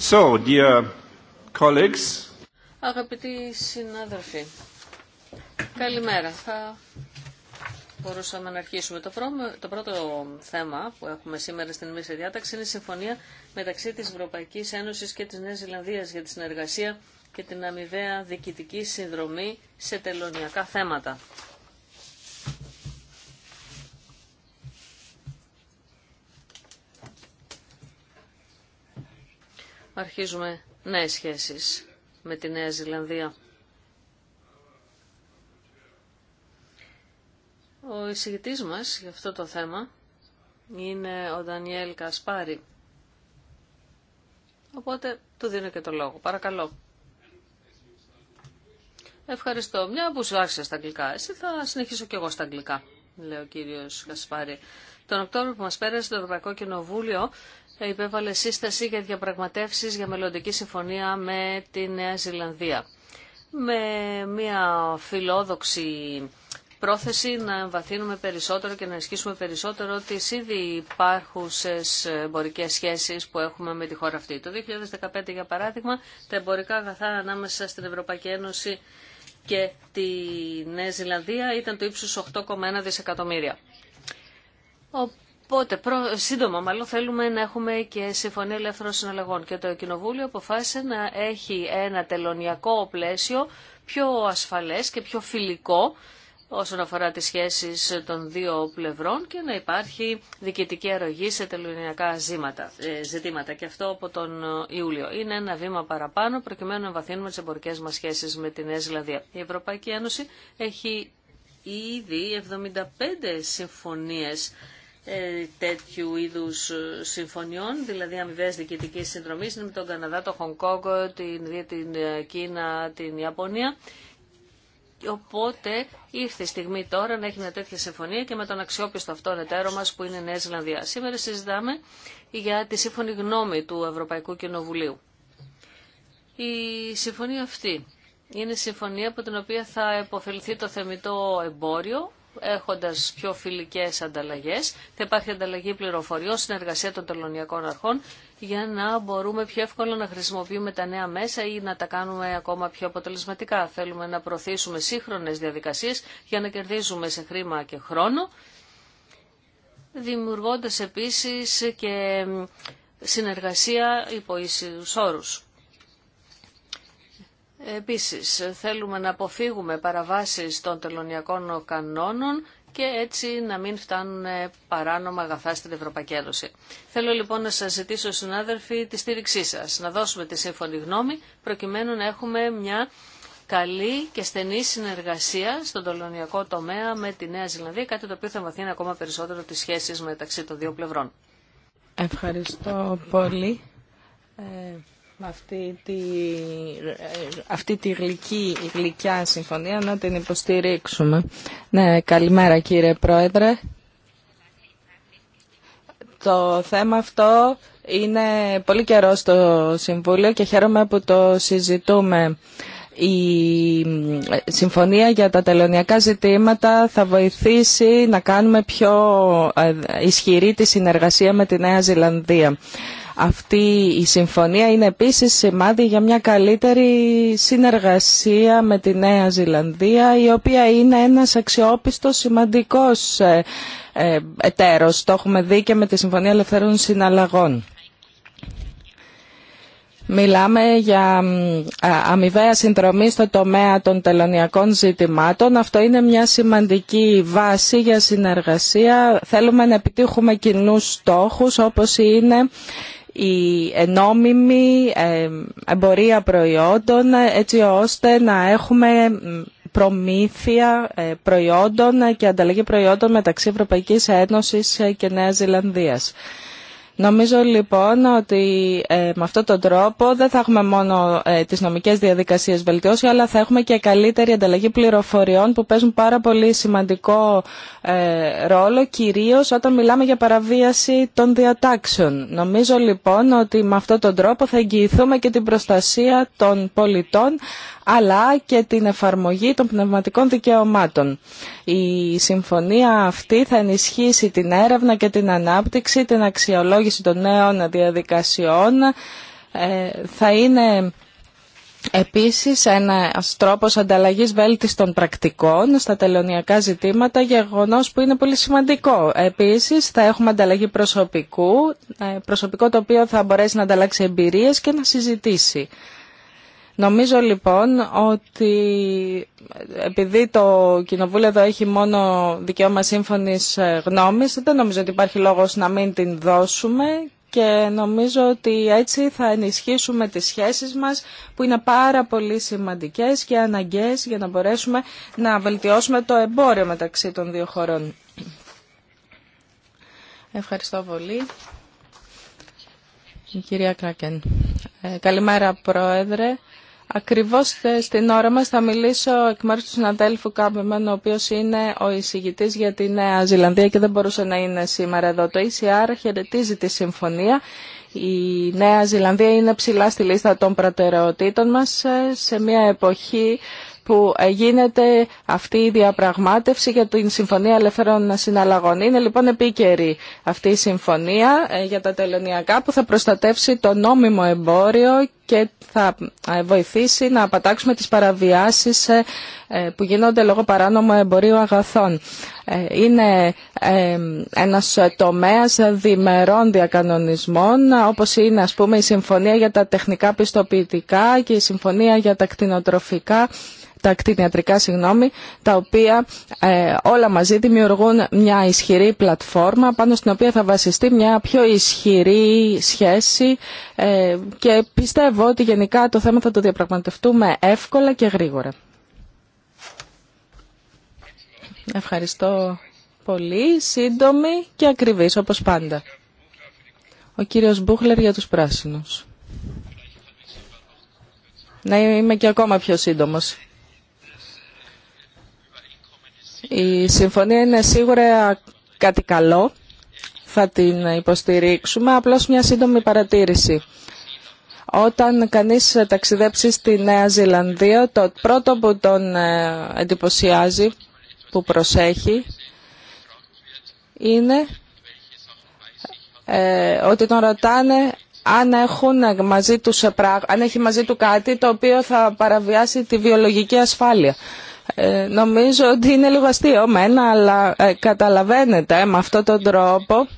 So, dear colleagues. Αγαπητοί συνάδελφοι, καλημέρα. Θα μπορούσαμε να αρχίσουμε. Το, το πρώτο θέμα που έχουμε σήμερα στην τη διάταξη είναι η συμφωνία μεταξύ της Ευρωπαϊκής Ένωσης και της Νέας Ζηλανδίας για τη συνεργασία και την αμοιβαία διοικητική συνδρομή σε τελωνιακά θέματα. αρχίζουμε νέες σχέσεις με τη Νέα Ζηλανδία. Ο εισηγητής μας για αυτό το θέμα είναι ο Δανιέλ Κασπάρη. Οπότε του δίνω και το λόγο. Παρακαλώ. Ευχαριστώ. Μια που σου άρχισε στα αγγλικά, εσύ θα συνεχίσω κι εγώ στα αγγλικά, λέει ο κύριος Κασπάρη. Τον Οκτώβριο που μας πέρασε το Ευρωπαϊκό Κοινοβούλιο υπέβαλε σύσταση για διαπραγματεύσεις για μελλοντική συμφωνία με τη Νέα Ζηλανδία. Με μια φιλόδοξη πρόθεση να εμβαθύνουμε περισσότερο και να ενισχύσουμε περισσότερο τις ήδη υπάρχουσες εμπορικές σχέσεις που έχουμε με τη χώρα αυτή. Το 2015, για παράδειγμα, τα εμπορικά αγαθά ανάμεσα στην Ευρωπαϊκή Ένωση και τη Νέα Ζηλανδία ήταν το ύψος 8,1 δισεκατομμύρια. Οπότε, προ, σύντομα μάλλον, θέλουμε να έχουμε και συμφωνία ελεύθερων συναλλαγών και το Κοινοβούλιο αποφάσισε να έχει ένα τελωνιακό πλαίσιο πιο ασφαλές και πιο φιλικό όσον αφορά τις σχέσεις των δύο πλευρών και να υπάρχει διοικητική αρρωγή σε τελωνιακά ε, ζητήματα. Και αυτό από τον Ιούλιο. Είναι ένα βήμα παραπάνω προκειμένου να βαθύνουμε τις εμπορικές μας σχέσεις με τη Νέα Ζηλανδία. Η Ευρωπαϊκή Ένωση έχει ήδη 75 συμφωνίες ε, τέτοιου είδους συμφωνιών, δηλαδή αμοιβές διοικητικής συνδρομής με τον Καναδά, τον Χονγκ την, την ε, Κίνα, την Ιαπωνία. Οπότε ήρθε η στιγμή τώρα να έχει μια τέτοια συμφωνία και με τον αξιόπιστο αυτόν εταίρο μας που είναι η Νέα Ζηλανδία. Σήμερα συζητάμε για τη σύμφωνη γνώμη του Ευρωπαϊκού Κοινοβουλίου. Η συμφωνία αυτή είναι συμφωνία από την οποία θα υποφεληθεί το θεμητό εμπόριο, έχοντας πιο φιλικές ανταλλαγές. Θα υπάρχει ανταλλαγή πληροφοριών, συνεργασία των τελωνιακών αρχών για να μπορούμε πιο εύκολα να χρησιμοποιούμε τα νέα μέσα ή να τα κάνουμε ακόμα πιο αποτελεσματικά. Θέλουμε να προωθήσουμε σύγχρονες διαδικασίες για να κερδίζουμε σε χρήμα και χρόνο, δημιουργώντας επίσης και συνεργασία υπό ίσιους όρους. Επίσης, θέλουμε να αποφύγουμε παραβάσεις των τελωνιακών κανόνων και έτσι να μην φτάνουν παράνομα αγαθά στην Ευρωπαϊκή Ένωση. Θέλω λοιπόν να σας ζητήσω, συνάδελφοι, τη στήριξή σας, να δώσουμε τη σύμφωνη γνώμη, προκειμένου να έχουμε μια καλή και στενή συνεργασία στον τελωνιακό τομέα με τη Νέα Ζηλανδία, κάτι το οποίο θα βαθύνει ακόμα περισσότερο τις σχέσεις μεταξύ των δύο πλευρών. Ευχαριστώ πολύ. Ε, αυτή τη, αυτή τη γλυκή, γλυκιά συμφωνία να την υποστηρίξουμε. Ναι, καλημέρα κύριε Πρόεδρε. Το θέμα αυτό είναι πολύ καιρό στο Συμβούλιο και χαίρομαι που το συζητούμε. Η συμφωνία για τα τελωνιακά ζητήματα θα βοηθήσει να κάνουμε πιο ε, ισχυρή τη συνεργασία με τη Νέα Ζηλανδία. Αυτή η συμφωνία είναι επίσης σημάδι για μια καλύτερη συνεργασία με τη Νέα Ζηλανδία, η οποία είναι ένας αξιόπιστος σημαντικός ε, ε, εταίρος. Το έχουμε δει και με τη Συμφωνία Ελευθερών Συναλλαγών. Μιλάμε για αμοιβαία συνδρομή στο τομέα των τελωνιακών ζητημάτων. Αυτό είναι μια σημαντική βάση για συνεργασία. Θέλουμε να επιτύχουμε κοινούς στόχους όπως είναι η νόμιμη ε, εμπορία προϊόντων έτσι ώστε να έχουμε προμήθεια ε, προϊόντων και ανταλλαγή προϊόντων μεταξύ Ευρωπαϊκής Ένωσης και Νέας Ζηλανδίας. Νομίζω λοιπόν ότι ε, με αυτόν τον τρόπο δεν θα έχουμε μόνο ε, τις νομικές διαδικασίες βελτιώσει, αλλά θα έχουμε και καλύτερη ανταλλαγή πληροφοριών που παίζουν πάρα πολύ σημαντικό ε, ρόλο, κυρίως όταν μιλάμε για παραβίαση των διατάξεων. Νομίζω λοιπόν ότι με αυτόν τον τρόπο θα εγγυηθούμε και την προστασία των πολιτών, αλλά και την εφαρμογή των πνευματικών δικαιωμάτων. Η συμφωνία αυτή θα ενισχύσει την έρευνα και την ανάπτυξη, την αξιολόγηση των νέων διαδικασιών, ε, θα είναι Επίσης, ένα τρόπος ανταλλαγής βέλτιστων πρακτικών στα τελωνιακά ζητήματα, γεγονός που είναι πολύ σημαντικό. Επίσης, θα έχουμε ανταλλαγή προσωπικού, ε, προσωπικό το οποίο θα μπορέσει να ανταλλάξει εμπειρίες και να συζητήσει. Νομίζω λοιπόν ότι επειδή το Κοινοβούλιο εδώ έχει μόνο δικαίωμα σύμφωνης ε, γνώμης, δεν νομίζω ότι υπάρχει λόγο να μην την δώσουμε και νομίζω ότι έτσι θα ενισχύσουμε τις σχέσεις μας που είναι πάρα πολύ σημαντικές και αναγκαίες για να μπορέσουμε να βελτιώσουμε το εμπόριο μεταξύ των δύο χωρών. Ευχαριστώ πολύ. κυρία Κράκεν. Ε, καλημέρα Πρόεδρε. Ακριβώς στην ώρα μας θα μιλήσω εκ μέρους του συναδέλφου Κάμπεμαν, ο οποίος είναι ο εισηγητής για τη Νέα Ζηλανδία και δεν μπορούσε να είναι σήμερα εδώ. Το ECR χαιρετίζει τη συμφωνία. Η Νέα Ζηλανδία είναι ψηλά στη λίστα των προτεραιοτήτων μας ε, σε μια εποχή που γίνεται αυτή η διαπραγμάτευση για την Συμφωνία Ελευθερών Συναλλαγών. Είναι λοιπόν επίκαιρη αυτή η συμφωνία ε, για τα τελωνιακά που θα προστατεύσει το νόμιμο εμπόριο και θα βοηθήσει να απατάξουμε τις παραβιάσεις ε, ε, που γίνονται λόγω παράνομου εμπορίου αγαθών. Ε, είναι ένας τομέας διμερών διακανονισμών, όπως είναι ας πούμε η Συμφωνία για τα Τεχνικά Πιστοποιητικά και η Συμφωνία για τα Κτηνοτροφικά τα κτηνιατρικά, συγγνώμη, τα οποία όλα μαζί δημιουργούν μια ισχυρή πλατφόρμα πάνω στην οποία θα βασιστεί μια πιο ισχυρή σχέση ε, και πιστεύω πιστεύω γενικά το θέμα θα το διαπραγματευτούμε εύκολα και γρήγορα. Ευχαριστώ πολύ, σύντομη και ακριβής, όπως πάντα. Ο κύριος Μπούχλερ για τους πράσινους. Να είμαι και ακόμα πιο σύντομος. Η συμφωνία είναι σίγουρα κάτι καλό. Θα την υποστηρίξουμε. Απλώς μια σύντομη παρατήρηση. Όταν κανείς ταξιδέψει στη Νέα Ζηλανδία, το πρώτο που τον ε, εντυπωσιάζει, που προσέχει, είναι ε, ότι τον ρωτάνε αν, έχουν μαζί ε, αν έχει μαζί του κάτι το οποίο θα παραβιάσει τη βιολογική ασφάλεια. νομίζω ότι είναι λίγο αστείο μένα, αλλά καταλαβαίνετε με αυτόν τον τρόπο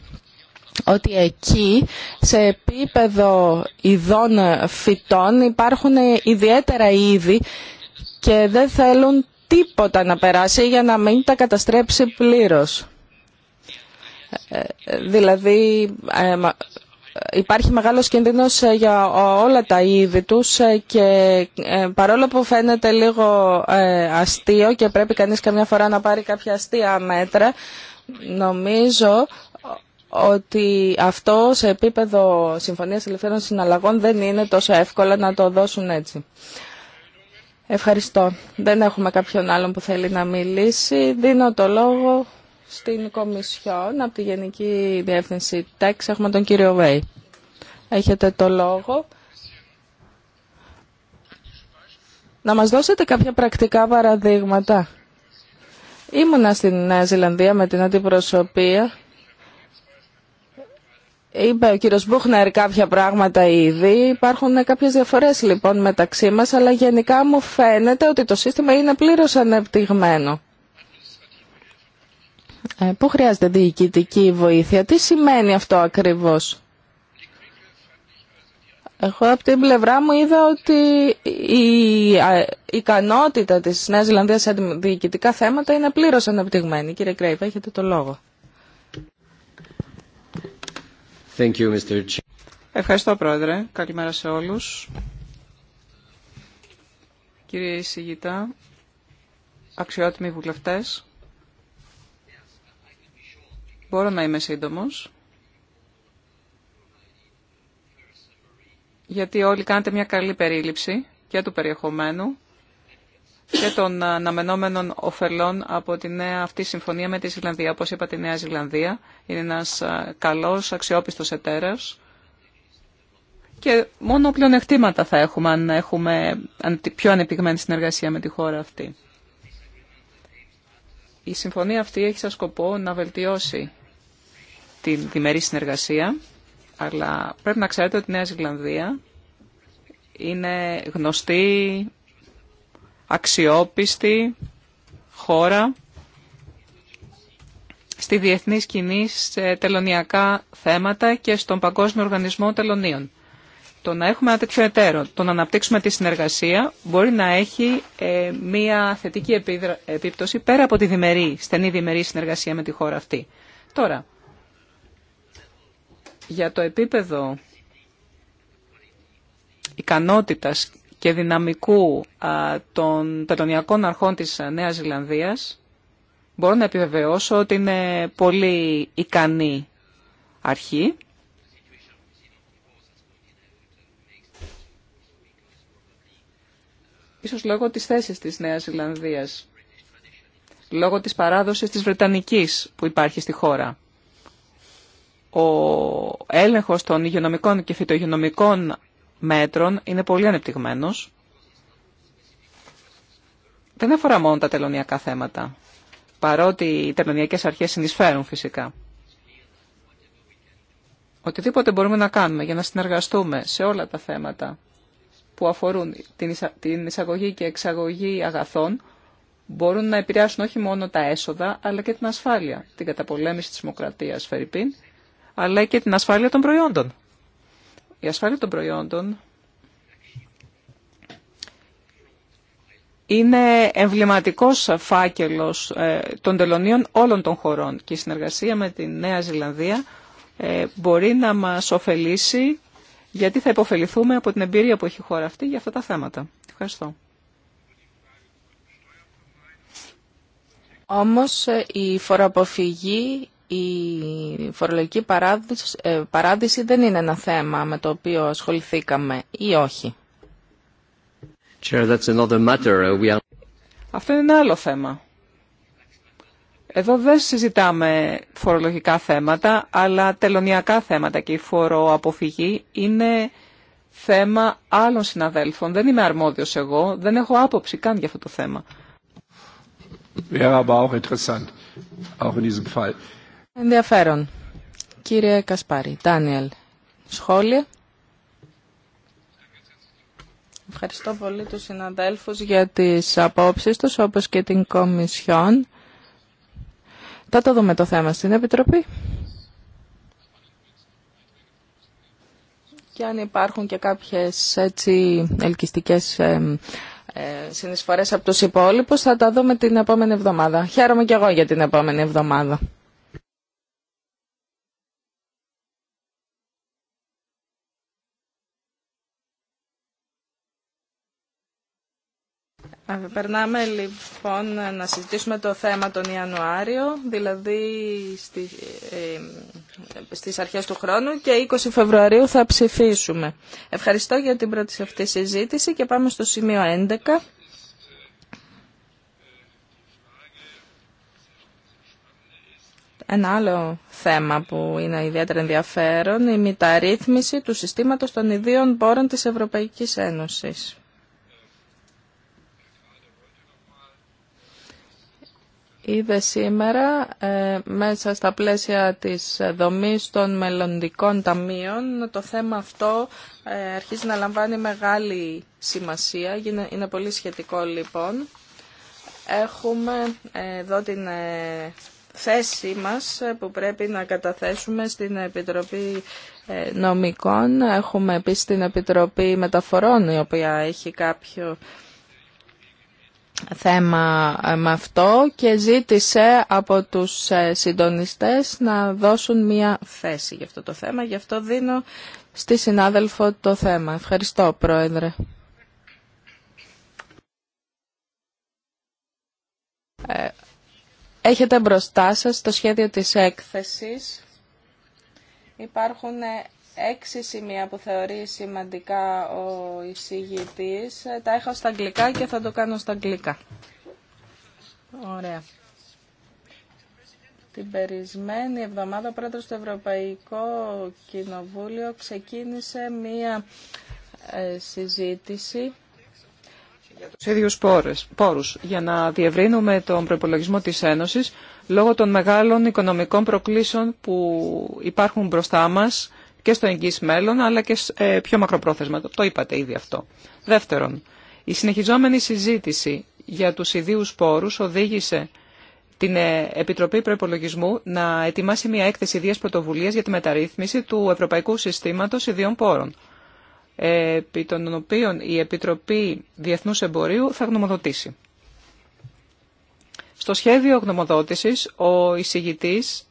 ότι εκεί σε επίπεδο ειδών φυτών υπάρχουν ιδιαίτερα είδη και δεν θέλουν τίποτα να περάσει για να μην τα καταστρέψει πλήρως. Ε, δηλαδή ε, υπάρχει μεγάλος κίνδυνος ε, για όλα τα είδη τους και παρόλο που φαίνεται λίγο αστείο και πρέπει κανείς καμιά φορά να πάρει κάποια αστεία μέτρα, νομίζω ότι αυτό σε επίπεδο Συμφωνίας Ελευθέρων Συναλλαγών δεν είναι τόσο εύκολα να το δώσουν έτσι. Ευχαριστώ. Δεν έχουμε κάποιον άλλον που θέλει να μιλήσει. Δίνω το λόγο στην Κομισιόν από τη Γενική Διεύθυνση ΤΕΚΣ. Έχουμε τον κύριο Βέη. Έχετε το λόγο. Να μας δώσετε κάποια πρακτικά παραδείγματα. Ήμουνα στην Νέα Ζηλανδία με την αντιπροσωπεία Είπε ο κύριος Μπούχνερ κάποια πράγματα ήδη. Υπάρχουν κάποιες διαφορές λοιπόν μεταξύ μας, αλλά γενικά μου φαίνεται ότι το σύστημα είναι πλήρως ανεπτυγμένο. Ε, πού χρειάζεται διοικητική βοήθεια. Τι σημαίνει αυτό ακριβώς. Εγώ από την πλευρά μου είδα ότι η ικανότητα της Νέας Ζηλανδίας σε διοικητικά θέματα είναι πλήρως ανεπτυγμένη. Κύριε Κρέιπ, έχετε το λόγο. Ευχαριστώ, Πρόεδρε. Καλημέρα σε όλους. Κύριε Ισηγητά, αξιότιμοι βουλευτές, μπορώ να είμαι σύντομος, γιατί όλοι κάνετε μια καλή περίληψη και του περιεχομένου και των αναμενόμενων ωφελών από τη νέα αυτή συμφωνία με τη Ζηλανδία. Όπως είπα, τη Νέα Ζηλανδία είναι ένας καλός, αξιόπιστος εταίρος και μόνο πλεονεκτήματα θα έχουμε αν έχουμε πιο ανεπτυγμένη συνεργασία με τη χώρα αυτή. Η συμφωνία αυτή έχει σαν σκοπό να βελτιώσει την διμερή συνεργασία, αλλά πρέπει να ξέρετε ότι η Νέα Ζηλανδία είναι γνωστή αξιόπιστη χώρα στη διεθνή σκηνή σε τελωνιακά θέματα και στον Παγκόσμιο Οργανισμό Τελωνίων. Το να έχουμε ένα τέτοιο εταίρο, το να αναπτύξουμε τη συνεργασία μπορεί να έχει ε, μία θετική επίδρα, επίπτωση πέρα από τη διμερή, στενή διμερή συνεργασία με τη χώρα αυτή. Τώρα, για το επίπεδο ικανότητας και δυναμικού των τελωνιακών αρχών της Νέας Ζηλανδίας, μπορώ να επιβεβαιώσω ότι είναι πολύ ικανή αρχή. Ίσως λόγω της θέσης της Νέας Ζηλανδίας, λόγω της παράδοσης της Βρετανικής που υπάρχει στη χώρα. Ο έλεγχος των υγειονομικών και φυτογειονομικών μέτρων είναι πολύ ανεπτυγμένος. Δεν αφορά μόνο τα τελωνιακά θέματα, παρότι οι τελωνιακές αρχές συνεισφέρουν φυσικά. Οτιδήποτε μπορούμε να κάνουμε για να συνεργαστούμε σε όλα τα θέματα που αφορούν την εισαγωγή και εξαγωγή αγαθών, μπορούν να επηρεάσουν όχι μόνο τα έσοδα, αλλά και την ασφάλεια, την καταπολέμηση της δημοκρατίας, Φερρυπίν, αλλά και την ασφάλεια των προϊόντων η ασφάλεια των προϊόντων είναι εμβληματικός φάκελος ε, των τελωνίων όλων των χωρών και η συνεργασία με τη Νέα Ζηλανδία ε, μπορεί να μας ωφελήσει γιατί θα υποφεληθούμε από την εμπειρία που έχει η χώρα αυτή για αυτά τα θέματα. Ευχαριστώ. Όμως ε, η φοροαποφυγή η φορολογική ε, παράδειση δεν είναι ένα θέμα με το οποίο ασχοληθήκαμε ή όχι. Uh, αυτό είναι ένα άλλο θέμα. Εδώ δεν συζητάμε φορολογικά θέματα, αλλά τελωνιακά θέματα και η φοροαποφυγή είναι θέμα άλλων συναδέλφων. Δεν είμαι αρμόδιος εγώ, δεν έχω άποψη καν για αυτό το θέμα. Wäre Ενδιαφέρον. Κύριε Κασπάρη, Τάνιελ, σχόλια. Ευχαριστώ πολύ τους συναδέλφους για τις απόψεις τους, όπως και την Κομισιόν. Θα το δούμε το θέμα στην Επιτροπή. Και αν υπάρχουν και κάποιες έτσι ελκυστικές ε, συνεισφορές από τους υπόλοιπους, θα τα δούμε την επόμενη εβδομάδα. Χαίρομαι και εγώ για την επόμενη εβδομάδα. Περνάμε λοιπόν να συζητήσουμε το θέμα τον Ιανουάριο, δηλαδή στι ε, ε, στις αρχές του χρόνου και 20 Φεβρουαρίου θα ψηφίσουμε. Ευχαριστώ για την πρώτη αυτή συζήτηση και πάμε στο σημείο 11. Ένα άλλο θέμα που είναι ιδιαίτερα ενδιαφέρον, η μεταρρύθμιση του συστήματος των ιδίων πόρων της Ευρωπαϊκής Ένωσης. είδε σήμερα ε, μέσα στα πλαίσια της δομής των μελλοντικών ταμείων το θέμα αυτό ε, αρχίζει να λαμβάνει μεγάλη σημασία, είναι πολύ σχετικό λοιπόν. Έχουμε ε, εδώ την θέση μας που πρέπει να καταθέσουμε στην Επιτροπή Νομικών. Έχουμε επίσης την Επιτροπή Μεταφορών η οποία έχει κάποιο θέμα ε, με αυτό και ζήτησε από τους ε, συντονιστές να δώσουν μία θέση για αυτό το θέμα. Γι' αυτό δίνω στη συνάδελφο το θέμα. Ευχαριστώ, Πρόεδρε. Ε, έχετε μπροστά σας το σχέδιο της έκθεσης. Υπάρχουν έξι σημεία που θεωρεί σημαντικά ο εισηγητής. Τα έχω στα αγγλικά και θα το κάνω στα αγγλικά. Ωραία. Την περισμένη εβδομάδα ο πρόεδρος του Ευρωπαϊκού Κοινοβούλιο ξεκίνησε μία ε, συζήτηση για τους ίδιους πόρους, για να διευρύνουμε τον προπολογισμό της Ένωσης λόγω των μεγάλων οικονομικών προκλήσεων που υπάρχουν μπροστά μας και στο εγγύς μέλλον, αλλά και ε, πιο μακροπρόθεσμα. Το είπατε ήδη αυτό. Δεύτερον, η συνεχιζόμενη συζήτηση για τους ιδίους πόρους οδήγησε την ε, Επιτροπή Προπολογισμού να ετοιμάσει μια έκθεση ιδίας πρωτοβουλίας για τη μεταρρύθμιση του Ευρωπαϊκού Συστήματος Ιδίων Πόρων, ε, επί των οποίων η Επιτροπή Διεθνούς Εμπορίου θα γνωμοδοτήσει. Στο σχέδιο γνωμοδότησης, ο εισηγητής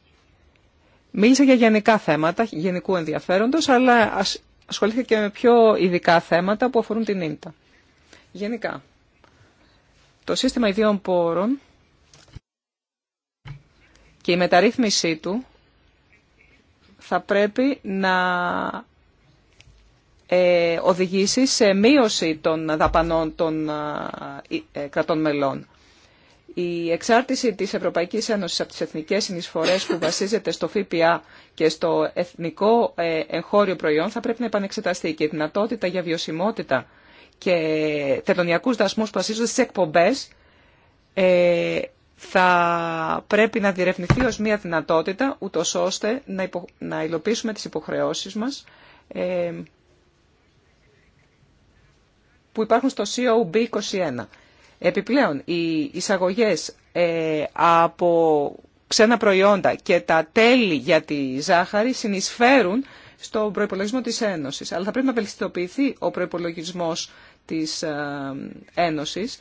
Μίλησα για γενικά θέματα, γενικού ενδιαφέροντος, αλλά ασχολήθηκα και με πιο ειδικά θέματα που αφορούν την ίντα. Γενικά, το σύστημα ιδίων πόρων και η μεταρρύθμιση του θα πρέπει να ε, οδηγήσει σε μείωση των δαπανών των ε, ε, κρατών μελών. Η εξάρτηση της Ευρωπαϊκής Ένωσης από τις εθνικές συνεισφορές που βασίζεται στο ΦΠΑ και στο εθνικό ε, εγχώριο προϊόν θα πρέπει να επανεξεταστεί και η δυνατότητα για βιωσιμότητα και τελωνιακούς δασμούς που βασίζονται στις εκπομπές ε, θα πρέπει να διερευνηθεί ως μια δυνατότητα ούτω ώστε να, να υλοποιήσουμε τις υποχρεώσεις μας ε, που υπάρχουν στο COB21. Επιπλέον, οι εισαγωγές ε, από ξένα προϊόντα και τα τέλη για τη ζάχαρη συνεισφέρουν στον προϋπολογισμό της Ένωσης. Αλλά θα πρέπει να βελτιστοποιηθεί ο προϋπολογισμός της ε, Ένωσης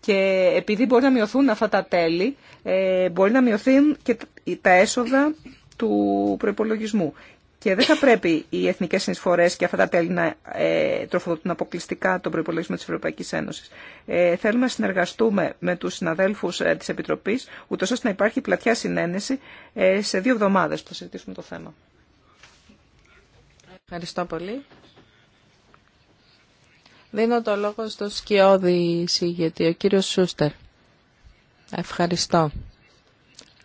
και επειδή μπορεί να μειωθούν αυτά τα τέλη, ε, μπορεί να μειωθούν και τα έσοδα του προϋπολογισμού. Και δεν θα πρέπει οι εθνικέ συνεισφορέ και αυτά τα τέλη να ε, τροφοδοτούν αποκλειστικά τον προπολογισμό τη Ευρωπαϊκή Ένωση. Ε, θέλουμε να συνεργαστούμε με του συναδέλφου ε, τη Επιτροπή, ούτω ώστε να υπάρχει πλατιά συνένεση ε, σε δύο εβδομάδε που θα συζητήσουμε το θέμα. Ευχαριστώ πολύ. Δίνω το λόγο στο σκιώδη συγγετή, ο κύριος Σούστερ. Ευχαριστώ.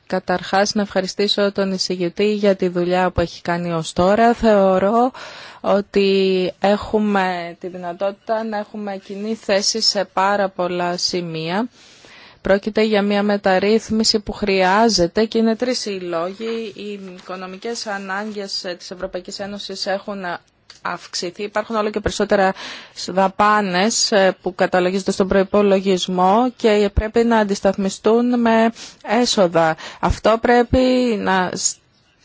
Καταρχάς να ευχαριστήσω τον εισηγητή για τη δουλειά που έχει κάνει ως τώρα. Θεωρώ ότι έχουμε τη δυνατότητα να έχουμε κοινή θέση σε πάρα πολλά σημεία. Πρόκειται για μια μεταρρύθμιση που χρειάζεται και είναι τρεις οι λόγοι. Οι οικονομικές ανάγκες της Ευρωπαϊκής Ένωσης έχουν αυξηθεί. Υπάρχουν όλο και περισσότερα δαπάνε ε, που καταλογίζονται στον προπολογισμό και πρέπει να αντισταθμιστούν με έσοδα. Αυτό πρέπει να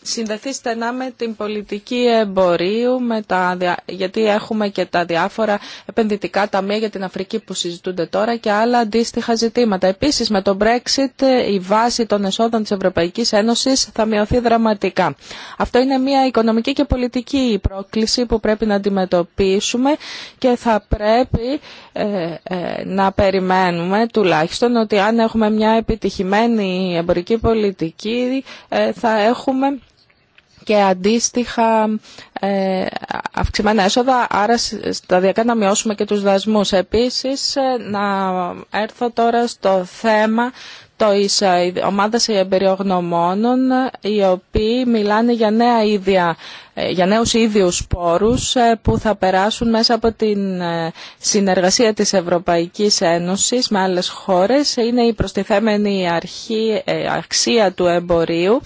συνδεθεί στενά με την πολιτική εμπορίου, τα, γιατί έχουμε και τα διάφορα επενδυτικά ταμεία για την Αφρική που συζητούνται τώρα και άλλα αντίστοιχα ζητήματα. Επίσης με το Brexit η βάση των εσόδων της Ευρωπαϊκής Ένωσης θα μειωθεί δραματικά. Αυτό είναι μια οικονομική και πολιτική πρόκληση που πρέπει να αντιμετωπίσουμε και θα πρέπει ε, ε, να περιμένουμε τουλάχιστον ότι αν έχουμε μια επιτυχημένη εμπορική πολιτική ε, θα έχουμε και αντίστοιχα ε, αυξημένα έσοδα, άρα σταδιακά να μειώσουμε και τους δασμούς. Επίσης, ε, να έρθω τώρα στο θέμα τη ε, ομάδας εμπεριογνωμόνων, οι οποίοι μιλάνε για νέα ίδια ε, για νέους ίδιους πόρους ε, που θα περάσουν μέσα από την ε, συνεργασία της Ευρωπαϊκής Ένωσης με άλλες χώρες. Είναι η προστιθέμενη αρχή, αξία του εμπορίου,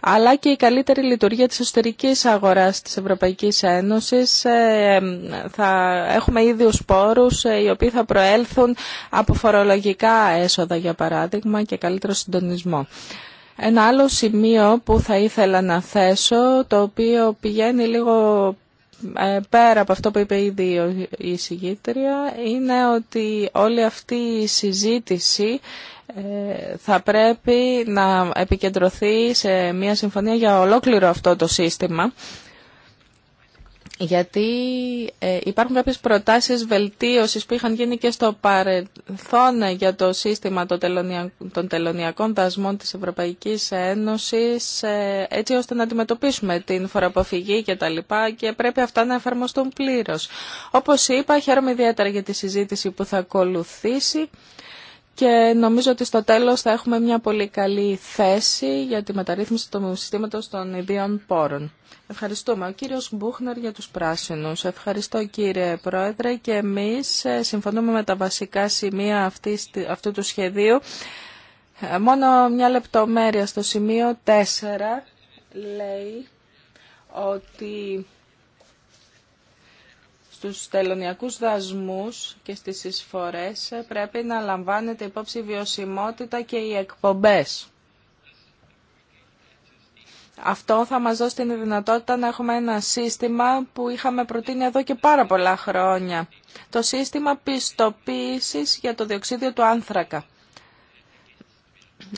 αλλά και η καλύτερη λειτουργία της εσωτερικής αγοράς της Ευρωπαϊκής Ένωσης. Θα έχουμε ίδιους πόρους οι οποίοι θα προέλθουν από φορολογικά έσοδα, για παράδειγμα, και καλύτερο συντονισμό. Ένα άλλο σημείο που θα ήθελα να θέσω, το οποίο πηγαίνει λίγο ε, πέρα από αυτό που είπε ήδη η συγγήτρια, είναι ότι όλη αυτή η συζήτηση ε, θα πρέπει να επικεντρωθεί σε μια συμφωνία για ολόκληρο αυτό το σύστημα γιατί ε, υπάρχουν κάποιες προτάσεις βελτίωσης που είχαν γίνει και στο παρελθόν για το σύστημα των τελωνιακών δασμών της Ευρωπαϊκής Ένωσης ε, έτσι ώστε να αντιμετωπίσουμε την φοροαποφυγή και τα και πρέπει αυτά να εφαρμοστούν πλήρως. Όπως είπα, χαίρομαι ιδιαίτερα για τη συζήτηση που θα ακολουθήσει και νομίζω ότι στο τέλος θα έχουμε μια πολύ καλή θέση για τη μεταρρύθμιση του συστήματος των ιδίων πόρων. Ευχαριστούμε. Ο κύριος Μπούχνερ για τους πράσινους. Ευχαριστώ κύριε Πρόεδρε και εμείς ε, συμφωνούμε με τα βασικά σημεία αυτής, αυτού του σχεδίου. Ε, μόνο μια λεπτομέρεια στο σημείο 4 λέει ότι στους τελωνιακούς δασμούς και στις εισφορές πρέπει να λαμβάνεται υπόψη η βιωσιμότητα και οι εκπομπές. Αυτό θα μας δώσει την δυνατότητα να έχουμε ένα σύστημα που είχαμε προτείνει εδώ και πάρα πολλά χρόνια. Το σύστημα πιστοποίησης για το διοξίδιο του άνθρακα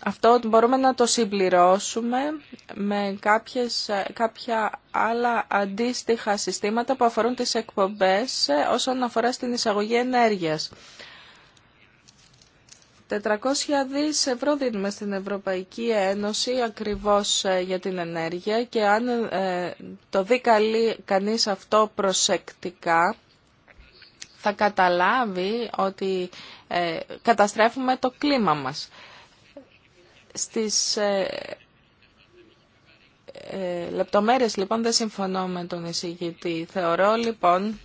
αυτό μπορούμε να το συμπληρώσουμε με κάποιες, κάποια άλλα αντίστοιχα συστήματα που αφορούν τις εκπομπές όσον αφορά στην εισαγωγή ενέργειας. 400 δις ευρώ δίνουμε στην Ευρωπαϊκή Ένωση ακριβώς ε, για την ενέργεια και αν ε, το δει καλή, κανείς αυτό προσεκτικά θα καταλάβει ότι ε, καταστρέφουμε το κλίμα μας. Στις ε, ε, λεπτομέρειες λοιπόν δεν συμφωνώ με τον εισηγητή. Θεωρώ λοιπόν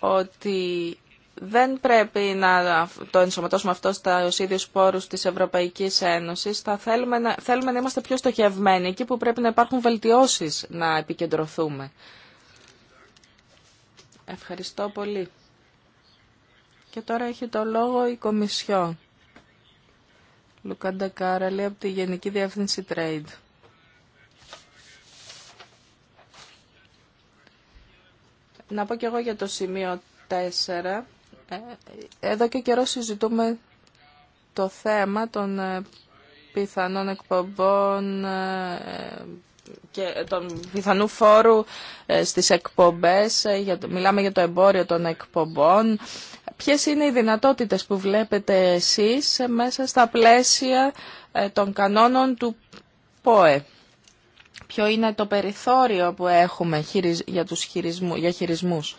ότι δεν πρέπει να το ενσωματώσουμε αυτό στα ίδιους πόρους της Ευρωπαϊκής Ένωσης. θέλουμε, να, θέλουμε να είμαστε πιο στοχευμένοι, εκεί που πρέπει να υπάρχουν βελτιώσεις να επικεντρωθούμε. Ευχαριστώ πολύ. Και τώρα έχει το λόγο η Κομισιό. Λουκάντα Κάραλη από τη Γενική Διεύθυνση Τρέιντ. Να πω και εγώ για το σημείο 4. Ε, εδώ και καιρό συζητούμε το θέμα των ε, πιθανών εκπομπών ε, και των πιθανού φόρου στις εκπομπές, μιλάμε για το εμπόριο των εκπομπών, Ποιες είναι οι δυνατότητες που βλέπετε εσείς μέσα στα πλαίσια ε, των κανόνων του ΠΟΕ. Ποιο είναι το περιθώριο που έχουμε για, τους χειρισμού, για χειρισμούς.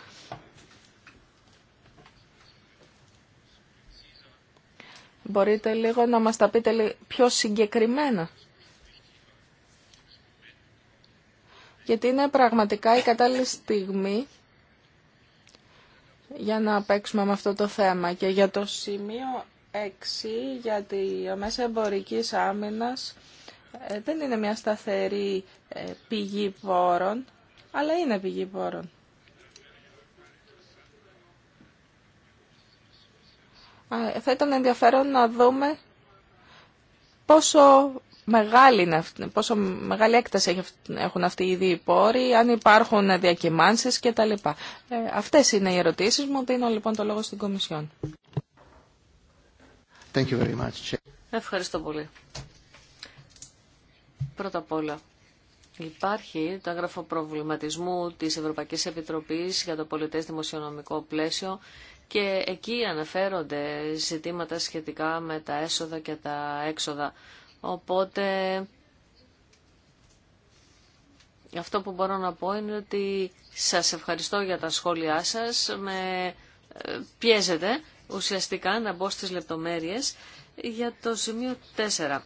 Μπορείτε λίγο να μας τα πείτε πιο συγκεκριμένα. Γιατί είναι πραγματικά η κατάλληλη στιγμή για να παίξουμε με αυτό το θέμα. Και για το σημείο 6, γιατί ο μέσα εμπορικής άμυνας, ε, δεν είναι μια σταθερή ε, πηγή πόρων, αλλά είναι πηγή πόρων. Θα ήταν ενδιαφέρον να δούμε πόσο μεγάλη πόσο μεγάλη έκταση έχουν αυτοί οι δύο πόροι, αν υπάρχουν διακυμάνσεις κτλ. Ε, αυτές είναι οι ερωτήσεις μου. Δίνω λοιπόν το λόγο στην Κομισιόν. Thank you very much. Ευχαριστώ πολύ. Πρώτα απ' όλα, υπάρχει το έγγραφο προβληματισμού της Ευρωπαϊκής Επιτροπής για το πολιτές δημοσιονομικό πλαίσιο και εκεί αναφέρονται ζητήματα σχετικά με τα έσοδα και τα έξοδα Οπότε αυτό που μπορώ να πω είναι ότι σας ευχαριστώ για τα σχόλιά σας. Με ε, πιέζετε ουσιαστικά να μπω στις λεπτομέρειες για το σημείο 4.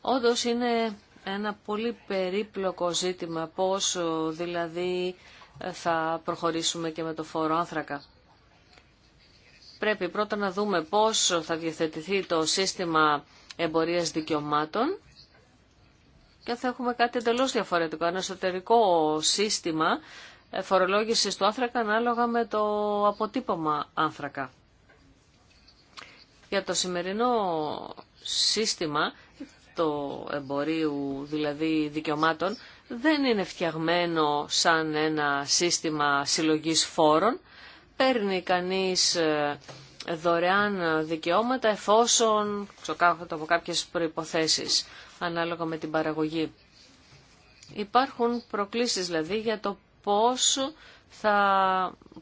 Όντως είναι ένα πολύ περίπλοκο ζήτημα πώς δηλαδή θα προχωρήσουμε και με το φόρο άνθρακα. Πρέπει πρώτα να δούμε πώς θα διαθετηθεί το σύστημα εμπορίας δικαιωμάτων και θα έχουμε κάτι εντελώς διαφορετικό, ένα εσωτερικό σύστημα ε, φορολόγησης του άνθρακα ανάλογα με το αποτύπωμα άνθρακα. Για το σημερινό σύστημα, το εμπορίου δηλαδή δικαιωμάτων, δεν είναι φτιαγμένο σαν ένα σύστημα συλλογής φόρων. Παίρνει κανείς ε, δωρεάν δικαιώματα εφόσον ξοκάχονται από κάποιες προϋποθέσεις ανάλογα με την παραγωγή. Υπάρχουν προκλήσεις δηλαδή για το πώς θα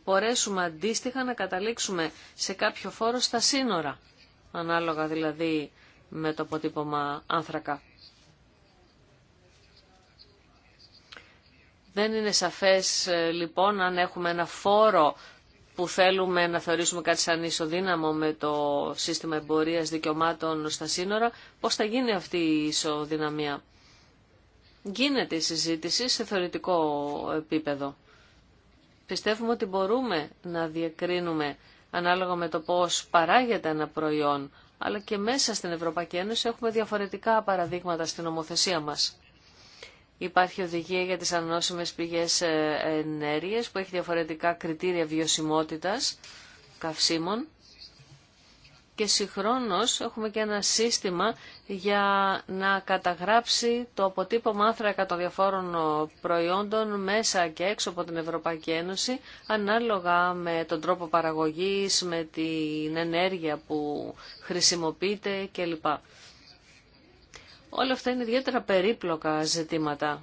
μπορέσουμε αντίστοιχα να καταλήξουμε σε κάποιο φόρο στα σύνορα, ανάλογα δηλαδή με το αποτύπωμα άνθρακα. Δεν είναι σαφές ε, λοιπόν αν έχουμε ένα φόρο που θέλουμε να θεωρήσουμε κάτι σαν ισοδύναμο με το σύστημα εμπορίας δικαιωμάτων στα σύνορα, πώς θα γίνει αυτή η ισοδυναμία. Γίνεται η συζήτηση σε θεωρητικό επίπεδο. Πιστεύουμε ότι μπορούμε να διακρίνουμε ανάλογα με το πώς παράγεται ένα προϊόν, αλλά και μέσα στην Ευρωπαϊκή Ένωση έχουμε διαφορετικά παραδείγματα στην ομοθεσία μας. Υπάρχει οδηγία για τις ανανόσιμες πηγές ε, ενέργειας που έχει διαφορετικά κριτήρια βιωσιμότητας καυσίμων και συγχρόνως έχουμε και ένα σύστημα για να καταγράψει το αποτύπωμα άνθρακα των διαφόρων ε, προϊόντων μέσα και έξω από την Ευρωπαϊκή Ένωση ανάλογα με τον τρόπο παραγωγής, με την ενέργεια που χρησιμοποιείται κλπ. Όλα αυτά είναι ιδιαίτερα περίπλοκα ζητήματα.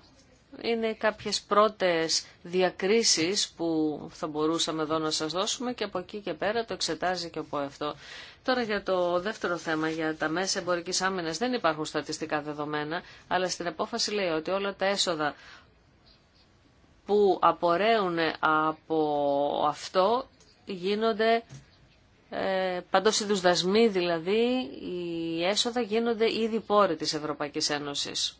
Είναι κάποιες πρώτες διακρίσεις που θα μπορούσαμε εδώ να σας δώσουμε και από εκεί και πέρα το εξετάζει και από αυτό. Τώρα για το δεύτερο θέμα, για τα μέσα εμπορική άμυνα, δεν υπάρχουν στατιστικά δεδομένα, αλλά στην απόφαση λέει ότι όλα τα έσοδα που απορρέουν από αυτό γίνονται ε, παντός είδου δασμοί δηλαδή, οι έσοδα γίνονται ήδη πόροι της Ευρωπαϊκής Ένωσης.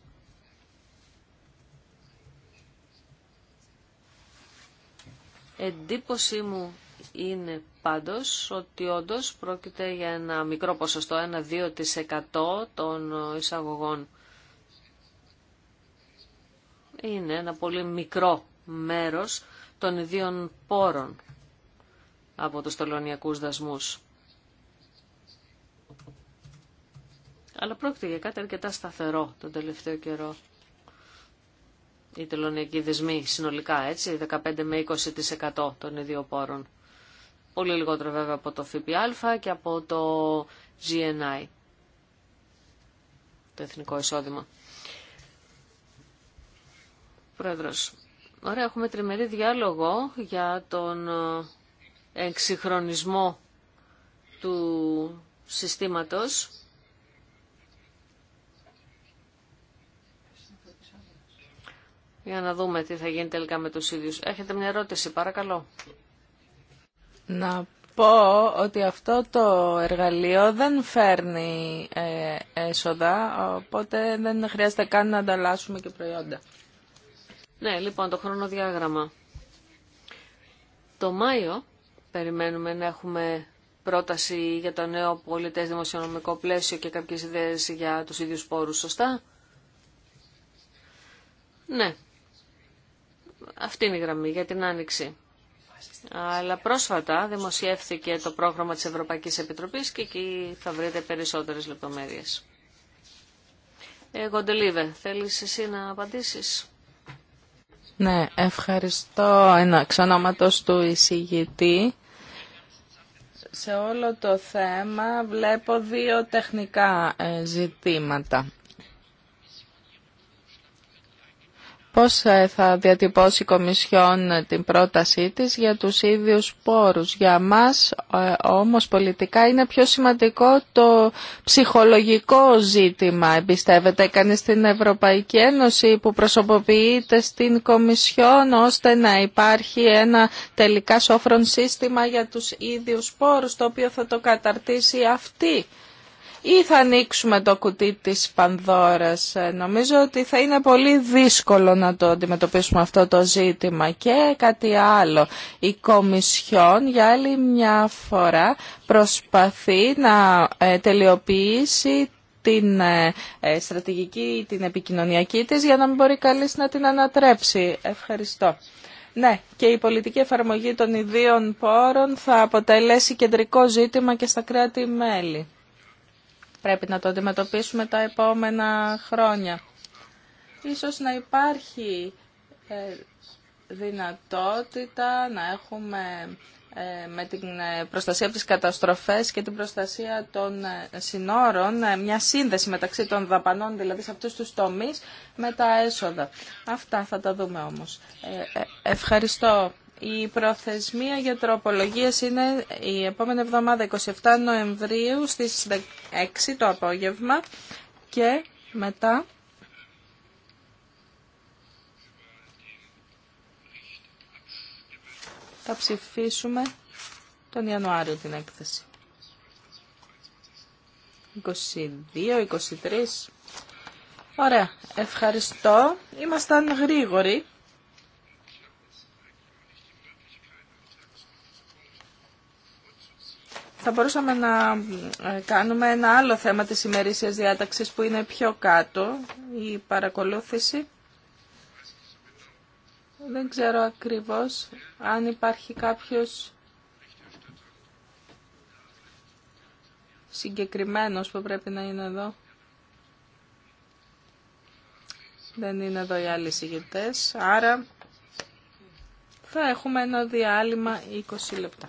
Εντύπωσή μου είναι πάντως ότι όντως πρόκειται για ένα μικρό ποσοστό, ένα 2% των εισαγωγών. Είναι ένα πολύ μικρό μέρος των ιδίων πόρων από τους τολωνιακούς δασμούς. Αλλά πρόκειται για κάτι αρκετά σταθερό τον τελευταίο καιρό. Οι τελωνιακοί δεσμοί συνολικά, έτσι, 15 με 20% των ιδιοπόρων. Πολύ λιγότερο βέβαια από το ΦΠΑ και από το GNI, το εθνικό εισόδημα. Πρόεδρος, ωραία, έχουμε τριμερή διάλογο για τον εξυγχρονισμό του συστήματος. Για να δούμε τι θα γίνει τελικά με τους ίδιους. Έχετε μια ερώτηση, παρακαλώ. Να πω ότι αυτό το εργαλείο δεν φέρνει ε, έσοδα, οπότε δεν χρειάζεται καν να ανταλλάσσουμε και προϊόντα. Ναι, λοιπόν, το χρονοδιάγραμμα. Το Μάιο περιμένουμε να έχουμε πρόταση για το νέο πολιτές δημοσιονομικό πλαίσιο και κάποιες ιδέες για τους ίδιους πόρους, σωστά. Ναι. Αυτή είναι η γραμμή για την Άνοιξη. Αλλά πρόσφατα δημοσιεύθηκε το πρόγραμμα της Ευρωπαϊκής Επιτροπής και εκεί θα βρείτε περισσότερες λεπτομέρειες. Ε, Γοντελίβε, θέλεις εσύ να απαντήσεις. Ναι, ευχαριστώ του εισηγητή σε όλο το θέμα βλέπω δύο τεχνικά ε, ζητήματα. πώς ε, θα διατυπώσει η Κομισιόν την πρότασή της για τους ίδιους πόρους. Για μας ε, όμως πολιτικά είναι πιο σημαντικό το ψυχολογικό ζήτημα. Εμπιστεύεται κανείς στην Ευρωπαϊκή Ένωση που προσωποποιείται στην Κομισιόν ώστε να υπάρχει ένα τελικά σόφρον σύστημα για τους ίδιους πόρους το οποίο θα το καταρτήσει αυτή ή θα ανοίξουμε το κουτί της Πανδώρας. Ε, νομίζω ότι θα είναι πολύ δύσκολο να το αντιμετωπίσουμε αυτό το ζήτημα. Και κάτι άλλο, η Κομισιόν για άλλη μια φορά προσπαθεί να ε, τελειοποιήσει την ε, στρατηγική, την επικοινωνιακή της για να μην μπορεί καλή να την ανατρέψει. Ευχαριστώ. Ναι, και η πολιτική εφαρμογή των ιδίων πόρων θα αποτελέσει κεντρικό ζήτημα και στα κράτη-μέλη πρέπει να το αντιμετωπίσουμε τα επόμενα χρόνια. Ίσως να υπάρχει ε, δυνατότητα να έχουμε ε, με την ε, προστασία από τις καταστροφές και την προστασία των συνόρων μια σύνδεση μεταξύ των δαπανών, δηλαδή σε αυτούς τους τομείς, με τα έσοδα. Αυτά θα τα δούμε όμως. ευχαριστώ η προθεσμία για τροπολογίες είναι η επόμενη εβδομάδα 27 Νοεμβρίου στις 6 το απόγευμα και μετά θα ψηφίσουμε τον Ιανουάριο την έκθεση. 22, 23. Ωραία, ευχαριστώ. Ήμασταν γρήγοροι. θα μπορούσαμε να ε, κάνουμε ένα άλλο θέμα της ημερήσιας διάταξης που είναι πιο κάτω, η παρακολούθηση. Δεν ξέρω ακριβώς αν υπάρχει κάποιος συγκεκριμένος που πρέπει να είναι εδώ. Δεν είναι εδώ οι άλλοι συγκεκριμένοι. άρα θα έχουμε ένα διάλειμμα 20 λεπτά.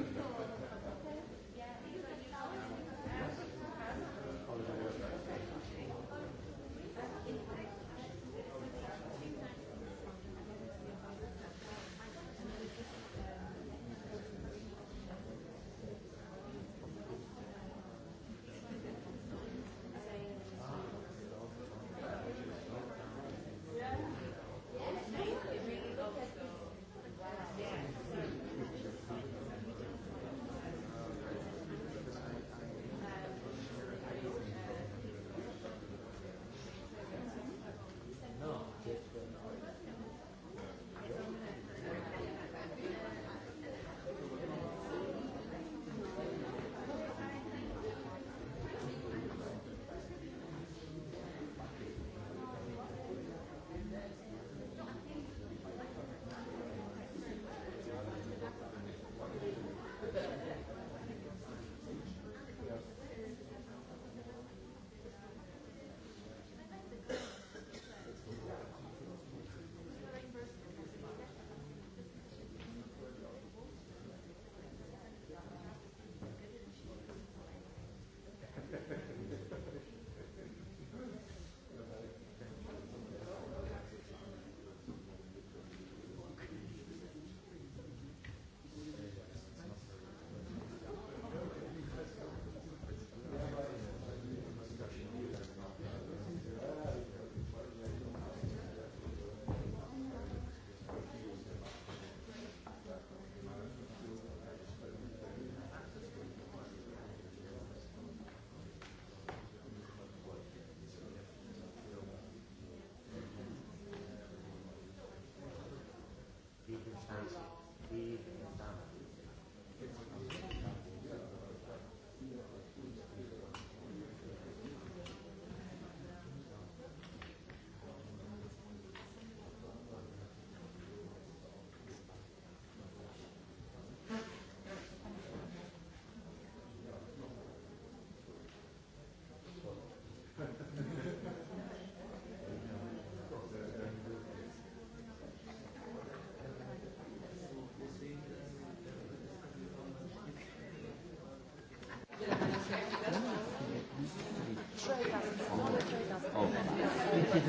we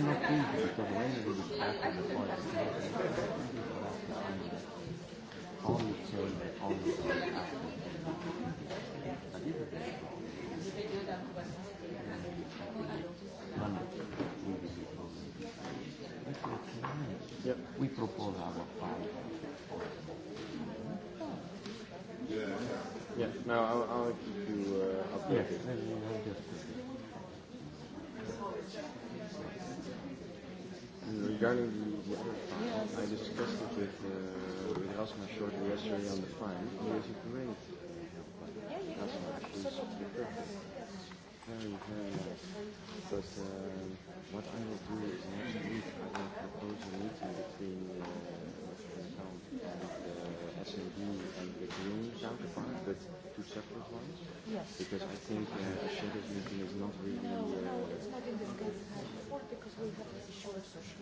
propose our Yeah. Now I I'll keep you Regarding the, the other file, I discussed it with, uh, with Rasmus shortly yesterday on the phone. He was a great help. Rasmus, she's perfect. Very, very nice. But um, what I will do is next week I will propose a meeting between uh, the account and the SMB and the Green counterpart, but two separate ones. Yes. Because I think uh, a shared meeting is not really... No, no, it's not in the because we have a short social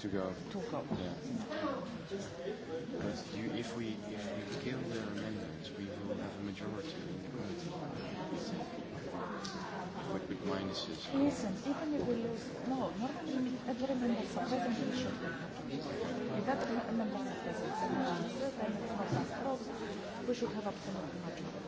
To go. To go. Yeah. But you, if we if we kill the amendments, we will have a majority in But with minuses. Listen, even if we lose, no, not every member doesn't be sure. Without member presence, we should have absolute majority.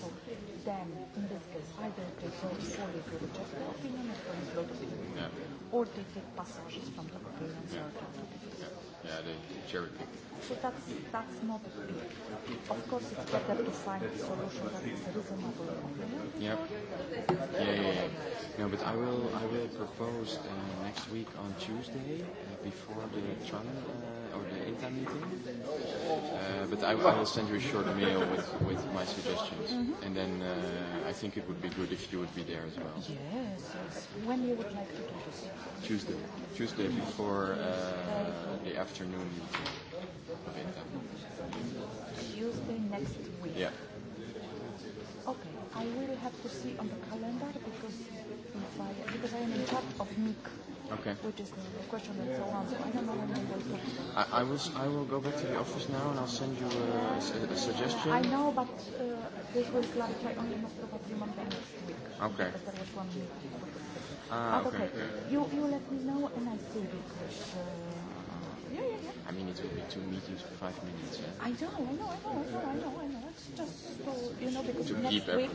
So then, in this case, either they go solely to the just the opinion or from the opinion, or they take passages from the opinions or from the Yeah, they cherry pick. So that's, that's not big. Of course, it's better to find a solution that is reasonable opinion. Yeah. Yeah, yeah, yeah. No, but I will, I will propose uh, next week on Tuesday, uh, before the trial. Uh, meeting. Uh, but I, I will send you a short mail with, with my suggestions. And then uh, I think it would be good if you would be there as well. Yes, yes. When you would like to do this? Tuesday. Tuesday before uh, the afternoon meeting. Tuesday next week. Yeah. Okay, I will have to see on the calendar because if I, because I am in charge of NIC. Okay. Which is the question that's so on. I don't know when will I, I will. I will go back to the office now, and I'll send you a, a suggestion. I know, but uh, this will clarify only most probably Monday this week. Okay. Because there was one. Ah, okay. okay. You you let me know, and I see because. Uh, Yeah, yeah, I mean, it will be two meetings for five minutes. Yeah? I know, I know, I know, I know, I know, I know. It's just so you know because to next week, week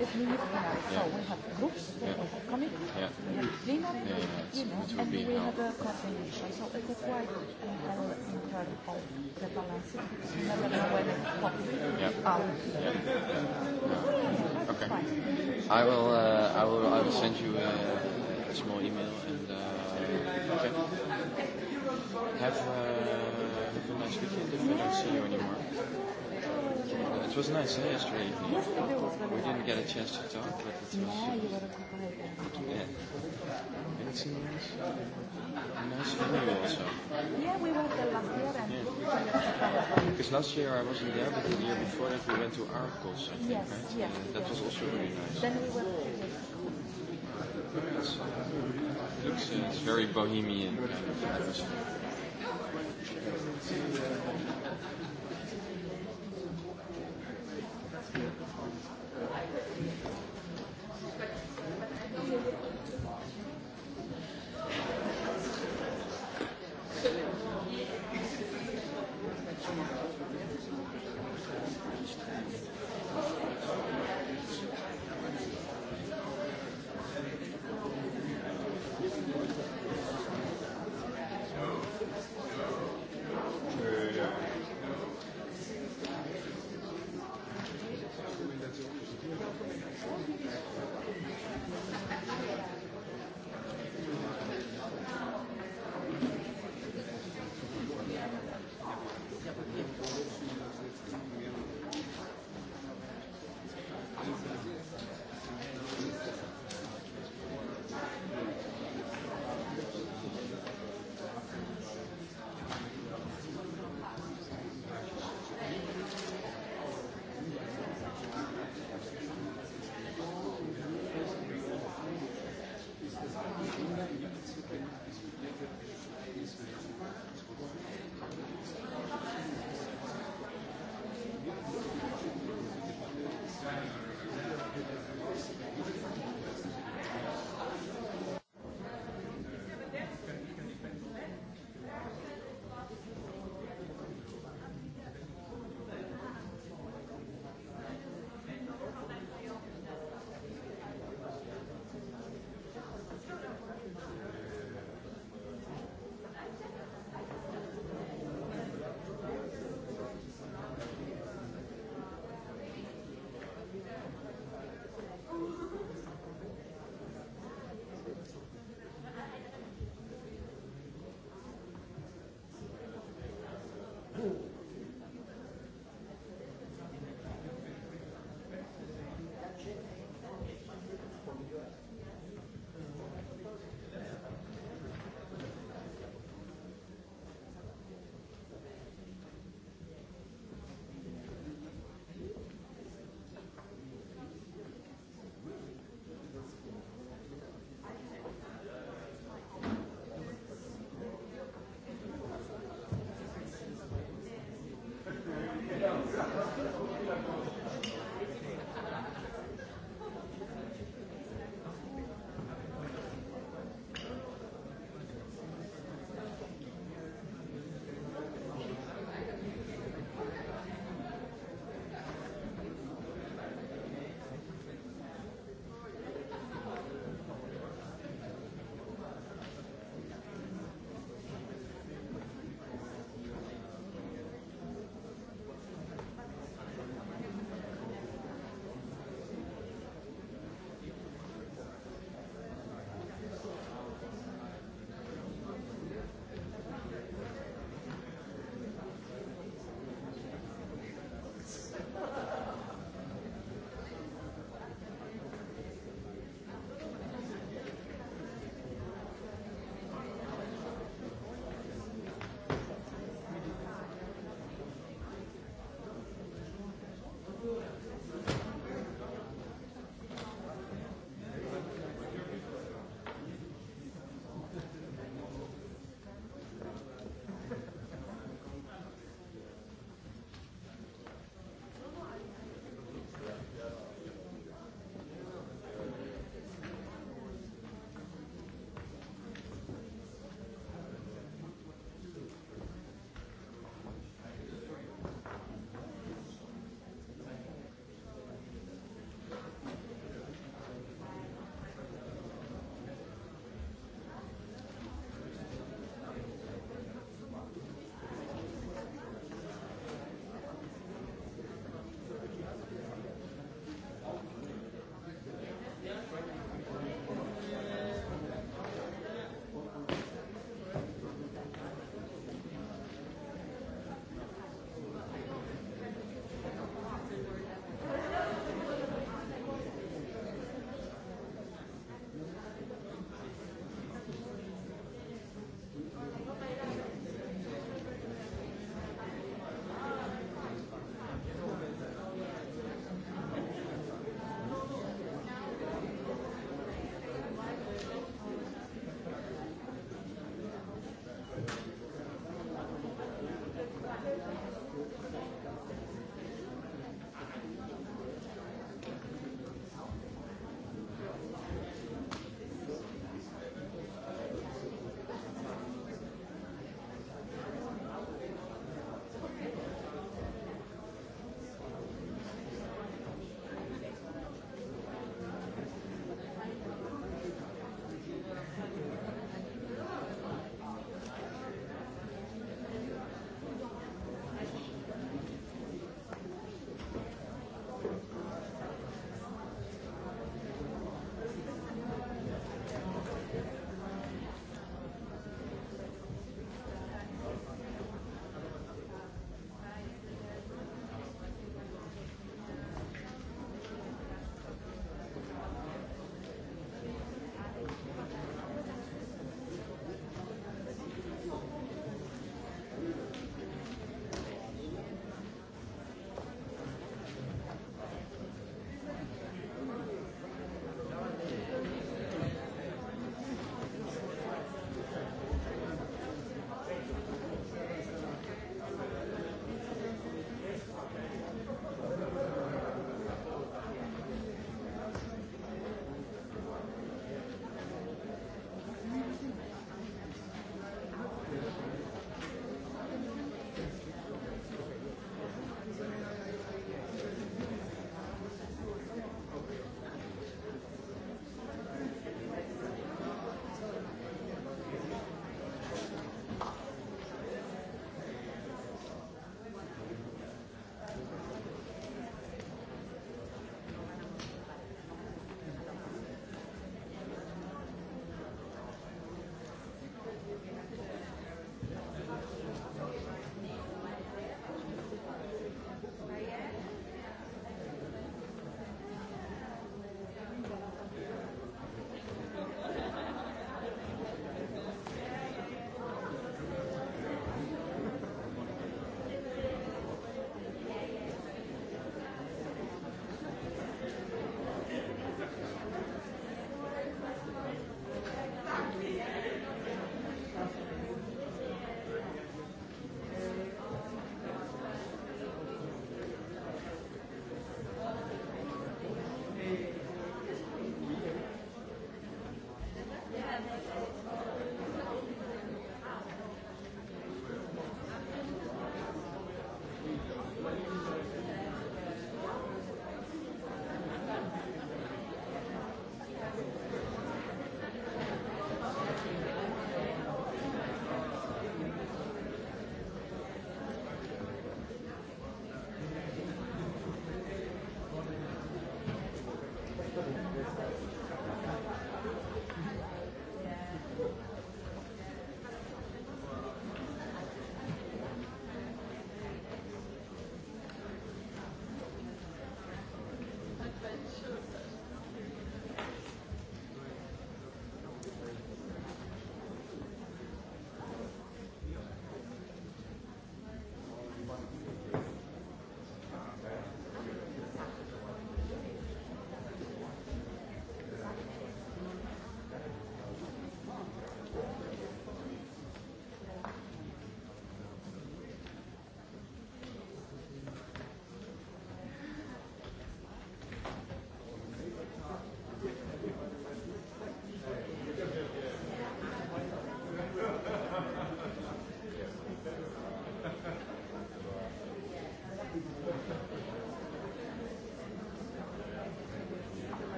it will be yeah. So we have groups, we yeah. have committees, yeah. we have dinner, yeah, yeah, you know, and we have a coordination. So it is quite incredible the balance. You never know when it pops yeah. out. Yeah. Yeah. Okay. Fine. I will. Uh, I will. I will send you a, a small email and. Uh, okay have uh a nice weekend if I don't see you anymore. It was nice eh, yesterday evening. Yes, it was. We didn't get a chance to talk, but it was. Yeah, you were occupied. Yeah. And it's a nice, nice venue also. Yeah, we went there last year and yeah. Because last year I wasn't there, but the year before that we went to Arcos, I think, yes, right? Yes, that was also really nice. Then we went to Looks, it's very bohemian kind of atmosphere. Thank you.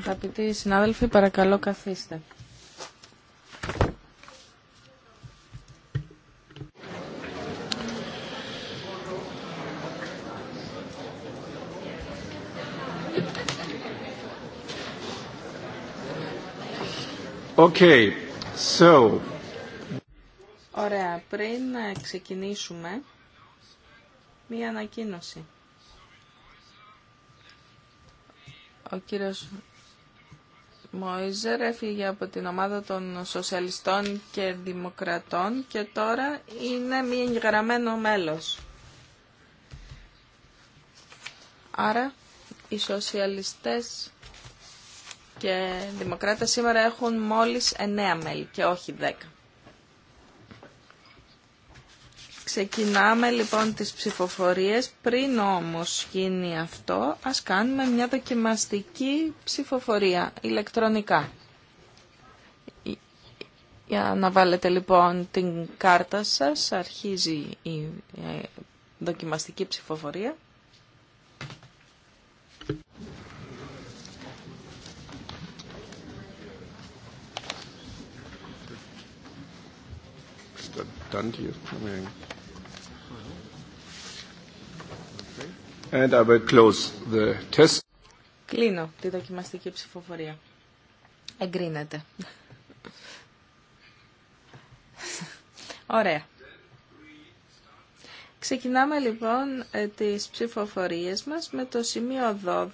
Αγαπητοί συνάδελφοι, παρακαλώ καθίστε. Okay, so... Ωραία, πριν ξεκινήσουμε, μία ανακοίνωση. Ο κύριος Μόιζερ έφυγε από την ομάδα των σοσιαλιστών και δημοκρατών και τώρα είναι μη εγγραμμένο μέλος. Άρα οι σοσιαλιστές και δημοκράτες σήμερα έχουν μόλις 9 μέλη και όχι 10. Ξεκινάμε λοιπόν τις ψηφοφορίες. Πριν όμως γίνει αυτό, ας κάνουμε μια δοκιμαστική ψηφοφορία ηλεκτρονικά. Για να βάλετε λοιπόν την κάρτα σας, αρχίζει η ε, δοκιμαστική ψηφοφορία. I mean, And close the Κλείνω τη δοκιμαστική ψηφοφορία. Εγκρίνεται. Ωραία. Ξεκινάμε λοιπόν ε, τις ψηφοφορίες μας με το σημείο 12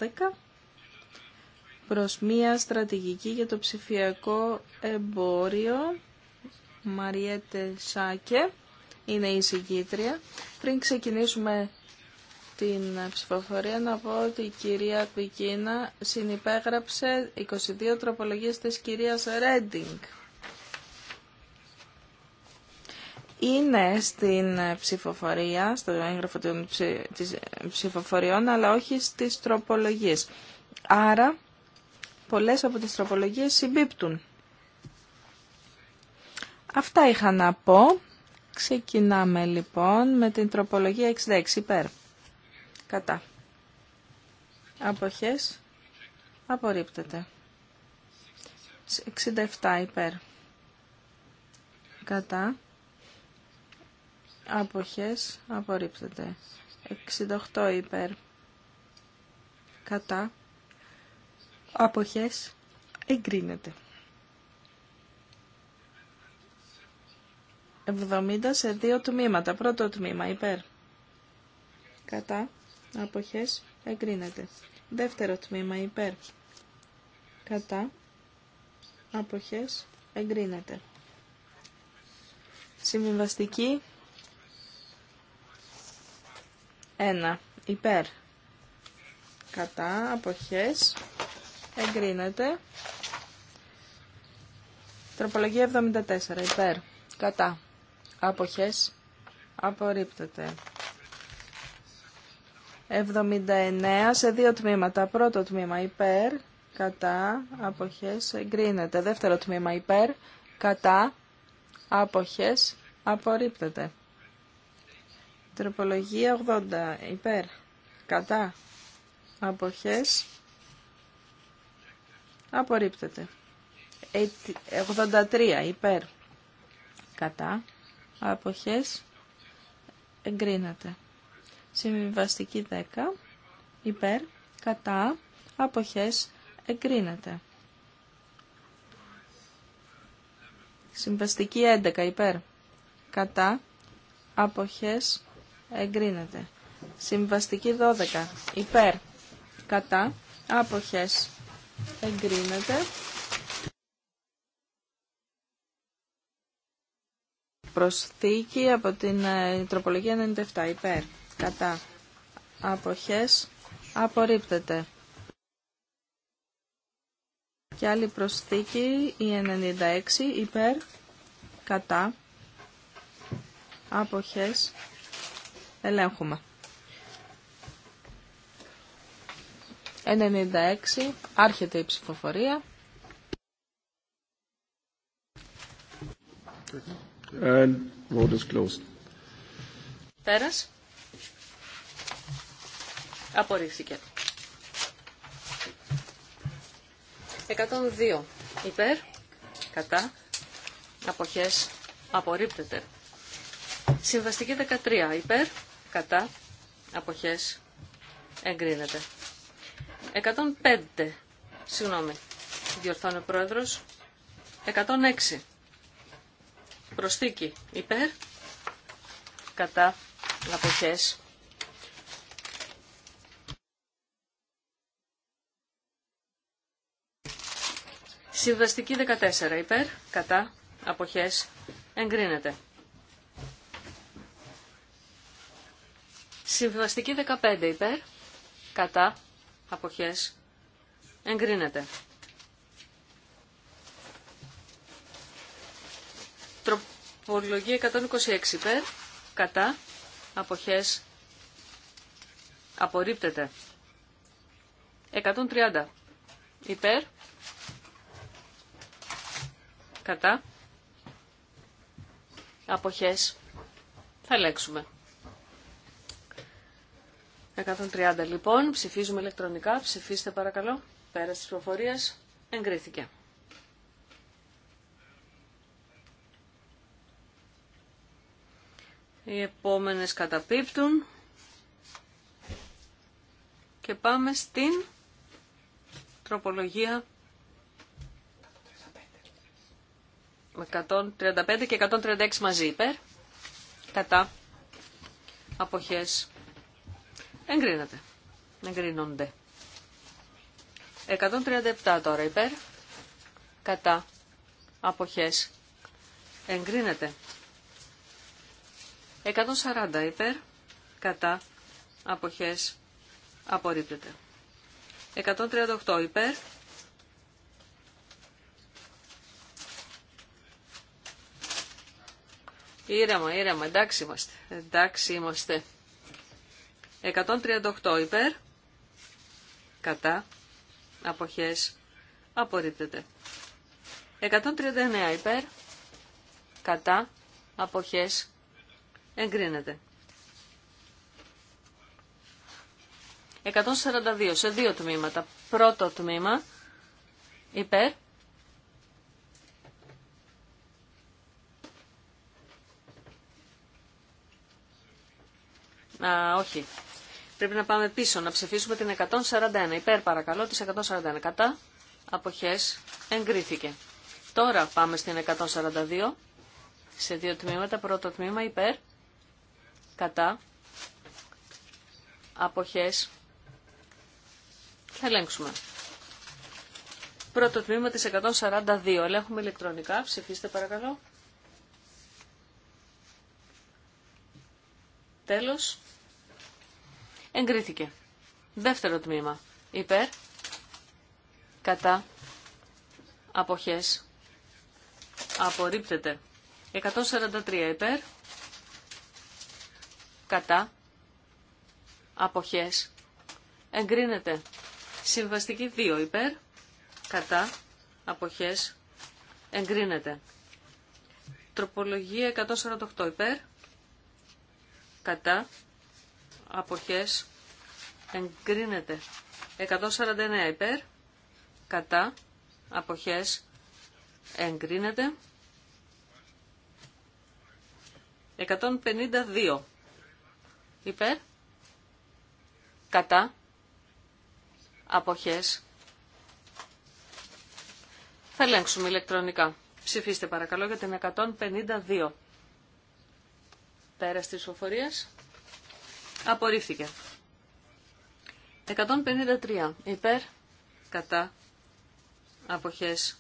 προς μία στρατηγική για το ψηφιακό εμπόριο. Μαριέτε Σάκε είναι η συγκήτρια. Πριν ξεκινήσουμε την ψηφοφορία να πω ότι η κυρία Πικίνα συνυπέγραψε 22 τροπολογίες της κυρίας Ρέντινγκ. Είναι στην ψηφοφορία, στο έγγραφο των ψηφοφοριών, αλλά όχι στις τροπολογίες. Άρα, πολλές από τις τροπολογίες συμπίπτουν. Αυτά είχα να πω. Ξεκινάμε λοιπόν με την τροπολογία 66 υπέρ κατά. Αποχές απορρίπτεται. 67 υπέρ. Κατά. Αποχές απορρίπτεται. 68 υπέρ. Κατά. Αποχές εγκρίνεται. 70 σε δύο τμήματα. Πρώτο τμήμα υπέρ. Κατά αποχές εγκρίνεται. Δεύτερο τμήμα υπέρ κατά αποχές εγκρίνεται. Συμβιβαστική 1. Υπέρ κατά αποχές εγκρίνεται. Τροπολογία 74. Υπέρ κατά αποχές απορρίπτεται. 79 σε δύο τμήματα. Πρώτο τμήμα υπέρ, κατά, αποχές, εγκρίνεται. Δεύτερο τμήμα υπέρ, κατά, αποχές, απορρίπτεται. Τροπολογία 80 υπέρ, κατά, αποχές, απορρίπτεται. 83 υπέρ, κατά, αποχές, εγκρίνεται. Συμβιβαστική 10. Υπέρ. Κατά. Αποχές. Εγκρίνεται. Συμβαστική 11. Υπέρ. Κατά. Αποχές. Εγκρίνεται. Συμβαστική 12. Υπέρ. Κατά. Αποχές. Εγκρίνεται. Προσθήκη από την ε, τροπολογία 97. Υπέρ κατά αποχές απορρίπτεται. Και άλλη προσθήκη, η 96 υπέρ κατά αποχές ελέγχουμε. 96 άρχεται η ψηφοφορία. And Πέρας. Απορρίφθηκε. 102 υπέρ, κατά, αποχές, απορρίπτεται. Συμβαστική 13 υπέρ, κατά, αποχές, εγκρίνεται. 105, συγγνώμη, διορθώνει ο πρόεδρος, 106, προσθήκη υπέρ, κατά, αποχές, Συμβαστική 14 υπέρ, κατά, αποχές, εγκρίνεται. Συμβαστική 15 υπέρ, κατά, αποχές, εγκρίνεται. Τροπολογία 126 υπέρ, κατά, αποχές, απορρίπτεται. 130 υπέρ, κατά αποχές θα ελέγξουμε. 130 λοιπόν, ψηφίζουμε ηλεκτρονικά, ψηφίστε παρακαλώ, πέρα της προφορίας, εγκρίθηκε. Οι επόμενες καταπίπτουν και πάμε στην τροπολογία 135 και 136 μαζί υπέρ. Κατά. Αποχές. Εγκρίνεται. Εγκρίνονται. 137 τώρα υπέρ. Κατά. Αποχές. Εγκρίνεται. 140 υπέρ. Κατά. Αποχές. Απορρίπτεται. 138 υπέρ. Ήρεμα, ήρεμα, εντάξει είμαστε. Εντάξει είμαστε. 138 υπέρ. Κατά. Αποχές. Απορρίπτεται. 139 υπέρ. Κατά. Αποχές. Εγκρίνεται. 142 σε δύο τμήματα. Πρώτο τμήμα υπέρ. Α, όχι. Πρέπει να πάμε πίσω, να ψηφίσουμε την 141. Υπέρ παρακαλώ, της 141. Κατά, αποχές, εγκρίθηκε. Τώρα πάμε στην 142, σε δύο τμήματα. Πρώτο τμήμα υπέρ, κατά, αποχές, θα ελέγξουμε. Πρώτο τμήμα της 142. Ελέγχουμε ηλεκτρονικά. Ψηφίστε παρακαλώ. Τέλος. Εγκρίθηκε. Δεύτερο τμήμα. Υπέρ. Κατά. Αποχές. Απορρίπτεται. 143 υπέρ. Κατά. Αποχές. Εγκρίνεται. Συμβαστική 2 υπέρ. Κατά. Αποχές. Εγκρίνεται. Τροπολογία 148 υπέρ. Κατά αποχές εγκρίνεται. 149 υπέρ, κατά, αποχές εγκρίνεται. 152 υπέρ, κατά, αποχές. Θα ελέγξουμε ηλεκτρονικά. Ψηφίστε παρακαλώ για την 152. Πέρα της ψηφοφορίας. Απορρίφθηκε. 153. Υπέρ, κατά, αποχές,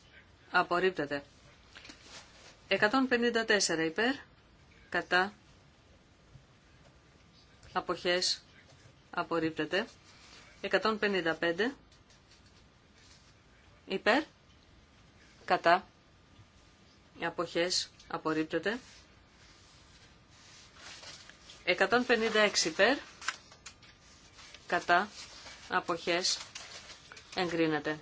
απορρίπτεται. 154. Υπέρ, κατά, αποχές, απορρίπτεται. 155. Υπέρ, κατά, αποχές, απορρίπτεται. 156 υπέρ, κατά, αποχές, εγκρίνεται.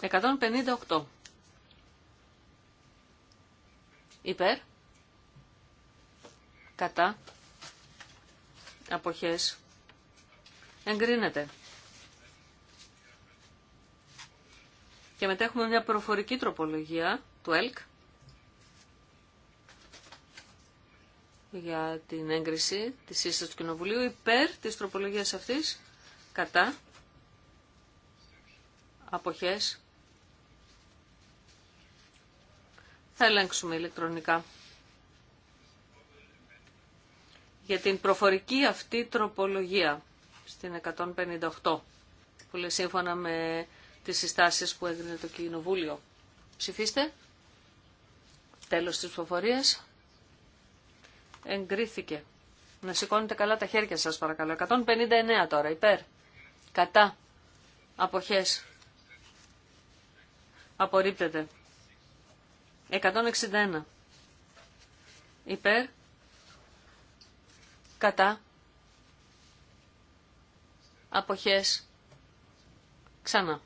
Εκατόν πενήντα οκτώ. Υπέρ. Κατά. Αποχές. Εγκρίνεται. Και μετά έχουμε μια προφορική τροπολογία του ΕΛΚ για την έγκριση της σύστασης του Κοινοβουλίου υπέρ της τροπολογίας αυτής κατά αποχές θα ελέγξουμε ηλεκτρονικά. Για την προφορική αυτή τροπολογία στην 158 που λέει σύμφωνα με τις συστάσεις που έδινε το Κοινοβούλιο. Ψηφίστε. Τέλος της ψηφοφορίας. Εγκρίθηκε. Να σηκώνετε καλά τα χέρια σας παρακαλώ. 159 τώρα. Υπέρ. Κατά. Αποχές. Απορρίπτεται. 161. Υπέρ. Κατά. Αποχές. Ξανά.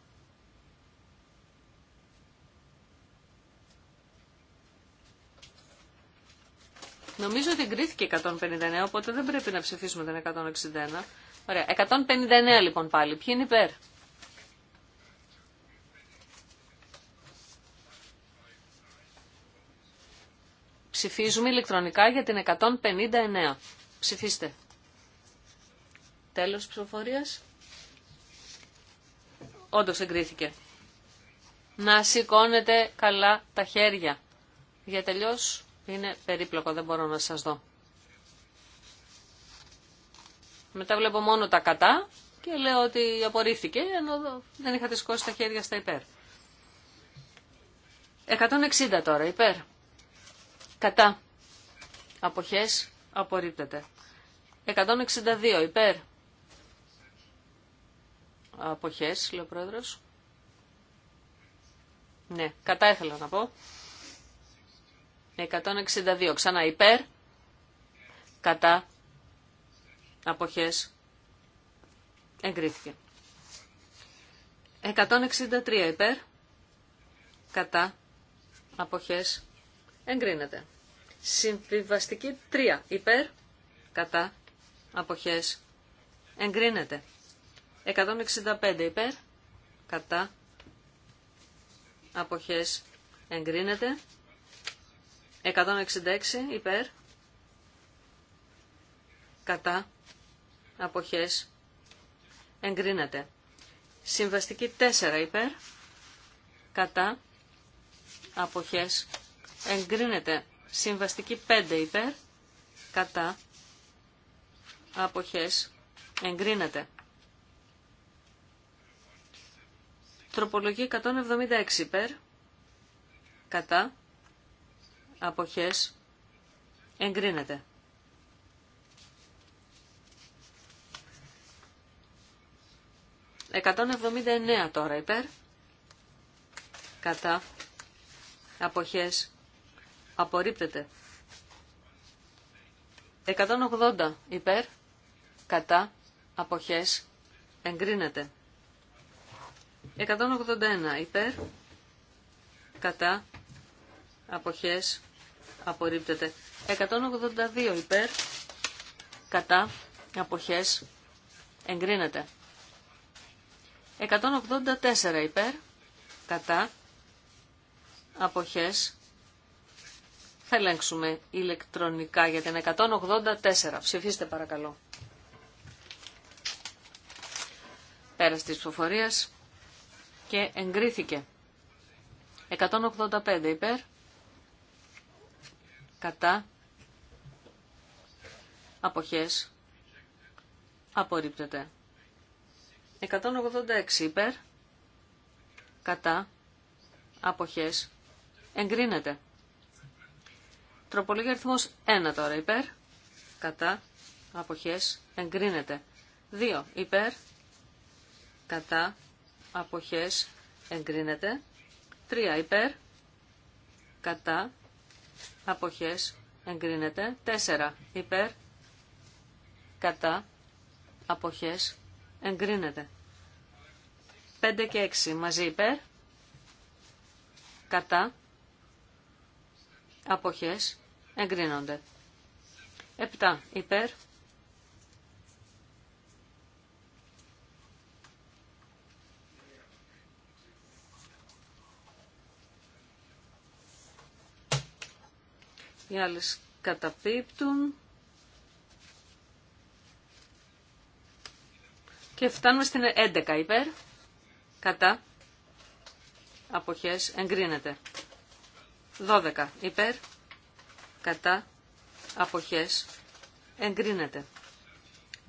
Νομίζω ότι εγκρίθηκε 159, οπότε δεν πρέπει να ψηφίσουμε την 161. Ωραία. 159 λοιπόν πάλι. Ποιοι είναι υπέρ. Ψηφίζουμε ηλεκτρονικά για την 159. Ψηφίστε. Τέλος ψηφοφορίας. Όντως εγκρίθηκε. Να σηκώνετε καλά τα χέρια. Για τελειώσει. Είναι περίπλοκο, δεν μπορώ να σας δω. Μετά βλέπω μόνο τα κατά και λέω ότι απορρίφθηκε, ενώ δεν είχα τις τα χέρια στα υπέρ. 160 τώρα, υπέρ. Κατά. Αποχές, απορρίπτεται. 162, υπέρ. Αποχές, λέει ο πρόεδρος. Ναι, κατά ήθελα να πω. 162. Ξανά υπέρ. Κατά. Αποχές. Εγκρίθηκε. 163 υπέρ. Κατά. Αποχές. Εγκρίνεται. Συμβιβαστική 3 υπέρ. Κατά. Αποχές. Εγκρίνεται. 165 υπέρ. Κατά. Αποχές. Εγκρίνεται. 166 υπέρ. Κατά. Αποχές. Εγκρίνεται. Συμβαστική 4 υπέρ. Κατά. Αποχές. Εγκρίνεται. Συμβαστική 5 υπέρ. Κατά. Αποχές. Εγκρίνεται. Τροπολογία 176 υπέρ. Κατά αποχές εγκρίνεται. Εκατόν τώρα υπέρ, κατά, αποχές, απορρίπτεται. 180 υπέρ, κατά, αποχές, εγκρίνεται. 181 υπέρ, κατά, αποχές, απορρίπτεται. 182 υπέρ, κατά, αποχές, εγκρίνεται. 184 υπέρ, κατά, αποχές, θα ελέγξουμε ηλεκτρονικά για την 184. Ψηφίστε παρακαλώ. Πέρας της ψηφοφορίας και εγκρίθηκε. 185 υπέρ, κατά, αποχές, απορρίπτεται. 186 υπέρ, κατά, αποχές, εγκρίνεται. Τροπολογία αριθμός 1 τώρα υπέρ, κατά, αποχές, εγκρίνεται. 2 υπέρ, κατά, αποχές, εγκρίνεται. 3 υπέρ, κατά, αποχές εγκρίνεται. 4 υπέρ κατά αποχές εγκρίνεται. 5 και 6 μαζί υπέρ κατά αποχές εγκρίνονται. 7 υπέρ Οι άλλες καταπίπτουν. Και φτάνουμε στην 11 υπέρ. Κατά. Αποχές εγκρίνεται. 12 υπέρ. Κατά. Αποχές εγκρίνεται.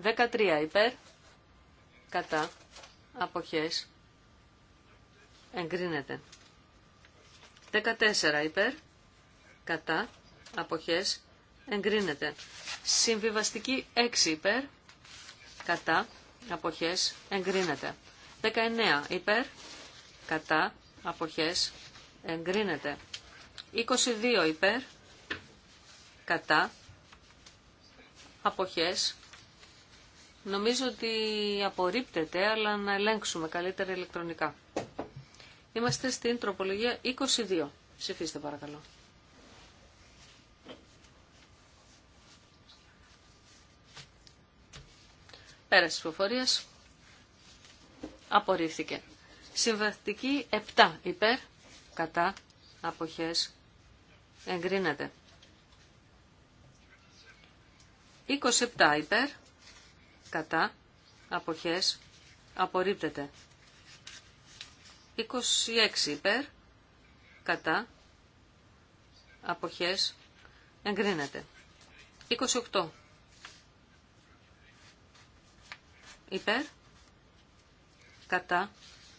13 υπέρ. Κατά. Αποχές εγκρίνεται. 14 υπέρ. Κατά αποχές εγκρίνεται. Συμβιβαστική 6 υπέρ, κατά, αποχές εγκρίνεται. 19 υπέρ, κατά, αποχές εγκρίνεται. 22 υπέρ, κατά, αποχές Νομίζω ότι απορρίπτεται, αλλά να ελέγξουμε καλύτερα ηλεκτρονικά. Είμαστε στην τροπολογία 22. Ψηφίστε παρακαλώ. Πέρασε της ψηφοφορίας. Απορρίφθηκε. Συμβατική 7 υπέρ, κατά, αποχές, εγκρίνεται. 27 υπέρ, κατά, αποχές, απορρίπτεται. 26 υπέρ, κατά, αποχές, εγκρίνεται. 28 υπέρ, κατά,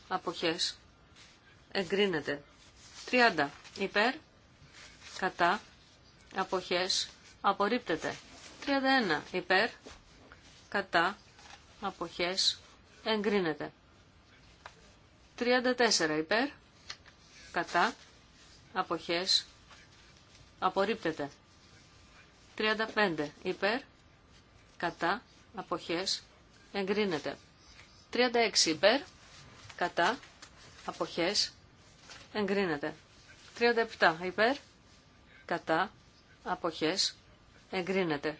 αποχές, εγκρίνεται. 30 υπέρ, κατά, αποχές, απορρίπτεται. 31 υπέρ, κατά, αποχές, εγκρίνεται. 34 υπέρ, κατά, αποχές, απορρίπτεται. 35 υπέρ, κατά, αποχές, εγκρίνεται. 36 υπέρ, κατά, αποχές, εγκρίνεται. 37 υπέρ, κατά, αποχές, εγκρίνεται.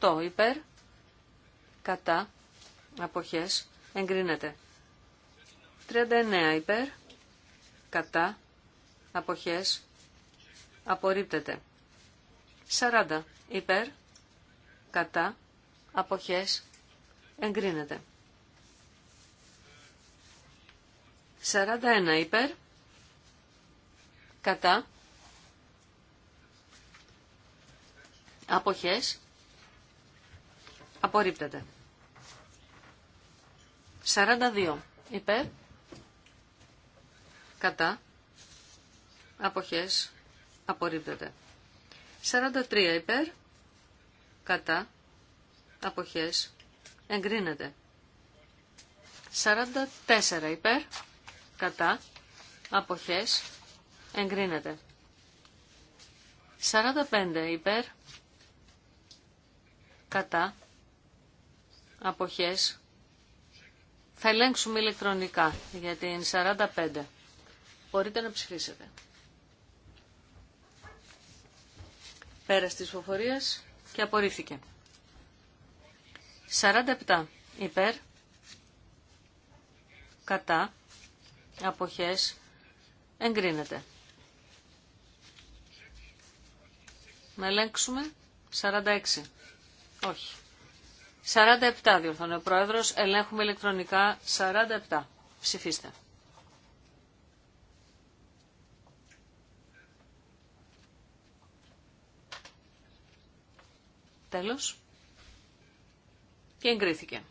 38 υπέρ, κατά, αποχές, εγκρίνεται. 39 υπέρ, κατά, αποχές, απορρίπτεται. 40 υπέρ, κατά, αποχές, Εγκρίνεται. 41 υπέρ. Κατά. Αποχές. Απορρίπτεται. 42 υπέρ. Κατά. Αποχές. Απορρίπτεται. 43 υπέρ. Κατά. Αποχές εγκρίνεται. 44 υπέρ, κατά, αποχές, εγκρίνεται. 45 υπέρ, κατά, αποχές, θα ελέγξουμε ηλεκτρονικά για την 45. Μπορείτε να ψηφίσετε. Πέρα της ψηφοφορίας και απορρίφθηκε. 47 υπέρ, κατά, αποχές, εγκρίνεται. Να ελέγξουμε 46. Όχι. 47 διορθώνει ο πρόεδρος. Ελέγχουμε ηλεκτρονικά 47. Ψηφίστε. Τέλος και εγκρίθηκε.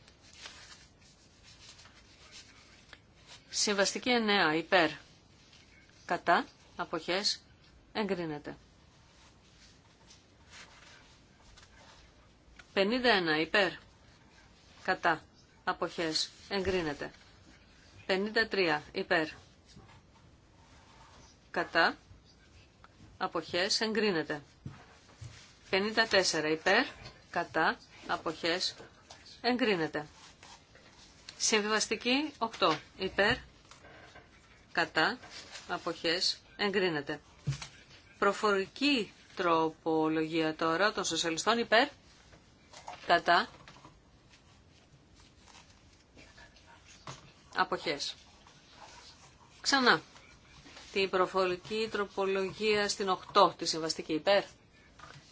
Συμβαστική 9 υπέρ κατά αποχές εγκρίνεται. 51 υπέρ κατά αποχές εγκρίνεται. 53 υπέρ κατά αποχές εγκρίνεται. 54 υπέρ κατά αποχές Εγκρίνεται. Συμβιβαστική 8. Υπέρ. Κατά. Αποχές. Εγκρίνεται. Προφορική τροπολογία τώρα των σοσιαλιστών υπέρ. Κατά. Αποχές. Ξανά. Την προφορική τροπολογία στην 8 τη συμβαστική υπέρ.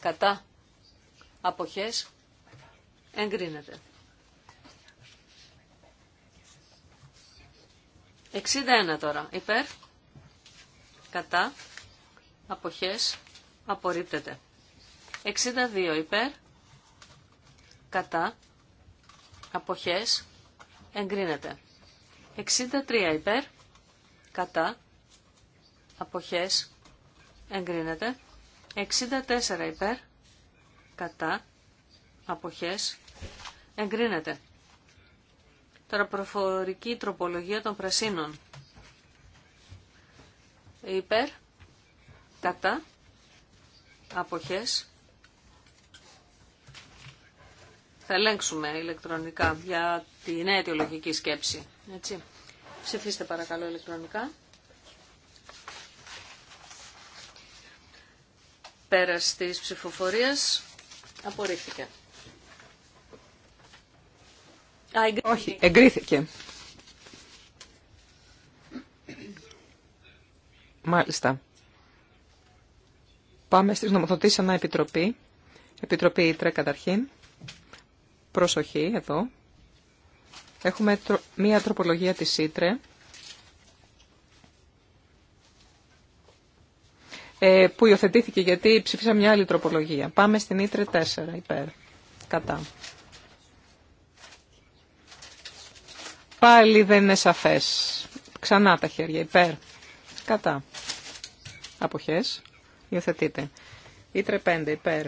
Κατά. Αποχές. Εγκρίνεται. 61 τώρα. Υπέρ. Κατά. Αποχές. Απορρίπτεται. 62 υπέρ. Κατά. Αποχές. Εγκρίνεται. 63 υπέρ. Κατά. Αποχές. Εγκρίνεται. 64 υπέρ. Κατά. Αποχές. Εγκρίνεται. Τώρα προφορική τροπολογία των πρασίνων. Υπέρ, κατά, αποχές. Θα ελέγξουμε ηλεκτρονικά για την αιτιολογική σκέψη. Έτσι. Ψηφίστε παρακαλώ ηλεκτρονικά. Πέρας της ψηφοφορίας απορρίφθηκε. Όχι, εγκρίθηκε. Μάλιστα. Πάμε στις νομοθετήσεις ανά επιτροπή. Επιτροπή Ήτρε καταρχήν. Προσοχή εδώ. Έχουμε μία τροπολογία της Ήτρε. Ε, που υιοθετήθηκε γιατί ψήφισα μια άλλη τροπολογία. Πάμε στην Ήτρε 4 υπέρ. Κατά. Πάλι δεν είναι σαφές. Ξανά τα χέρια υπέρ. Κατά. Αποχές. Υιοθετείτε. Ήτρε 5 υπέρ.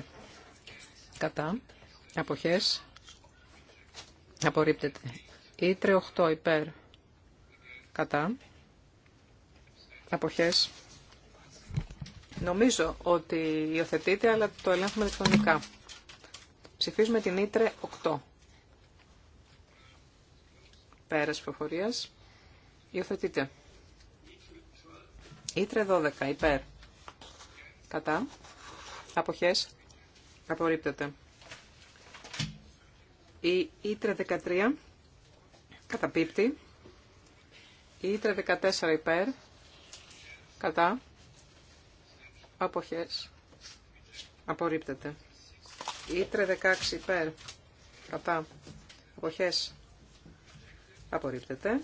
Κατά. Αποχές. Απορρίπτεται. Ήτρε 8 υπέρ. Κατά. Αποχές. Νομίζω ότι υιοθετείτε αλλά το ελέγχουμε ηλεκτρονικά. Ψηφίζουμε την Ήτρε 8. Πέρας προφορίας. Υιοθετείτε. Ήτρε 12. Υπέρ. Κατά. Αποχές. Απορρίπτεται. Η Ήτρε 13. Καταπίπτει. Η Ήτρε 14. Υπέρ. Κατά. Αποχές. Απορρίπτεται. Ήτρε 16. Υπέρ. Κατά. Αποχές. Απορρίπτεται.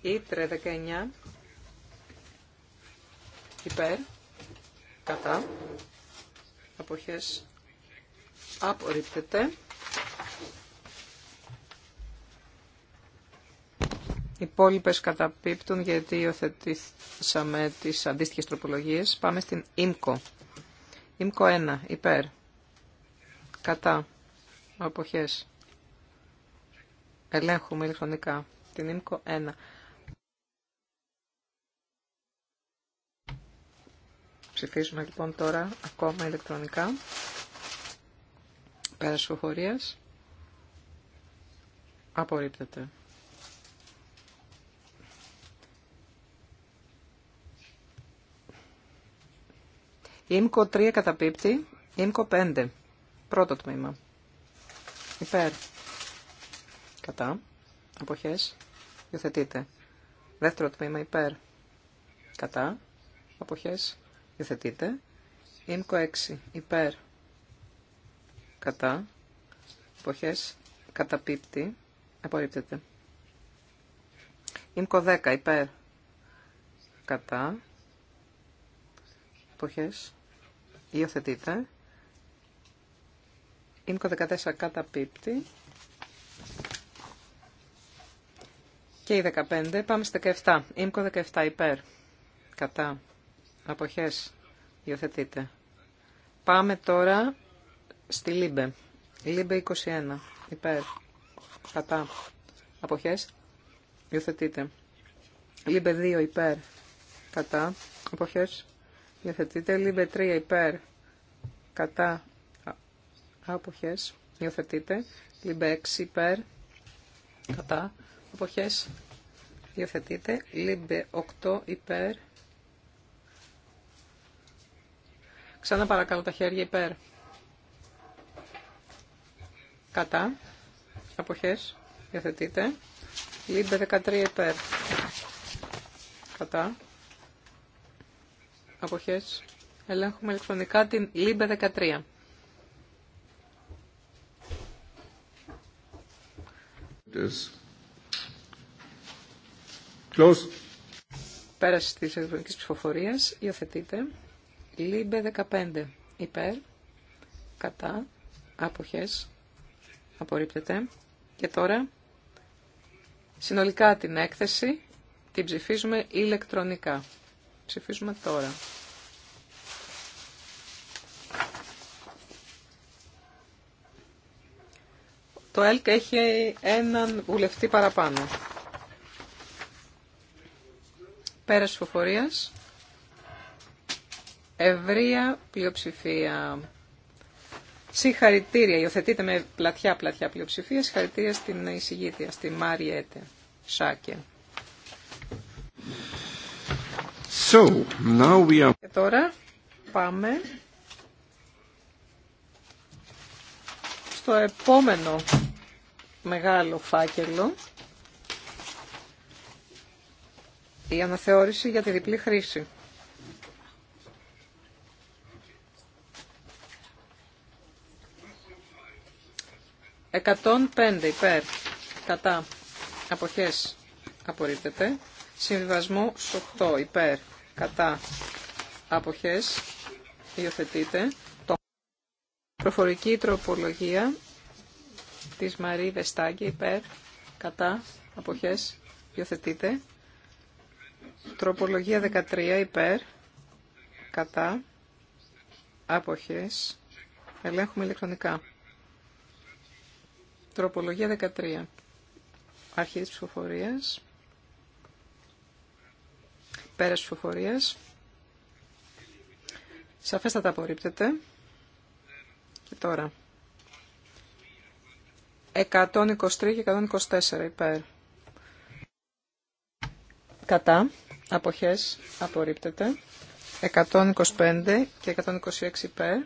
Η 19. Υπέρ. Κατά. Αποχές. Απορρίπτεται. Οι υπόλοιπες καταπίπτουν γιατί υιοθετήσαμε τις αντίστοιχες τροπολογίες. Πάμε στην ΙΜΚΟ. ΙΜΚΟ 1. Υπέρ. Κατά. Αποχές. Ελέγχουμε ηλεκτρονικά. Την ΙΜΚΟ 1. Ψηφίζουμε λοιπόν τώρα ακόμα ηλεκτρονικά. Πέρας χωρίας Απορρίπτεται. ΙΜΚΟ 3 καταπίπτει. ΙΜΚΟ 5. Πρώτο τμήμα. Υπέρ. Κατά. Αποχές. Υιοθετείτε. Δεύτερο τμήμα υπέρ. Κατά. Αποχές. Υιοθετείτε. Ήμκο 6. Υπέρ. Κατά. Αποχές. Καταπίπτει. Απορρίπτεται. Ήμκο 10. Υπέρ. Κατά. Αποχές. Υιοθετείτε. Ήμκο 14. Καταπίπτει. και η 15. Πάμε στη 17. Ήμκο 17 υπέρ. Κατά. Αποχές. Υιοθετείτε. Πάμε τώρα στη Λίμπε. Λίμπε 21. Υπέρ. Κατά. Αποχές. Υιοθετείτε. Λίμπε 2 υπέρ. Κατά. Αποχές. Υιοθετείτε. Λίμπε 3 υπέρ. Κατά. Αποχές. Υιοθετείτε. Λίμπε 6 υπέρ. Κατά. Εποχές Υιοθετείτε. Λίμπε 8 υπέρ. Ξανά παρακαλώ τα χέρια υπέρ. Κατά. Αποχές. Υιοθετείτε. Λίμπε 13 υπέρ. Κατά. Αποχές. Ελέγχουμε ηλεκτρονικά την Λίμπε 13. Πέραση της ηλεκτρονικής ψηφοφορία. Υιοθετείτε. Λίμπε 15. Υπέρ. Κατά. Αποχές. Απορρίπτεται. Και τώρα συνολικά την έκθεση την ψηφίζουμε ηλεκτρονικά. Ψηφίζουμε τώρα. Το ΕΛΚ έχει έναν βουλευτή παραπάνω. Πέρας φοφορίας. Ευρεία πλειοψηφία. Συγχαρητήρια. Υιοθετείτε με πλατιά-πλατιά πλειοψηφία. Συγχαρητήρια στην εισηγήτρια, στη Μάριέτε Σάκε. So, now we are... Και τώρα πάμε στο επόμενο μεγάλο φάκελο. η αναθεώρηση για τη διπλή χρήση. Εκατόν πέντε υπέρ, κατά, αποχές, απορρίπτεται. Συμβιβασμό 8 υπέρ, κατά, αποχές, υιοθετείται. Το προφορική τροπολογία της Μαρή Βεστάγκη υπέρ, κατά, αποχές, υιοθετείται. Τροπολογία 13 υπέρ, κατά, άποχες, ελέγχουμε ηλεκτρονικά. Τροπολογία 13. Αρχή της ψηφοφορίας. Πέρας ψηφοφορίας. Σαφέστατα απορρίπτεται. Και τώρα. 123 και 124 υπέρ. Κατά αποχές απορρίπτεται. 125 και 126 υπέρ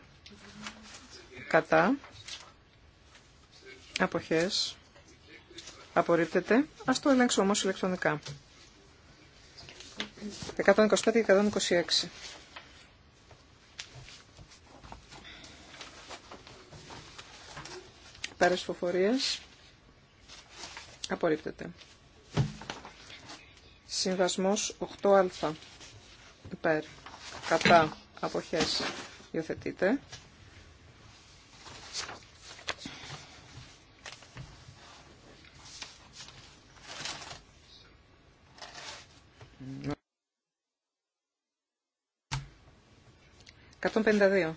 κατά αποχές απορρίπτεται. Ας το ελέγξω όμως ηλεκτρονικά. 125 και 126. Πέρας φοφορίας απορρίπτεται. Συμβασμός 8α. Υπέρ. Κατά. Αποχές. Υιοθετείτε. 152,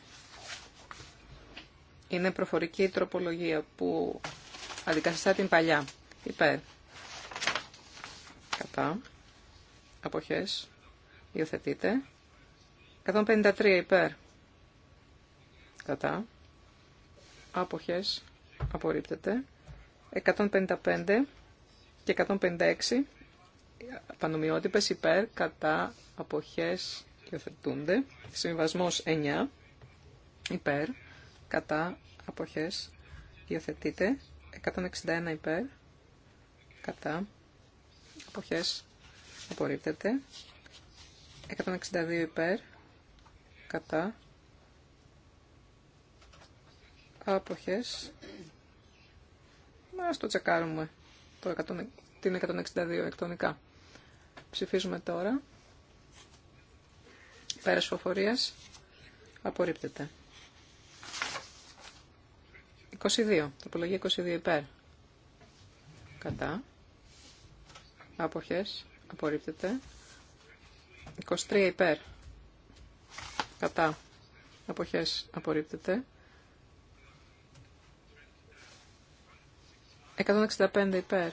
Είναι προφορική τροπολογία που αντικαθιστά την παλιά. Υπέρ. Κατά αποχές υιοθετείται. 153 υπέρ κατά αποχές απορρίπτεται. 155 και 156 πανομοιότυπες υπέρ κατά αποχές υιοθετούνται. Συμβασμός 9 υπέρ κατά αποχές υιοθετείται. 161 υπέρ κατά αποχές απορρίπτεται. 162 υπέρ, κατά, άποχες. Ας το τσεκάρουμε το 100, την 162 εκτονικά. Ψηφίζουμε τώρα. Πέρας φοφορίας απορρίπτεται. 22. Τοπολογία 22 υπέρ. Κατά. Άποχες. Απορρίπτεται. 23 υπέρ. Κατά. Αποχές. Απορρίπτεται. 165 υπέρ.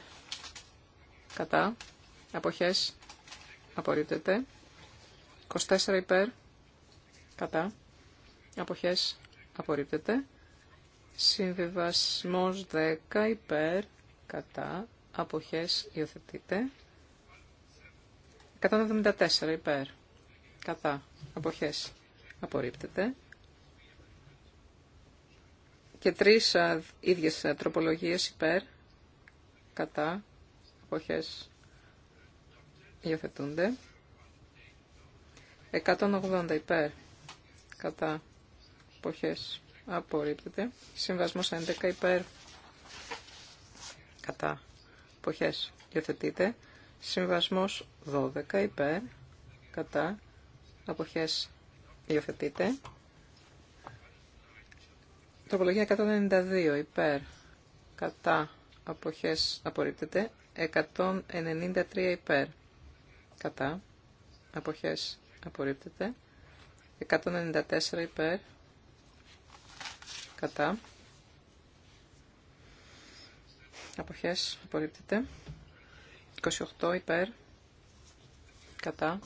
Κατά. Αποχές. Απορρίπτεται. 24 υπέρ. Κατά. Αποχές. Απορρίπτεται. Συμβιβασμός 10 υπέρ. Κατά. Αποχές. Υιοθετείται. 174 υπέρ. Κατά. Αποχές. Απορρίπτεται. Και τρεις α, ίδιες τροπολογίες υπέρ. Κατά. Αποχές. Υιοθετούνται. 180 υπέρ. Κατά. Αποχές. Απορρίπτεται. Συμβασμός 11 υπέρ. Κατά. Αποχές. Υιοθετείται. Συμβασμός 12 υπέρ, κατά, αποχές υιοθετείται. Τροπολογία 192 υπέρ, κατά, αποχές απορρίπτεται. 193 υπέρ, κατά, αποχές απορρίπτεται. 194 υπέρ, κατά, αποχές απορρίπτεται. 28 υπέρ, κατά,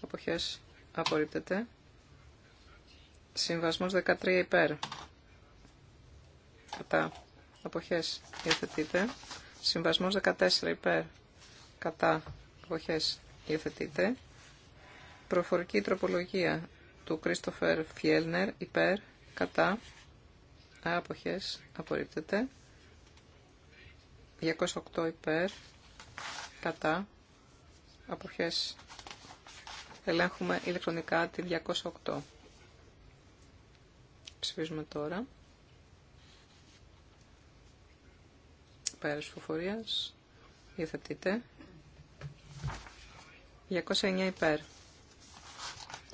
αποχές απορρίπτεται. Συμβασμός 13 υπέρ, κατά, αποχές υιοθετείται. Συμβασμός 14 υπέρ, κατά, αποχές υιοθετείται. Προφορική τροπολογία του Κρίστοφερ Φιέλνερ υπέρ, κατά, αποχές απορρίπτεται. 208 υπέρ, κατά, αποχές, ελέγχουμε ηλεκτρονικά τη 208. Ψηφίζουμε τώρα. Πέρας φοφορίας, υιοθετείτε. 209 υπέρ,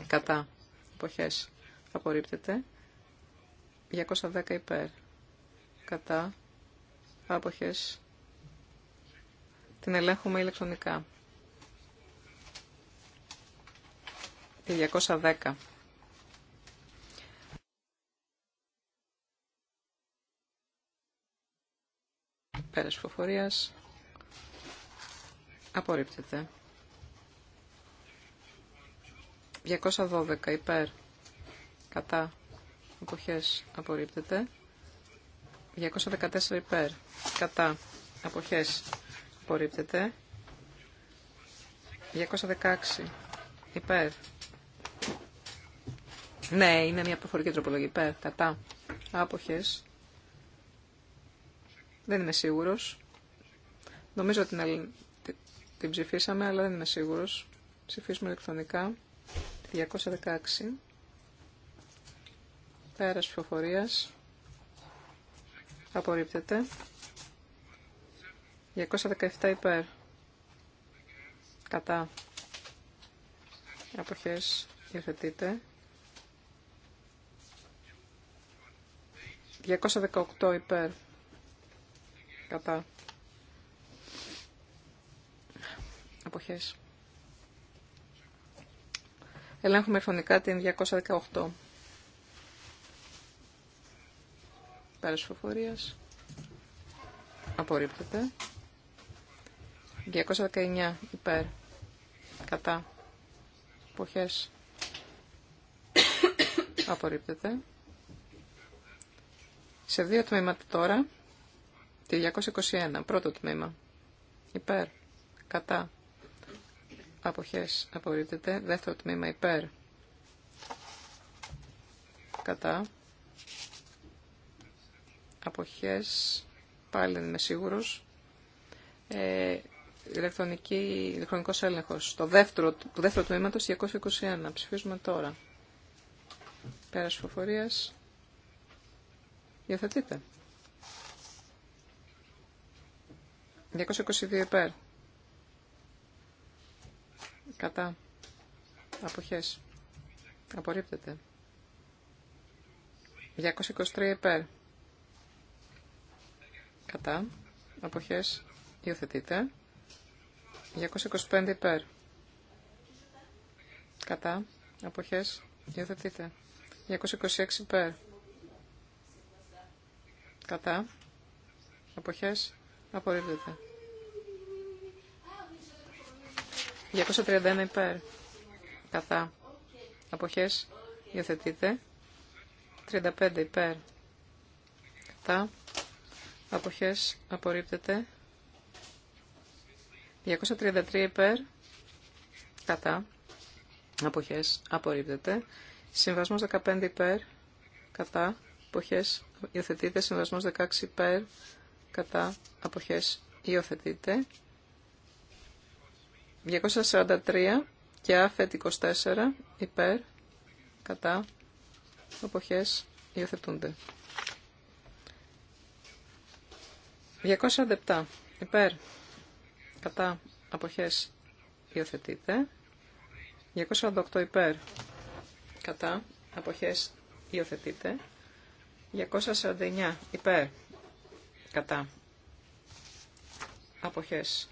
κατά, αποχές, απορρίπτεται. 210 υπέρ, κατά, άποχες την ελέγχουμε ηλεκτρονικά. Τη 210. Πέρας φοφορίας. Απορρίπτεται. 212 υπέρ. Κατά. Αποχές. Απορρίπτεται. 214 υπέρ. Κατά. Αποχές. Απορρίπτεται. 216. Υπέρ. Ναι, είναι μια προφορική τροπολογία. Υπέρ. Κατά. Άποχες. Δεν είμαι σίγουρος. Νομίζω ότι την, την ψηφίσαμε, αλλά δεν είμαι σίγουρος. Ψηφίσουμε ηλεκτρονικά. 216. Πέρας ψηφοφορίας. Απορρίπτεται. 217 υπέρ. Κατά. Αποχές υιοθετείτε. 218 υπέρ. Κατά. Αποχές. Ελέγχουμε φωνικά την 218. Πέρας φοφορίας. Απορρίπτεται. 219 υπέρ. Κατά. Αποχές. Απορρίπτεται. Σε δύο τμήματα τώρα. Τη 221. Πρώτο τμήμα. Υπέρ. Κατά. Αποχές. Απορρίπτεται. Δεύτερο τμήμα. Υπέρ. Κατά. Αποχές. Πάλι δεν είμαι σίγουρος. Ε, ηλεκτρονική, ηλεκτρονικός έλεγχος. Το δεύτερο, του δεύτερου τμήματος 221. Ψηφίζουμε τώρα. Πέρας φοφορίας. Διαθετείτε. 222 υπέρ. Κατά. Αποχές. Απορρίπτεται. 223 υπέρ. Κατά. Αποχές. Υιοθετείτε. 225 υπέρ. Κατά. Αποχές. Υιοθετείτε. 226 υπέρ. Κατά. Αποχές. Απορρίπτεται. 231 υπέρ. Κατά. Αποχές. Διοθετείτε. 35 υπέρ. Κατά. Αποχές. Απορρίπτεται. 233 υπέρ, κατά, αποχές, απορρίπτεται. Συμβασμός 15 υπέρ, κατά, αποχές, υιοθετείται. Συμβασμός 16 υπέρ, κατά, αποχές, υιοθετείται. 243 και άφετ 24 υπέρ, κατά, αποχές, υιοθετούνται. 207 υπέρ, κατά αποχές υιοθετείται. 248 υπέρ κατά αποχές υιοθετείται. 249 υπέρ κατά αποχές.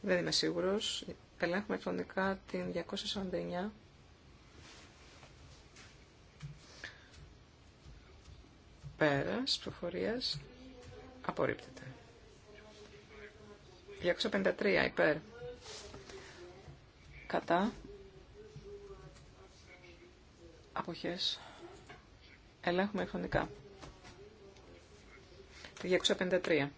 Δεν είμαι σίγουρος. Ελέγχουμε εκτονικά την 249. Πέρας προφορίας απορρίπτεται. 253 υπέρ. Κατά. Αποχές. Ελέγχουμε χρονικά. 253.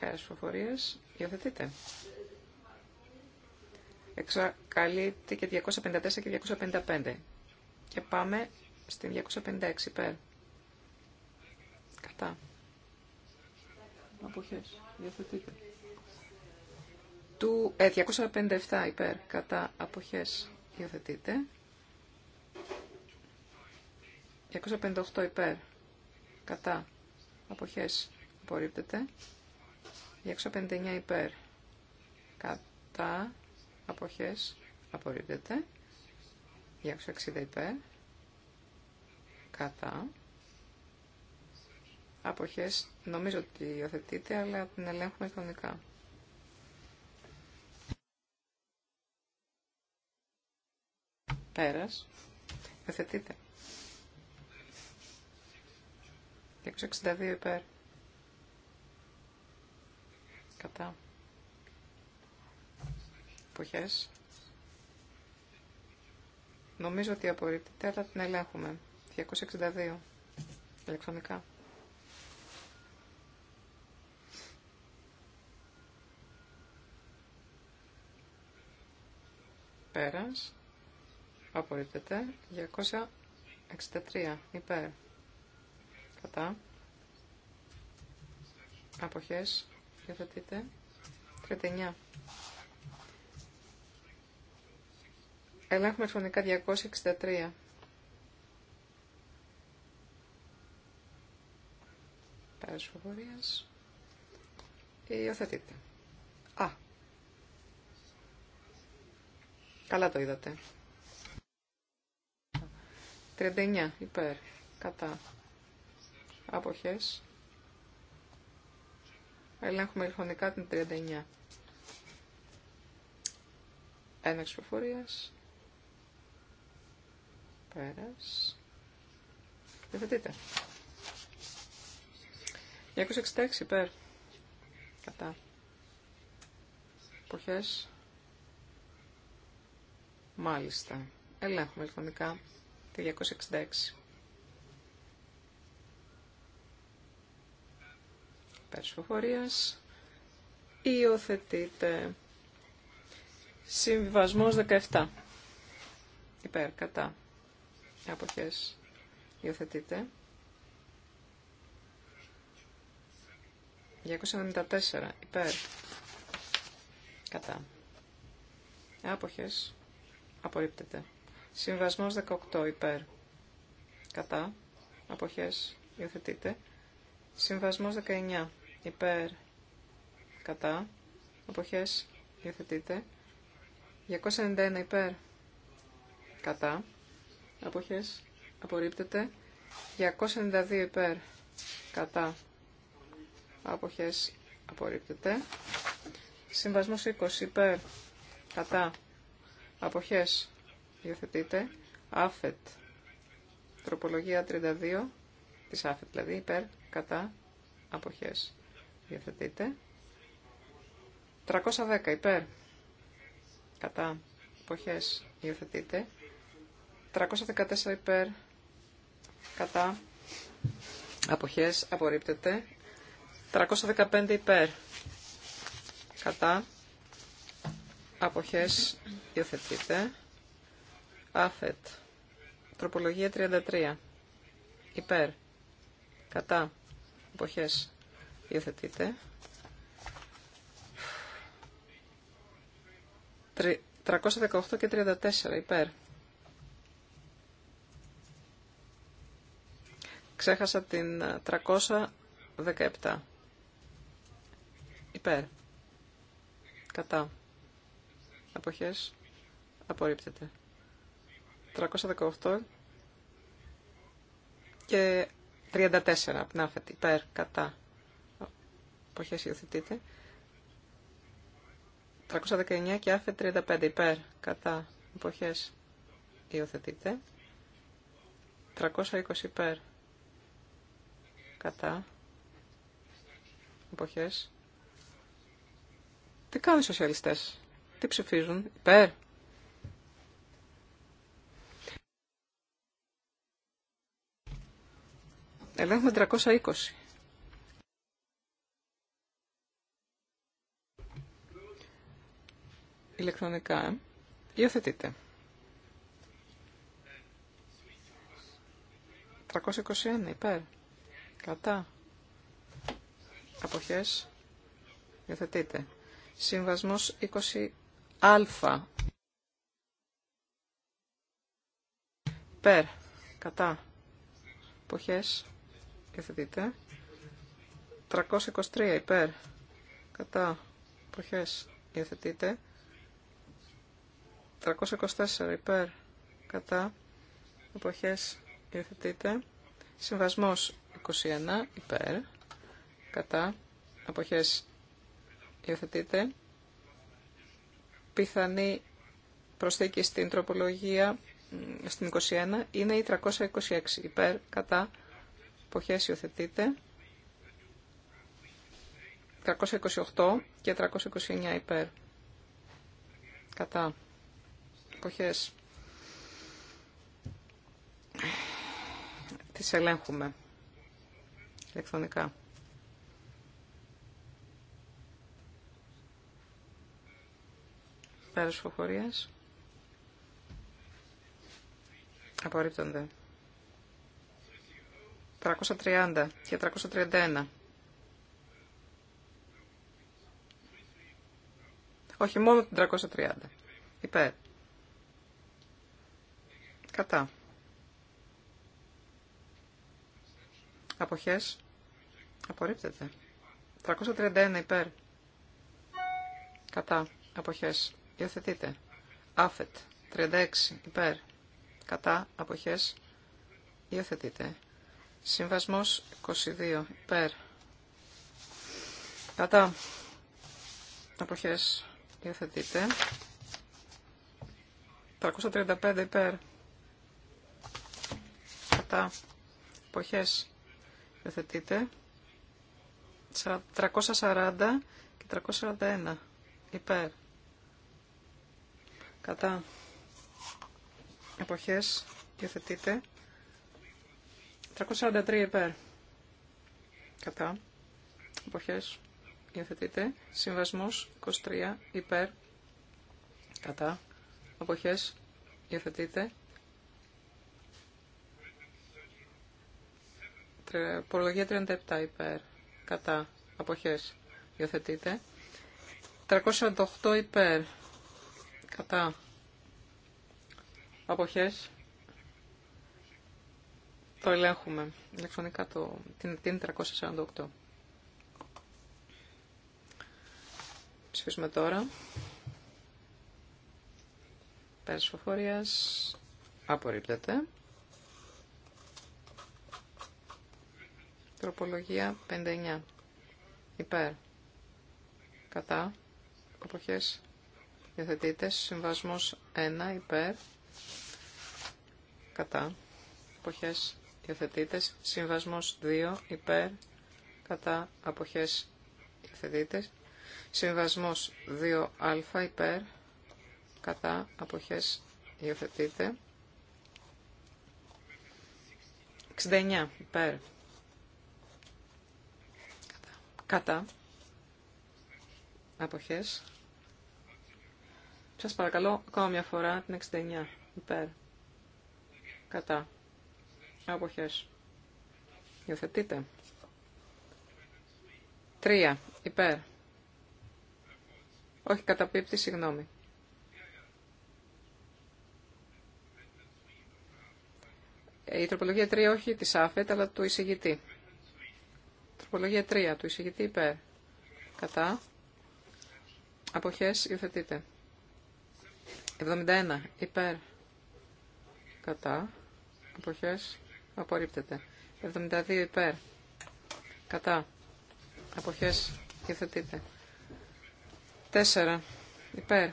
Πέρας προφορίες. Υιοθετείτε. Εξακαλύπτει και 254 και 255. Και πάμε στην 256 υπέρ. Κατά. Αποχές. Διαθετείτε. Του, 257 υπέρ. Κατά. Αποχές. Υιοθετείτε. 258 ε, υπέρ. Κατά. Αποχές. Απορρίπτεται. 259 υπέρ. Κατά. Αποχές. Απορρίπτεται. 260 υπέρ κατά αποχές νομίζω ότι υιοθετείται αλλά την ελέγχουμε χρονικά. Πέρας. Υιοθετείται. 162 υπέρ. Κατά. Αποχές. Νομίζω ότι απορρίπτεται αλλά την ελέγχουμε. 262 ηλεκτρονικά. Πέρας. Απορρίπτεται. 263 υπέρ. Κατά. Αποχές. Διαθετείτε. 39. Ελέγχουμε ηλεκτρονικά 263. Πέρας φοβορίας. Υιοθετείτε. Α. Καλά το είδατε. 39 υπέρ. Κατά. Αποχές. Ελέγχουμε ηλεκτρονικά την 39. Ένα εξωφορίας. Πέρας. Υιοθετείτε. 266 υπέρ. Κατά. Εποχές. Μάλιστα. Ελέγχουμε ηλεκτρονικά τη 266. υπέρ φοφορίας. Υιοθετείται. Συμβιβασμός 17. Υπέρ. Κατά. Αποχές. Υιοθετείται. 294 υπέρ κατά άποχες απορρίπτεται συμβασμός 18 υπέρ κατά αποχές υιοθετείται συμβασμός 19 υπέρ κατά αποχές υιοθετείται 291 υπέρ κατά αποχές απορρίπτεται 292 υπέρ κατά αποχές απορρίπτεται. Συμβασμός 20 υπέρ κατά αποχές υιοθετείται. Άφετ τροπολογία 32 της άφετ δηλαδή υπέρ κατά αποχές υιοθετείται. 310 υπέρ κατά αποχές υιοθετείται. 314 υπέρ κατά αποχές απορρίπτεται. 315 υπέρ. Κατά. Αποχές υιοθετείτε. Άφετ. Τροπολογία 33. Υπέρ. Κατά. Αποχές υιοθετείται. 318 και 34 υπέρ. Ξέχασα την 317. Ε, Υπέρ. Κατά. Αποχές. Απορρίπτεται. 318 και 34 απνάφετε Υπέρ. Κατά. Αποχές υιοθετείται. 319 και άφε 35 υπέρ. Κατά. Αποχές υιοθετείται. 320 υπέρ. Κατά. εποχέ. Τι κάνουν οι σοσιαλιστές. Τι ψηφίζουν. Υπέρ. Ελέγχουμε 320. Ηλεκτρονικά. Ε. Υιοθετείτε. 321 υπέρ. Κατά. Αποχές. Υιοθετείτε. Συμβασμός 20α. Περ. Κατά. Εποχές. Υιοθετείτε. 323 υπέρ. Κατά. Εποχές. Υιοθετείτε. 324 υπέρ. Κατά. Εποχές. Υιοθετείτε. Συμβασμός 21 υπέρ. Κατά. Εποχές Υιοθετείτε. Πιθανή προσθήκη στην τροπολογία στην 21 είναι η 326 υπέρ κατά εποχές υιοθετείται 328 και 329 υπέρ κατά εποχές τις ελέγχουμε ηλεκτρονικά. Πέρας φοφορίας. Απορρίπτονται. 330 και 331. Όχι μόνο την 330. Υπέρ. Κατά. Αποχές. Απορρίπτεται. 331 υπέρ. Κατά. Αποχές. Υιοθετείτε. Άφετ. 36. Υπέρ. Κατά. Αποχές. Υιοθετείτε. Συμβασμός 22. Υπέρ. Κατά. Αποχές. Υιοθετείτε. 335. Υπέρ. Κατά. Αποχές. Υιοθετείτε. 340 και 341. Υπέρ κατά εποχές υιοθετείται 343 υπέρ κατά εποχές υιοθετείται συμβασμός 23 υπέρ κατά εποχές υιοθετείτε. Προλογία 37 υπέρ κατά αποχές υιοθετείται 348 υπέρ Κατά. Αποχές. Το ελέγχουμε. Ηλεκτρονικά το, την, την 348. Ψηφίσουμε τώρα. Πέρας φοφορίας. Απορρίπτεται. Τροπολογία 59. Υπέρ. Κατά. Αποχές. Υιοθετείτε συμβασμός 1 υπέρ κατά αποχές υιοθετείτε. Συμβασμός 2 υπέρ κατά αποχές υιοθετείτε. Συμβασμός 2α υπέρ κατά αποχές υιοθετείτε. 69 υπέρ κατά, κατά αποχές σας παρακαλώ ακόμα μια φορά την 69 υπέρ. Κατά. Αποχές. Υιοθετείτε. 3 υπέρ. Όχι πίπτη, συγγνώμη. Η τροπολογία 3 όχι της ΑΦΕΤ αλλά του εισηγητή. Τροπολογία 3 του εισηγητή υπέρ. Κατά. Αποχές υιοθετείτε. 71 υπέρ κατά αποχές απορρίπτεται. 72 υπέρ κατά αποχές υιοθετείται. 4 υπέρ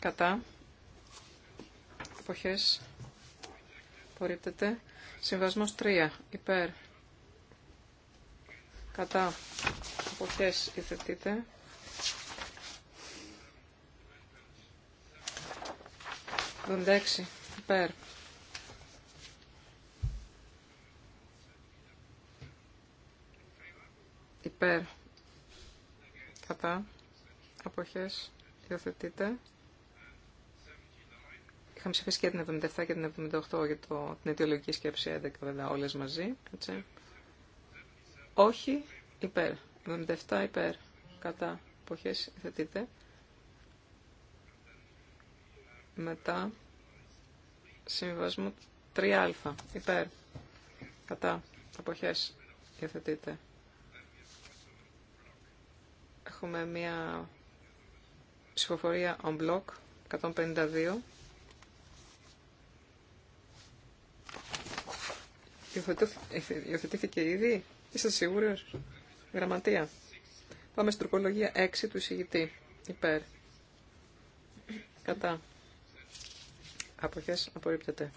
κατά αποχές απορρίπτεται. Συμβασμός 3 υπέρ κατά αποχές υιοθετείται. 76, υπέρ. Υπέρ. Κατά. Αποχές. Υιοθετείτε. Είχαμε ψηφίσει και την 77 και την 78 για το, την αιτιολογική σκέψη 11, βέβαια, όλες μαζί. Έτσι. Όχι υπέρ. 77 υπέρ. Κατά. Αποχές. Υιοθετείτε. Μετά συμβιβασμό 3α. Υπέρ. Κατά. Αποχές. Υιοθετείτε. Έχουμε μία ψηφοφορία on block 152. Υιοθετήθηκε ήδη. Είστε σίγουρος. Γραμματεία. Πάμε στην τροπολογία 6 του εισηγητή. Υπέρ. Κατά αποχές απορρίπτεται.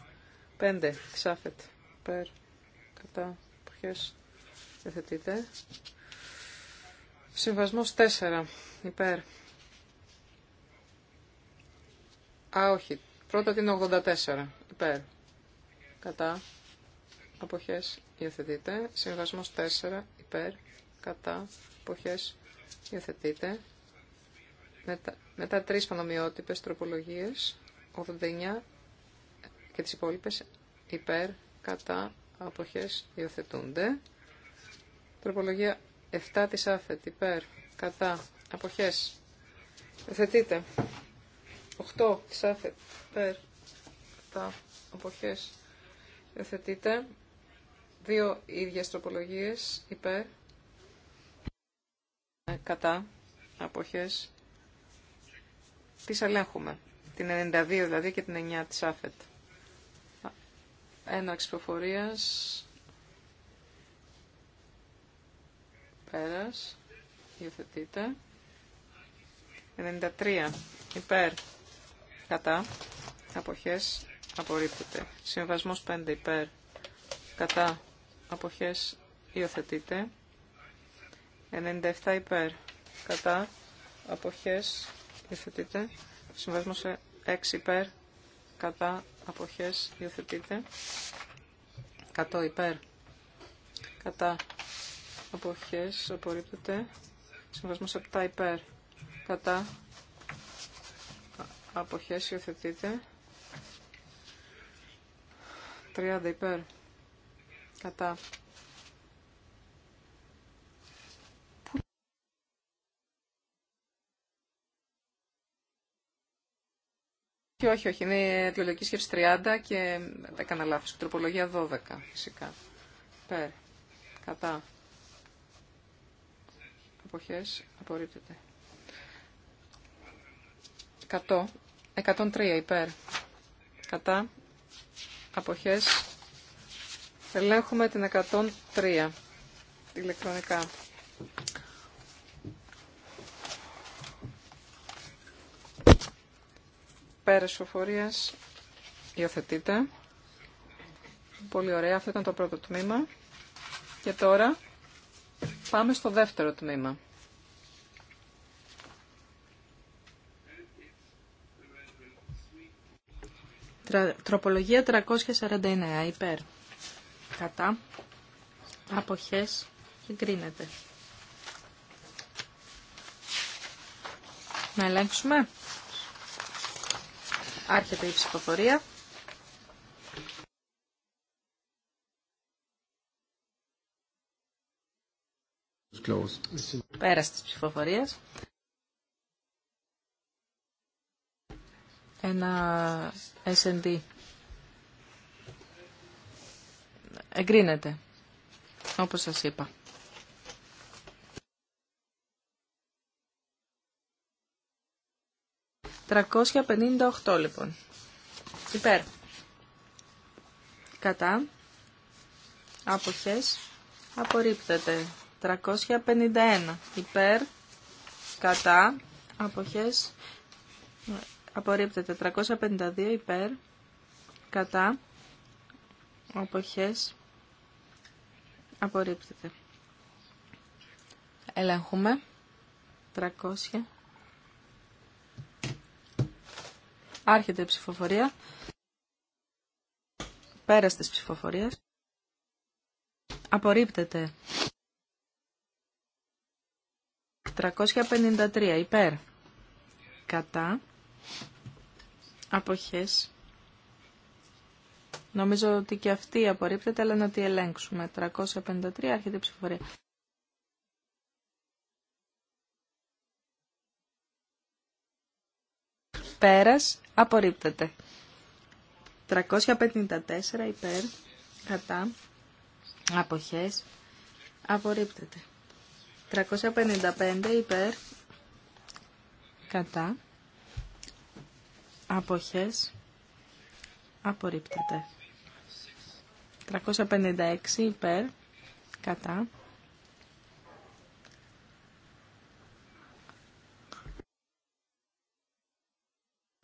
5. Ξάφετ. Περ. Κατά. Αποχές. Δεθετείτε. Συμβασμός 4. Υπέρ. Α, όχι. Πρώτα την 84. Υπέρ. Κατά. Αποχές. Υιοθετείτε. Συμβασμός 4. Υπέρ. Κατά. Αποχές. Υιοθετείτε. Μετά, μετά τρεις πανομοιότυπες τροπολογίες. 89, και τις υπόλοιπες υπέρ, κατά, αποχές υιοθετούνται. Τροπολογία 7 της άφετ, υπέρ, κατά, αποχές υιοθετείται. 8 της άφετ, υπέρ, κατά, αποχές υιοθετείται. Δύο ίδιες τροπολογίες, υπέρ, κατά, αποχές. Τις ελέγχουμε. Την 92 δηλαδή και την 9 της άφετ. Έναρξη προφορίας. Πέρας. Υιοθετείτε. 93. Υπέρ. Κατά. Αποχές. Απορρίπτεται. Συμβασμός 5. Υπέρ. Κατά. Αποχές. Υιοθετείτε. 97. Υπέρ. Κατά. Αποχές. Υιοθετείτε. Συμβασμός 6. Υπέρ. Κατά αποχές υιοθετείται 100 υπέρ κατά αποχές απορρίπτεται συμβασμός 7 υπέρ κατά αποχές υιοθετείται 30 υπέρ κατά όχι, όχι, είναι αιτιολογική σκέψη 30 και έκανα λάθος. Τροπολογία 12 φυσικά. Περ. Κατά. Αποχέ. Απορρίπτεται. 100. 103 υπέρ. Κατά. Αποχές. Ελέγχουμε την 103 ηλεκτρονικά. Πέρας ψηφοφορίας υιοθετείται. Πολύ ωραία. Αυτό ήταν το πρώτο τμήμα. Και τώρα πάμε στο δεύτερο τμήμα. Τροπολογία 349 υπέρ. Κατά. Αποχές. Εγκρίνεται. Να ελέγξουμε. Άρχεται η ψηφοφορία. Πέρασε τη ψηφοφορία. Ένα S&D. Εγκρίνεται, όπως σας είπα. 358 λοιπόν. Υπέρ. Κατά. Αποχές. Απορρίπτεται. 351. Υπέρ. Κατά. Αποχές. Απορρίπτεται. 352. Υπέρ. Κατά. Αποχές. Απορρίπτεται. Ελέγχουμε. 300. Άρχεται η ψηφοφορία. Πέρας της ψηφοφορίας. Απορρίπτεται. 353 υπέρ. Κατά. Αποχές. Νομίζω ότι και αυτή απορρίπτεται, αλλά να τη ελέγξουμε. 353 άρχεται η ψηφοφορία. Πέρας. Απορρίπτεται. 354 υπέρ. Κατά. Αποχές. Απορρίπτεται. 355 υπέρ. Κατά. Αποχές. Απορρίπτεται. 356 υπέρ. Κατά.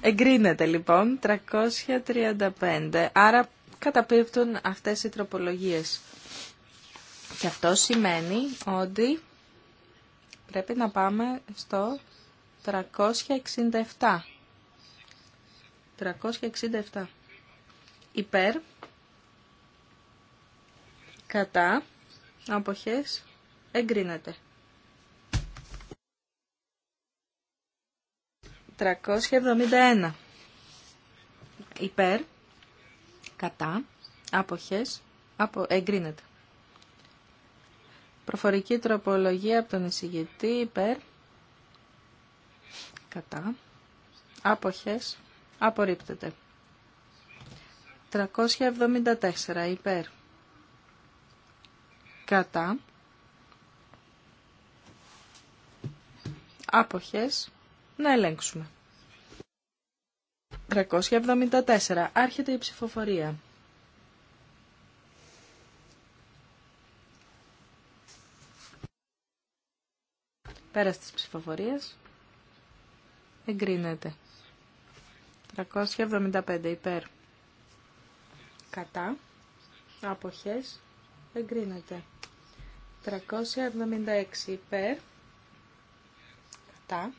Εγκρίνεται λοιπόν 335, άρα καταπίπτουν αυτέ οι τροπολογίε. Και αυτό σημαίνει ότι πρέπει να πάμε στο 367. 367 υπέρ, κατά, αποχές, εγκρίνεται. 371 υπέρ, κατά, άποχες, απο, εγκρίνεται. Προφορική τροπολογία από τον εισηγητή υπέρ, κατά, άποχες, απορρίπτεται. 374 υπέρ κατά άποχες να ελέγξουμε. 374. Άρχεται η ψηφοφορία. Πέρα στις ψηφοφορίες. Εγκρίνεται. 375 υπέρ κατά, άποχες, εγκρίνεται. 376 υπέρ, κατά,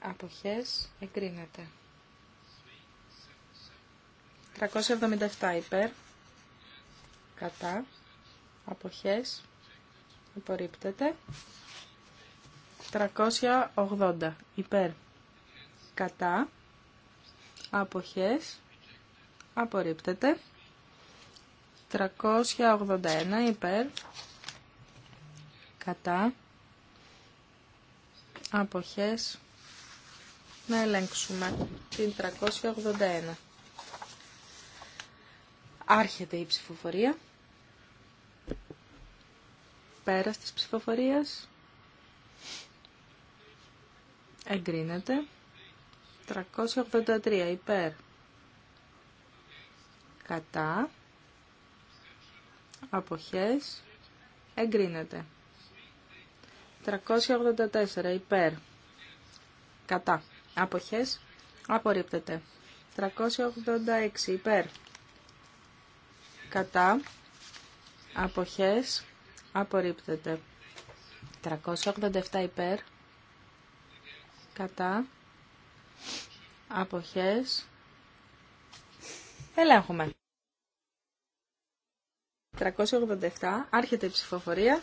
άποχες, εγκρίνεται. 377 υπέρ, κατά, αποχές, απορρίπτεται. 380 υπέρ, κατά, αποχές, απορρίπτεται. 381 υπέρ, κατά, αποχές, να ελέγξουμε την 381. Άρχεται η ψηφοφορία. Πέρας της ψηφοφορίας. Εγκρίνεται. 383 υπέρ κατά, αποχές, εγκρίνεται. 384 υπέρ, κατά, αποχές, απορρίπτεται. 386 υπέρ, κατά, αποχές, απορρίπτεται. 387 υπέρ, κατά, αποχές, ελέγχουμε. 387. Άρχεται η ψηφοφορία.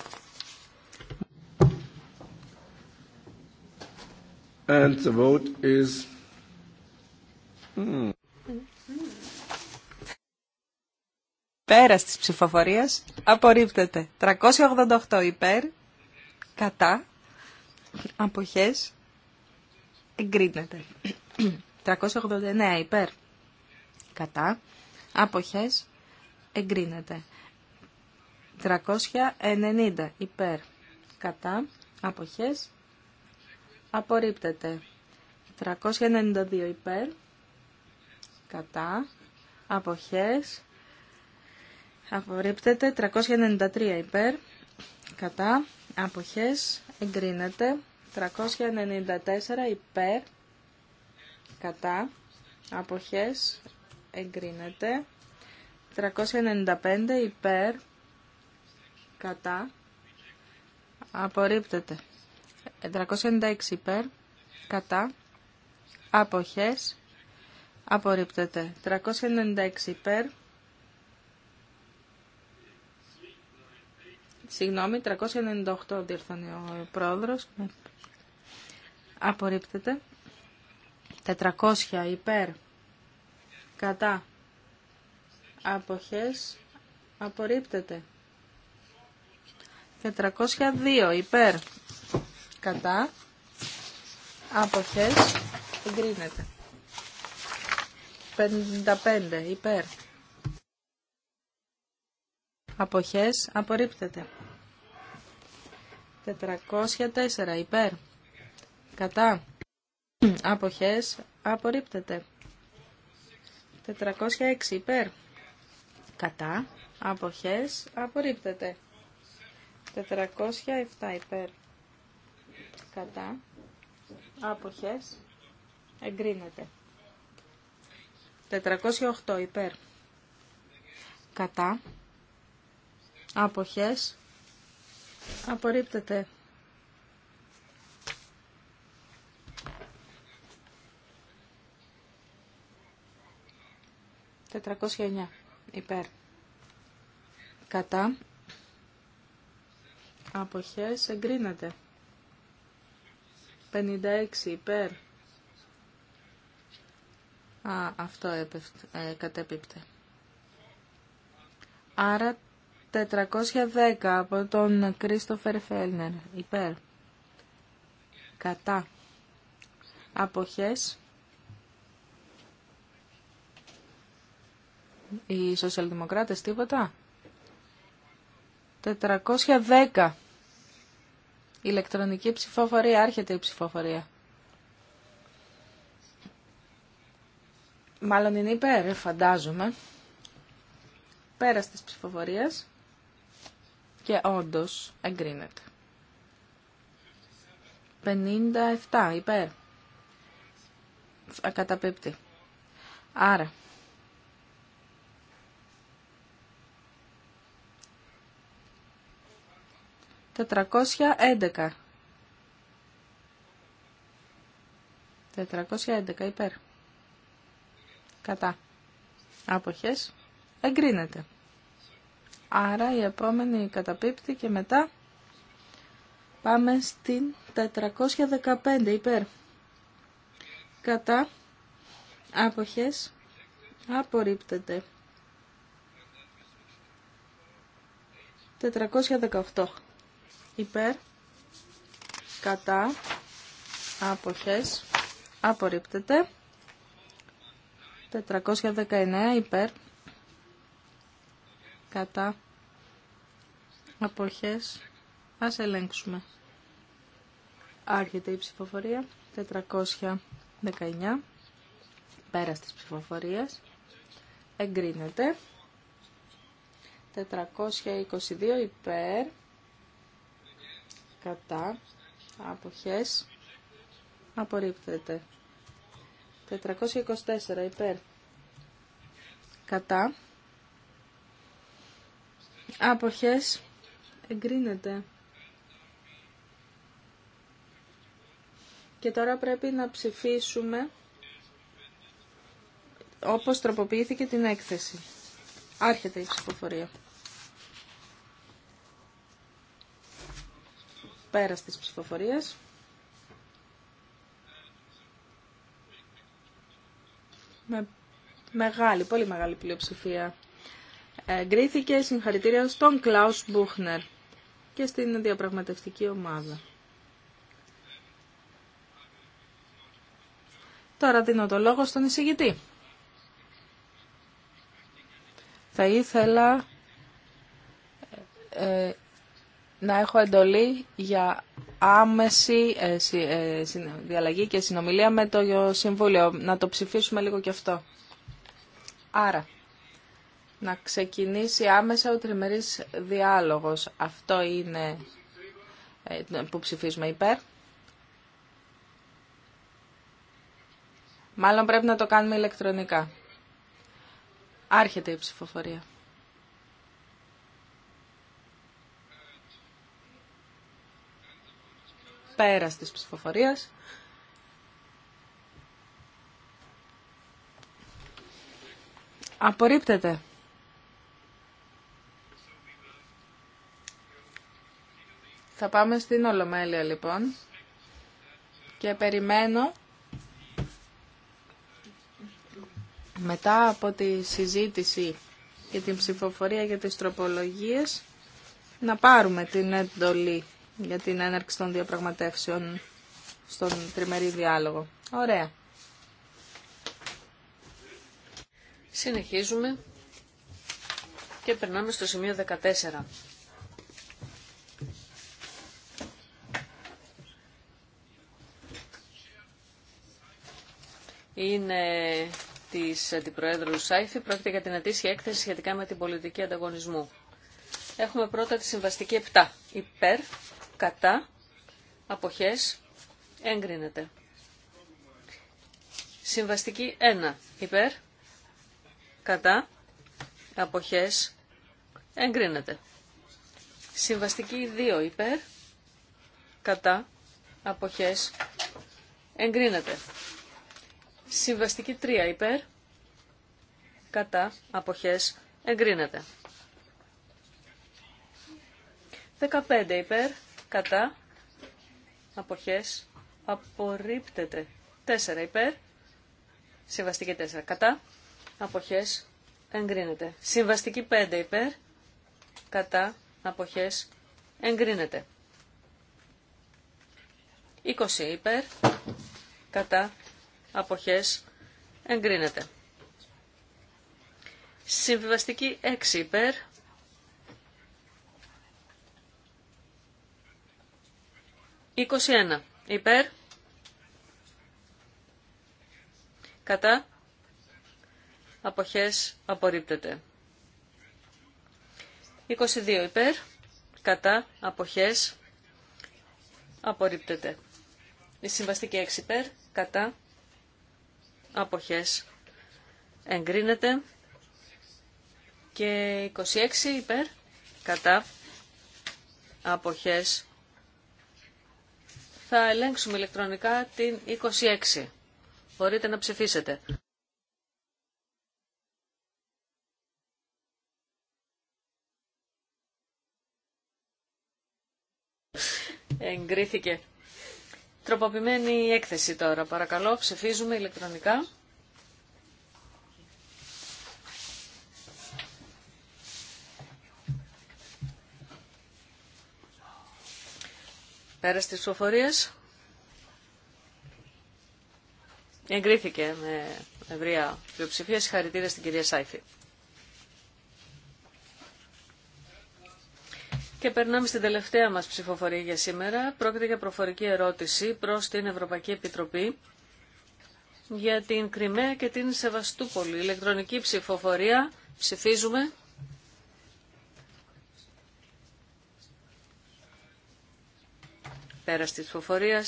And the vote is... Hmm. Πέρας της ψηφοφορίας απορρίπτεται. 388 υπέρ, κατά, αποχές, εγκρίνεται. 389 υπέρ, κατά, αποχές, εγκρίνεται. 390 υπέρ κατά αποχές απορρίπτεται 392 υπέρ κατά αποχές απορρίπτεται 393 υπέρ κατά αποχές εγκρίνεται 394 υπέρ κατά αποχές εγκρίνεται 395 υπέρ κατά απορρίπτεται 396 υπέρ κατά αποχές απορρίπτεται 396 υπέρ Συγγνώμη, 398 διορθώνει ο πρόεδρος. Απορρίπτεται. 400 υπέρ. Κατά. Αποχές. Απορρίπτεται. 402 υπέρ κατά άποχες εγκρίνεται 55 υπέρ αποχές απορρίπτεται 404 υπέρ κατά αποχές απορρίπτεται 406 υπέρ κατά αποχές απορρίπτεται 407 υπέρ κατά άποχες εγκρίνεται 408 υπέρ κατά άποχες απορρίπτεται 409 υπέρ κατά αποχές εγκρίνεται. 56 υπέρ. Α, αυτό ε, κατέπιπτε. Άρα 410 από τον Κρίστοφερ Φέλνερ υπέρ. Κατά. Αποχές. Οι σοσιαλδημοκράτες τίποτα. 410. Ηλεκτρονική ψηφοφορία. Άρχεται η ψηφοφορία. Μάλλον είναι υπέρ, ε, φαντάζομαι. πέρας της ψηφοφορίας. Και όντως εγκρίνεται. 57 υπέρ. ακαταπίπτει Άρα, 411. 411 υπέρ. Κατά. Άποχες. Εγκρίνεται. Άρα η επόμενη καταπίπτει και μετά πάμε στην 415 υπέρ. Κατά. Άποχες. Απορρίπτεται. 418 υπέρ κατά αποχές απορρίπτεται 419 υπέρ κατά αποχές ας ελέγξουμε άρχεται η ψηφοφορία 419 πέρας της ψηφοφορίας εγκρίνεται 422 υπέρ κατά αποχές απορρίπτεται 424 υπέρ κατά αποχές εγκρίνεται και τώρα πρέπει να ψηφίσουμε όπως τροποποιήθηκε την έκθεση άρχεται η ψηφοφορία πέρα της ψηφοφορίας. Με μεγάλη, πολύ μεγάλη πλειοψηφία. Εγκρίθηκε συγχαρητήρια στον Κλάους Μπούχνερ και στην διαπραγματευτική ομάδα. Τώρα δίνω το λόγο στον εισηγητή. Θα ήθελα ε, ε, να έχω εντολή για άμεση ε, ε, διαλλαγή και συνομιλία με το Συμβούλιο. Να το ψηφίσουμε λίγο και αυτό. Άρα, να ξεκινήσει άμεσα ο τριμερής διάλογος. Αυτό είναι ε, που ψηφίζουμε υπέρ. Μάλλον πρέπει να το κάνουμε ηλεκτρονικά. Άρχεται η ψηφοφορία. Πέρας της ψηφοφορίας. Απορρίπτεται. Θα πάμε στην Ολομέλεια λοιπόν και περιμένω μετά από τη συζήτηση και την ψηφοφορία για τις τροπολογίες να πάρουμε την εντολή για την έναρξη των διαπραγματεύσεων στον τριμερή διάλογο. Ωραία. Συνεχίζουμε και περνάμε στο σημείο 14. Είναι της Αντιπροέδρου Σάιφη, πρόκειται για την ατήσια έκθεση σχετικά με την πολιτική ανταγωνισμού. Έχουμε πρώτα τη συμβαστική 7. Υπέρ, κατά, αποχές, εγκρίνεται. Συμβαστική 1. Υπέρ, κατά, αποχές, εγκρίνεται. Συμβαστική 2. Υπέρ, κατά, αποχές, εγκρίνεται. Συμβαστική 3. Υπέρ, κατά, αποχές, εγκρίνεται. 15 υπέρ, κατά, αποχές, απορρίπτεται. 4 υπέρ, συμβαστική 4 κατά, αποχές, εγκρίνεται. Συμβαστική 5 υπέρ, κατά, αποχές, εγκρίνεται. 20 υπέρ, κατά, αποχές, εγκρίνεται. Συμβιβαστική 6 υπέρ, 21. Υπέρ. Κατά. Αποχές απορρίπτεται. 22. Υπέρ. Κατά. Αποχές απορρίπτεται. Η συμβαστική 6 υπέρ. Κατά. Αποχές εγκρίνεται. Και 26 υπέρ. Κατά. Αποχές θα ελέγξουμε ηλεκτρονικά την 26. Μπορείτε να ψηφίσετε. Εγκρίθηκε. Τροποποιημένη έκθεση τώρα. Παρακαλώ, ψηφίζουμε ηλεκτρονικά. Πέρα στις ψηφοφορίες. Εγκρίθηκε με ευρεία πλειοψηφία. Συγχαρητήρια στην κυρία Σάιφη. Και περνάμε στην τελευταία μας ψηφοφορία για σήμερα. Πρόκειται για προφορική ερώτηση προς την Ευρωπαϊκή Επιτροπή για την Κρυμαία και την Σεβαστούπολη. Ηλεκτρονική ψηφοφορία. Ψηφίζουμε. Πέρας τη ψηφοφορία.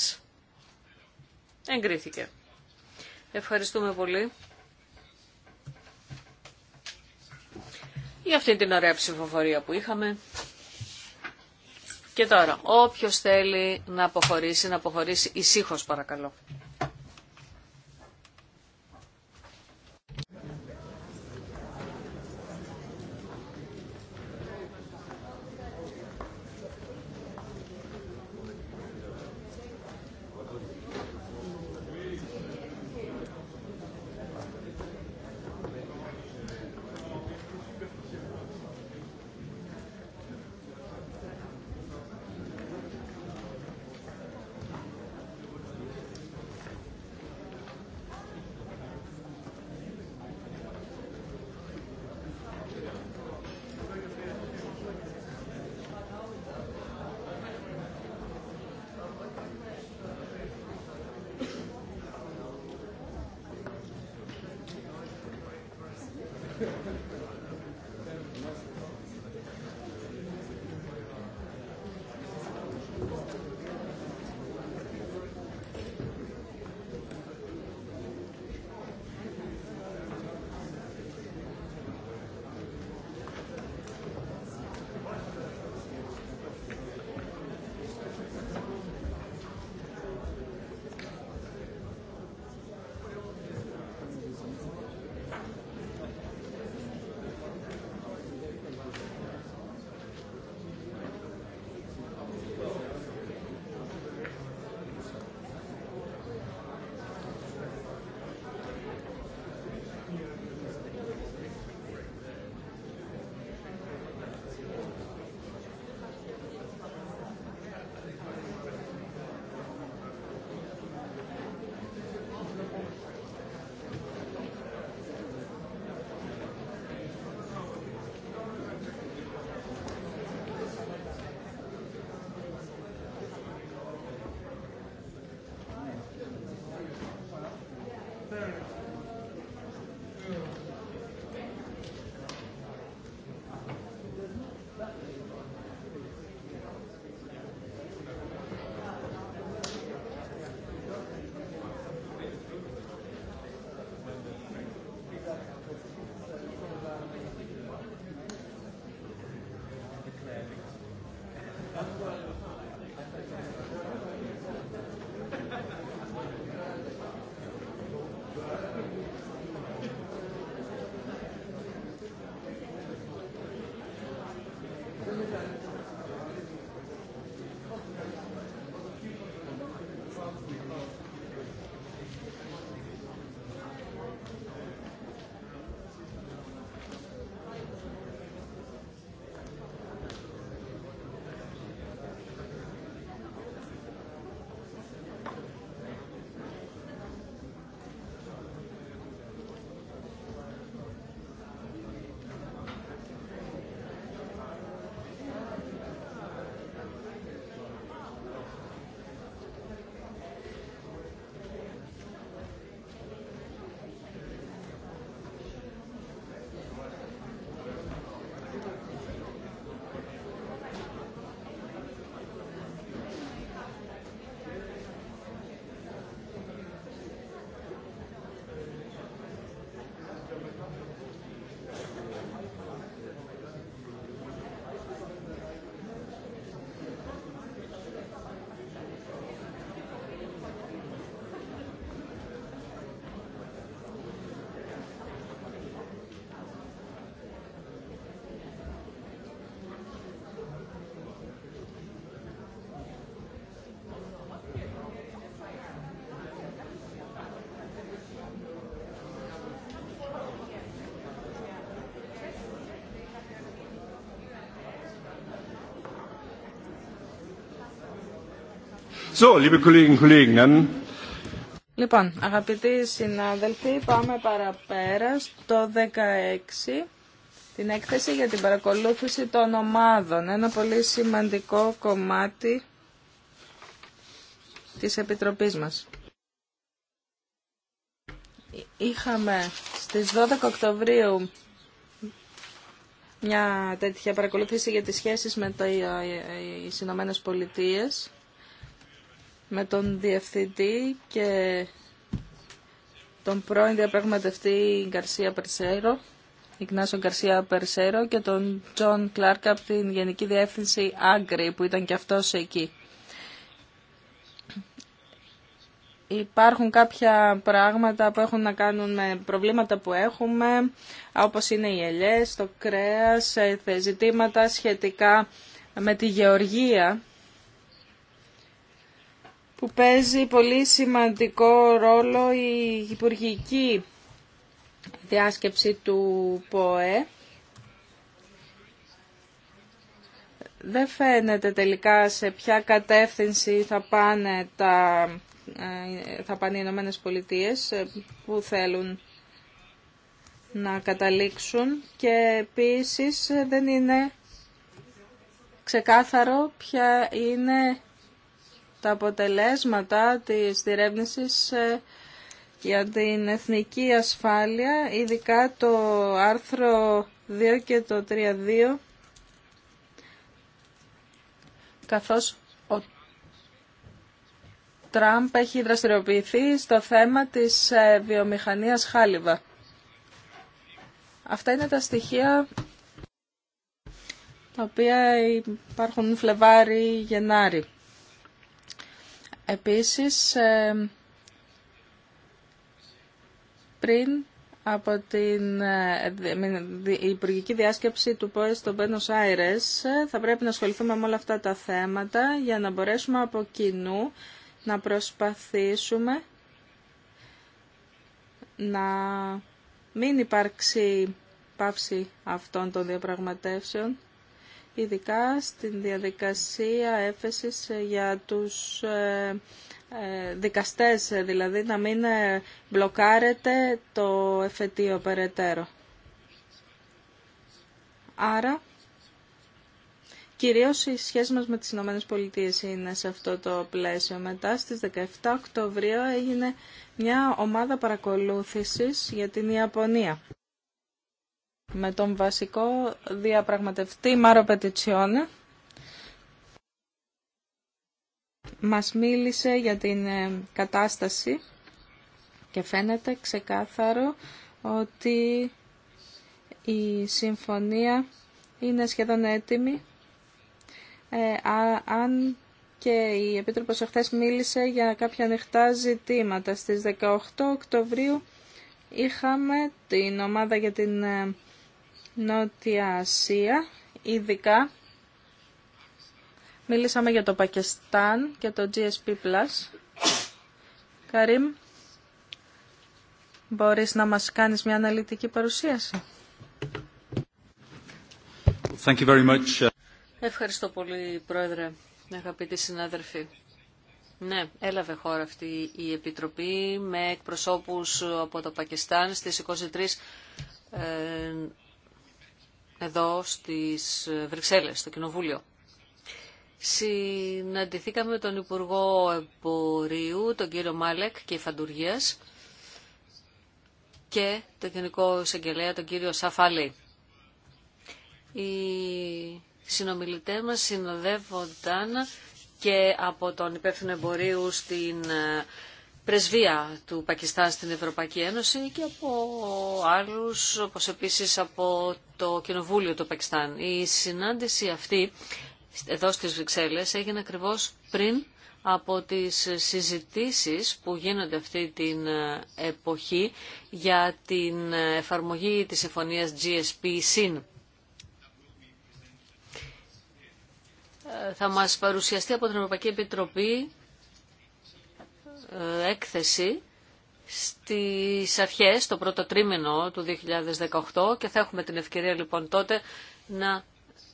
εγκρίθηκε. Ευχαριστούμε πολύ για αυτή την ωραία ψηφοφορία που είχαμε. Και τώρα, όποιος θέλει να αποχωρήσει, να αποχωρήσει ησύχως παρακαλώ. Λοιπόν, αγαπητοί συνάδελφοι, πάμε παραπέρα στο 16, την έκθεση για την παρακολούθηση των ομάδων. Ένα πολύ σημαντικό κομμάτι της Επιτροπής μας. Είχαμε στις 12 Οκτωβρίου μια τέτοια παρακολούθηση για τις σχέσεις με τα Ηνωμένε Πολιτείες με τον Διευθυντή και τον πρώην διαπραγματευτή Γκαρσία Περσέρο, Ιγνάσο Γκαρσία Περσέρο και τον Τζον Κλάρκ από την Γενική Διεύθυνση Άγκρη που ήταν και αυτός εκεί. Υπάρχουν κάποια πράγματα που έχουν να κάνουν με προβλήματα που έχουμε, όπως είναι οι ελιές, το κρέας, ε, ζητήματα σχετικά με τη γεωργία που παίζει πολύ σημαντικό ρόλο η υπουργική διάσκεψη του ΠΟΕ. Δεν φαίνεται τελικά σε ποια κατεύθυνση θα πάνε, τα, ε, θα πάνε οι Ηνωμένες Πολιτείες ε, που θέλουν να καταλήξουν και επίσης ε, δεν είναι ξεκάθαρο ποια είναι τα αποτελέσματα της διερεύνησης ε, για την εθνική ασφάλεια, ειδικά το άρθρο 2 και το 3.2, καθώς ο Τραμπ έχει δραστηριοποιηθεί στο θέμα της ε, βιομηχανίας Χάλιβα. Αυτά είναι τα στοιχεία τα οποία υπάρχουν Φλεβάρι-Γενάρη. Επίσης, ε, πριν από την ε, Υπουργική Διάσκεψη του ΠΟΕ στο Μπένος Άιρες θα πρέπει να ασχοληθούμε με όλα αυτά τα θέματα για να μπορέσουμε από κοινού να προσπαθήσουμε να μην υπάρξει πάυση αυτών των διαπραγματεύσεων ειδικά στην διαδικασία έφεσης για τους ε, ε, δικαστές, δηλαδή να μην ε, μπλοκάρεται το εφετείο περαιτέρω. Άρα, κυρίως οι σχέσεις μας με τις ΗΠΑ είναι σε αυτό το πλαίσιο. Μετά στις 17 Οκτωβρίου έγινε μια ομάδα παρακολούθησης για την Ιαπωνία με τον βασικό διαπραγματευτή Μάρο Πετιτσιόνα. Μας μίλησε για την ε, κατάσταση και φαίνεται ξεκάθαρο ότι η συμφωνία είναι σχεδόν έτοιμη. Ε, αν και η Επίτροπος εχθές μίλησε για κάποια ανοιχτά ζητήματα. Στις 18 Οκτωβρίου είχαμε την ομάδα για την ε, Νότια Ασία, ειδικά μίλησαμε για το Πακιστάν και το GSP+. Καρίμ, μπορείς να μας κάνεις μια αναλυτική παρουσίαση. Thank you very much. Ευχαριστώ πολύ, Πρόεδρε, αγαπητοί συνάδελφοι. Ναι, έλαβε χώρα αυτή η Επιτροπή με εκπροσώπους από το Πακιστάν στις 23 εδώ στις Βρυξέλλες, στο Κοινοβούλιο. Συναντηθήκαμε με τον Υπουργό Εμπορίου, τον κύριο Μάλεκ και Φαντουργίας και τον Γενικό Εισαγγελέα, τον κύριο Σαφαλή. Οι συνομιλητές μας συνοδεύονταν και από τον υπεύθυνο εμπορίου στην ε, πρεσβεία του Πακιστάν στην Ευρωπαϊκή Ένωση και από άλλους, όπως επίσης από το Κοινοβούλιο του Πακιστάν. Η συνάντηση αυτή εδώ στις Βρυξέλλες έγινε ακριβώς πριν από τις συζητήσεις που γίνονται αυτή την ε, εποχή για την ε, εφαρμογή της συμφωνίας GSP-SYN. Ε, θα μας παρουσιαστεί από την Ευρωπαϊκή Επιτροπή ε, έκθεση στις αρχές, το πρώτο τρίμηνο του 2018 και θα έχουμε την ευκαιρία λοιπόν τότε να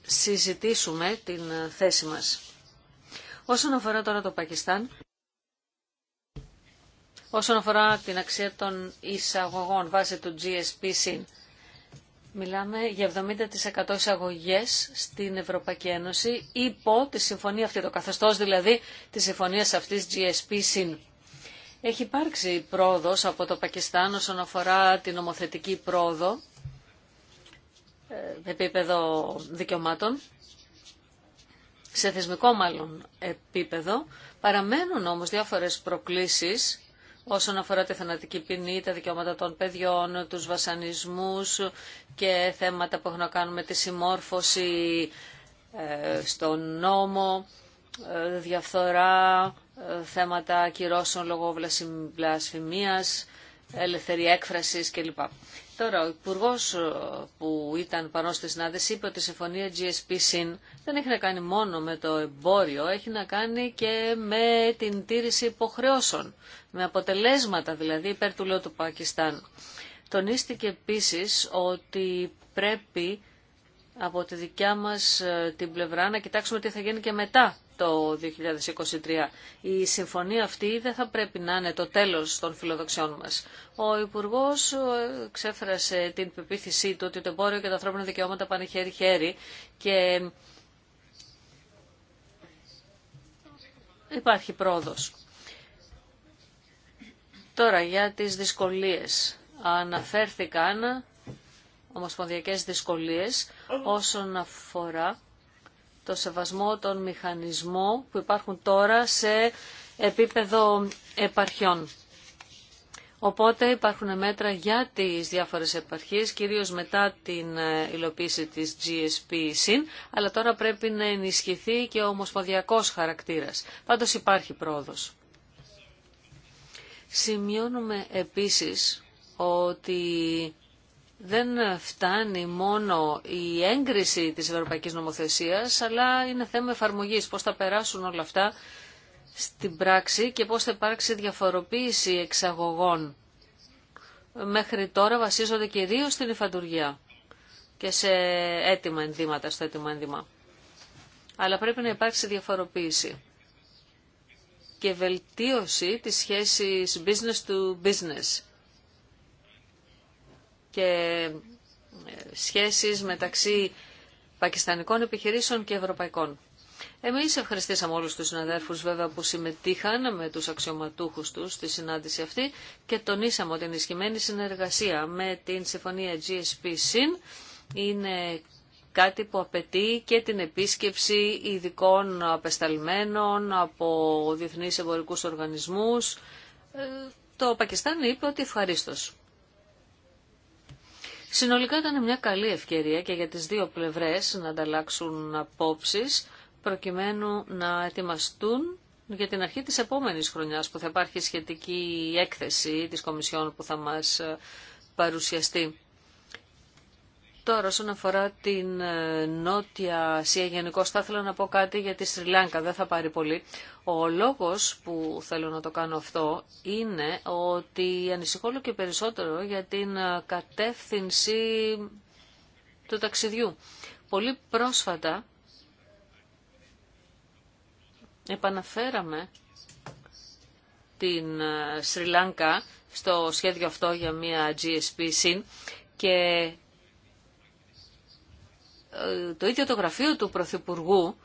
συζητήσουμε την ε, θέση μας. Όσον αφορά τώρα το Πακιστάν, όσον αφορά την αξία των εισαγωγών βάσει του GSP-SYN, Μιλάμε για 70% εισαγωγέ στην Ευρωπαϊκή Ένωση υπό τη συμφωνία αυτή, το καθεστώς δηλαδή τη συμφωνια αυτης αυτή GSP-SYN. Έχει υπάρξει πρόοδος από το Πακιστάν όσον αφορά την νομοθετική πρόοδο ε, επίπεδο δικαιωμάτων, σε θεσμικό μάλλον επίπεδο. Παραμένουν όμως διάφορες προκλήσεις όσον αφορά τη θανατική ποινή, τα δικαιώματα των παιδιών, τους βασανισμούς και θέματα που έχουν να κάνουν με τη συμμόρφωση ε, στον νόμο, ε, διαφθορά, ε, θέματα κυρώσεων λόγω βλασφημίας, ελευθερία έκφραση κλπ. Τώρα, ο υπουργό ε, που ήταν παρόν στη συνάντηση είπε ότι η συμφωνία GSP συν δεν έχει να κάνει μόνο με το εμπόριο, έχει να κάνει και με την τήρηση υποχρεώσεων, με αποτελέσματα δηλαδή υπέρ του ΛΟΤΟ του Πακιστάν. Τονίστηκε επίση ότι πρέπει από τη δικιά μας ε, την πλευρά να κοιτάξουμε τι θα γίνει και μετά το 2023. Η συμφωνία αυτή δεν θα πρέπει να είναι το τέλος των φιλοδοξιών μας. Ο Υπουργός ε, ξέφρασε την πεποίθησή του ότι το εμπόριο και τα ανθρώπινα δικαιώματα πάνε χέρι-χέρι και υπάρχει πρόοδος. Τώρα για τις δυσκολίες. Αναφέρθηκαν ομοσπονδιακές δυσκολίες όσον αφορά το σεβασμό των μηχανισμών που υπάρχουν τώρα σε επίπεδο επαρχιών. Οπότε υπάρχουν μέτρα για τις διάφορες επαρχίες, κυρίως μετά την ε, υλοποίηση της GSP συν, αλλά τώρα πρέπει να ενισχυθεί και ο ομοσπονδιακός χαρακτήρας. Πάντως υπάρχει πρόοδος. Σημειώνουμε επίσης ότι δεν φτάνει μόνο η έγκριση της ευρωπαϊκής νομοθεσίας, αλλά είναι θέμα εφαρμογής, πώς θα περάσουν όλα αυτά στην πράξη και πώς θα υπάρξει διαφοροποίηση εξαγωγών. Μέχρι τώρα βασίζονται κυρίως στην υφαντουργία και σε έτοιμα ενδύματα, στο έτοιμο ενδύμα. Αλλά πρέπει να υπάρξει διαφοροποίηση και βελτίωση της σχέσης business to business και ε, σχέσεις μεταξύ πακιστανικών επιχειρήσεων και ευρωπαϊκών. Εμείς ευχαριστήσαμε όλους τους συναδέρφους βέβαια που συμμετείχαν με τους αξιωματούχους τους στη συνάντηση αυτή και τονίσαμε ότι η ενισχυμένη συνεργασία με την συμφωνία GSP-SYN είναι κάτι που απαιτεί και την επίσκεψη ειδικών απεσταλμένων από διεθνείς εμπορικούς οργανισμούς. Ε, το Πακιστάν είπε ότι ευχαρίστως. Συνολικά ήταν μια καλή ευκαιρία και για τις δύο πλευρές να ανταλλάξουν απόψεις προκειμένου να ετοιμαστούν για την αρχή της επόμενης χρονιάς που θα υπάρχει σχετική έκθεση της Κομισιόν που θα μας ε, παρουσιαστεί. Τώρα, όσον αφορά την ε, Νότια Ασία γενικώ, θα ήθελα να πω κάτι για τη Σρι Δεν θα πάρει πολύ. Ο λόγος που θέλω να το κάνω αυτό είναι ότι ανησυχώ και περισσότερο για την ε, κατεύθυνση του ταξιδιού. Πολύ πρόσφατα επαναφέραμε την ε, Σρι στο σχέδιο αυτό για μια GSP συν και το ίδιο το γραφείο του Πρωθυπουργού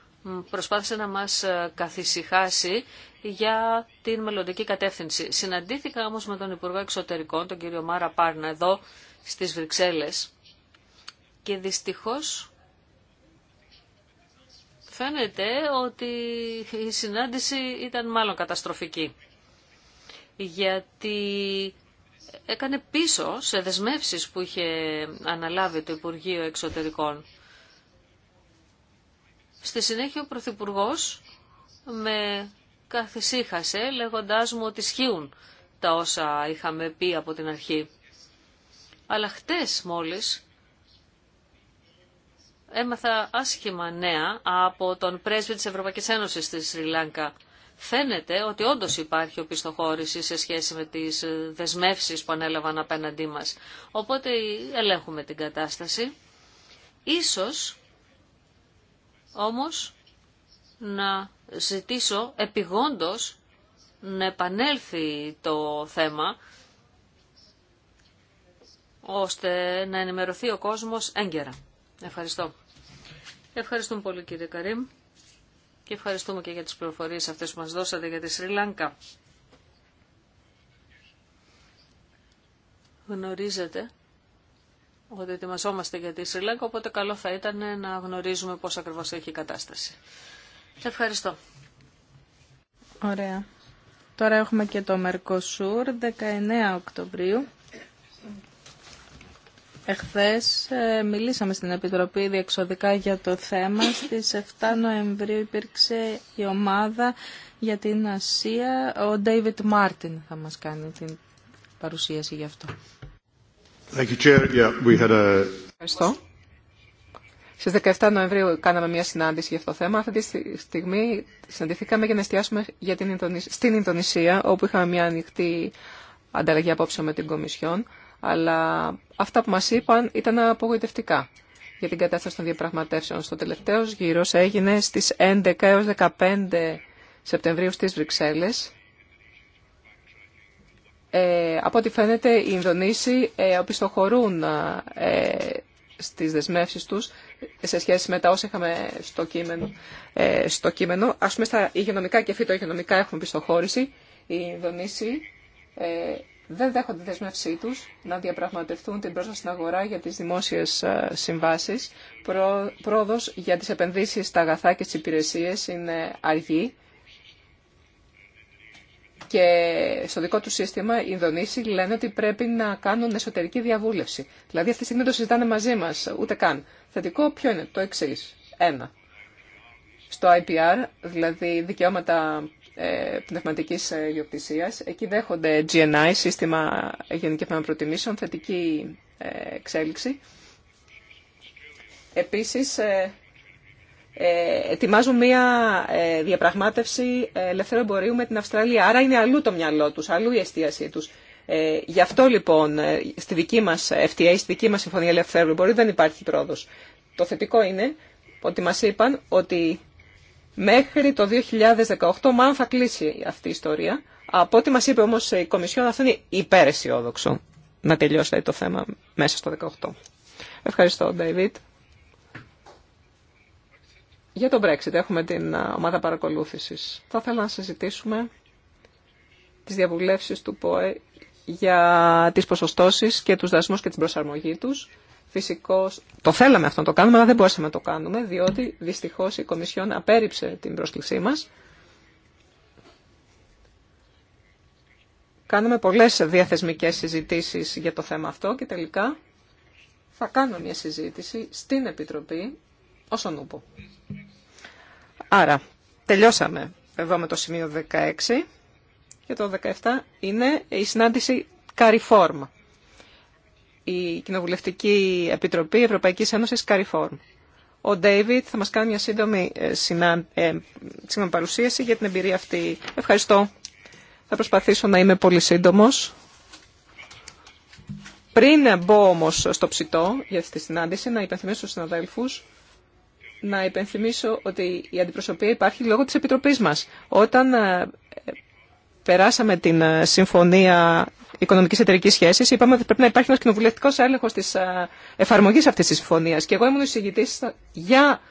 προσπάθησε να μας ε, καθησυχάσει για την μελλοντική κατεύθυνση. Συναντήθηκα όμως με τον Υπουργό Εξωτερικών, τον κύριο Μάρα Πάρνα, εδώ στις Βρυξέλλες και δυστυχώς φαίνεται ότι η συνάντηση ήταν μάλλον καταστροφική. Γιατί έκανε πίσω σε δεσμεύσεις που είχε αναλάβει το Υπουργείο Εξωτερικών. Στη συνέχεια ο Πρωθυπουργό με καθησύχασε λέγοντάς μου ότι ισχύουν τα όσα είχαμε πει από την αρχή. Αλλά χτες μόλις έμαθα άσχημα νέα από τον πρέσβη της Ευρωπαϊκής Ένωσης στη Σρι Φαίνεται ότι όντως υπάρχει οπισθοχώρηση σε σχέση με τις δεσμεύσεις που ανέλαβαν απέναντί μας. Οπότε ελέγχουμε την κατάσταση. Ίσως όμως να ζητήσω επιγόντως να επανέλθει το θέμα ώστε να ενημερωθεί ο κόσμος έγκαιρα. Ευχαριστώ. Ευχαριστούμε πολύ κύριε Καρύμ και ευχαριστούμε και για τις πληροφορίες αυτές που μας δώσατε για τη Σρι Λάνκα. Γνωρίζετε ότι ετοιμαζόμαστε για τη Σριλάνκα, οπότε καλό θα ήταν να γνωρίζουμε πώς ακριβώς έχει η κατάσταση. Ευχαριστώ. Ωραία. Τώρα έχουμε και το Μερκοσούρ, 19 Οκτωβρίου. Εχθές ε, μιλήσαμε στην Επιτροπή διεξοδικά για το θέμα. Στις 7 Νοεμβρίου υπήρξε η ομάδα για την Ασία. Ο Ντέιβιτ Μάρτιν θα μας κάνει την παρουσίαση γι' αυτό. Ευχαριστώ. Στι 17 Νοεμβρίου κάναμε μια συνάντηση για αυτό το θέμα. Αυτή τη στιγμή συναντηθήκαμε για να εστιάσουμε για την στην Ιντονισία, όπου είχαμε μια ανοιχτή ανταλλαγή απόψεων με την Κομισιόν. Αλλά αυτά που μα είπαν ήταν απογοητευτικά για την κατάσταση των διαπραγματεύσεων. Στο τελευταίο γύρο έγινε στι 11 έω 15 Σεπτεμβρίου στι Βρυξέλλες ε, από ό,τι φαίνεται οι Ινδονήσοι ε, οπισθοχωρούν ε, στις δεσμεύσεις τους σε σχέση με τα όσα είχαμε στο κείμενο. Ε, στο κείμενο. Ας πούμε στα υγειονομικά και φυτοϊγειονομικά έχουμε πιστοχώρηση. Οι Ινδονήσοι ε, δεν δέχονται τη δεσμεύσή τους να διαπραγματευτούν την πρόσβαση στην αγορά για τις δημόσιες ε, συμβάσεις. Πρόοδος για τις επενδύσεις στα αγαθά και τις υπηρεσίες είναι αργή και στο δικό του σύστημα οι Ινδονήσοι λένε ότι πρέπει να κάνουν εσωτερική διαβούλευση. Δηλαδή αυτή τη στιγμή το συζητάνε μαζί μα, ούτε καν. Θετικό ποιο είναι, το εξή. Ένα. Στο IPR, δηλαδή δικαιώματα ε, πνευματική ε, ιδιοκτησία, εκεί δέχονται GNI, σύστημα γενικευμένων προτιμήσεων, θετική ε, εξέλιξη. Επίσης, ε, ε, ετοιμάζουν μία ε, διαπραγμάτευση ελευθερών εμπορίου με την Αυστραλία. Άρα είναι αλλού το μυαλό τους, αλλού η εστίασή τους. Ε, γι' αυτό λοιπόν ε, στη δική μας FTA, στη δική μας Συμφωνία Ελευθέρου Εμπορίου δεν υπάρχει πρόοδος. Το θετικό είναι ότι μας είπαν ότι μέχρι το 2018 μάλλον θα κλείσει αυτή η ιστορία. Από ό,τι μας είπε όμως η Κομισιόν αυτό είναι υπεραισιόδοξο να τελειώσει δηλαδή, το θέμα μέσα στο 2018. Ευχαριστώ, Ντέιβιτ για το Brexit έχουμε την ομάδα παρακολούθησης. Θα ήθελα να συζητήσουμε τις διαβουλεύσεις του ΠΟΕ για τις ποσοστώσεις και τους δασμούς και την προσαρμογή τους. Φυσικώς, το θέλαμε αυτό να το κάνουμε, αλλά δεν μπορούσαμε να το κάνουμε, διότι δυστυχώς η Κομισιόν απέρριψε την πρόσκλησή μας. Κάνουμε πολλές διαθεσμικές συζητήσεις για το θέμα αυτό και τελικά θα κάνω μια συζήτηση στην Επιτροπή Άρα, τελειώσαμε εδώ με το σημείο 16 και το 17 είναι η συνάντηση Καριφόρμ. Η Κοινοβουλευτική Επιτροπή Ευρωπαϊκής Ένωσης Καριφόρμ. Ο Ντέιβιτ θα μας κάνει μια σύντομη ε, ε παρουσίαση για την εμπειρία αυτή. Ευχαριστώ. Θα προσπαθήσω να είμαι πολύ σύντομος. Πριν μπω όμως στο ψητό για αυτή τη συνάντηση, να υπενθυμίσω στους συναδέλφους να υπενθυμίσω ότι η αντιπροσωπεία υπάρχει λόγω της Επιτροπής μας. Όταν ε, περάσαμε την ε, Συμφωνία Οικονομικής Εταιρικής Σχέσης, είπαμε ότι πρέπει να υπάρχει ένας κοινοβουλευτικός έλεγχος της ε, εφαρμογής αυτής της συμφωνίας. Και εγώ ήμουν εισηγητής για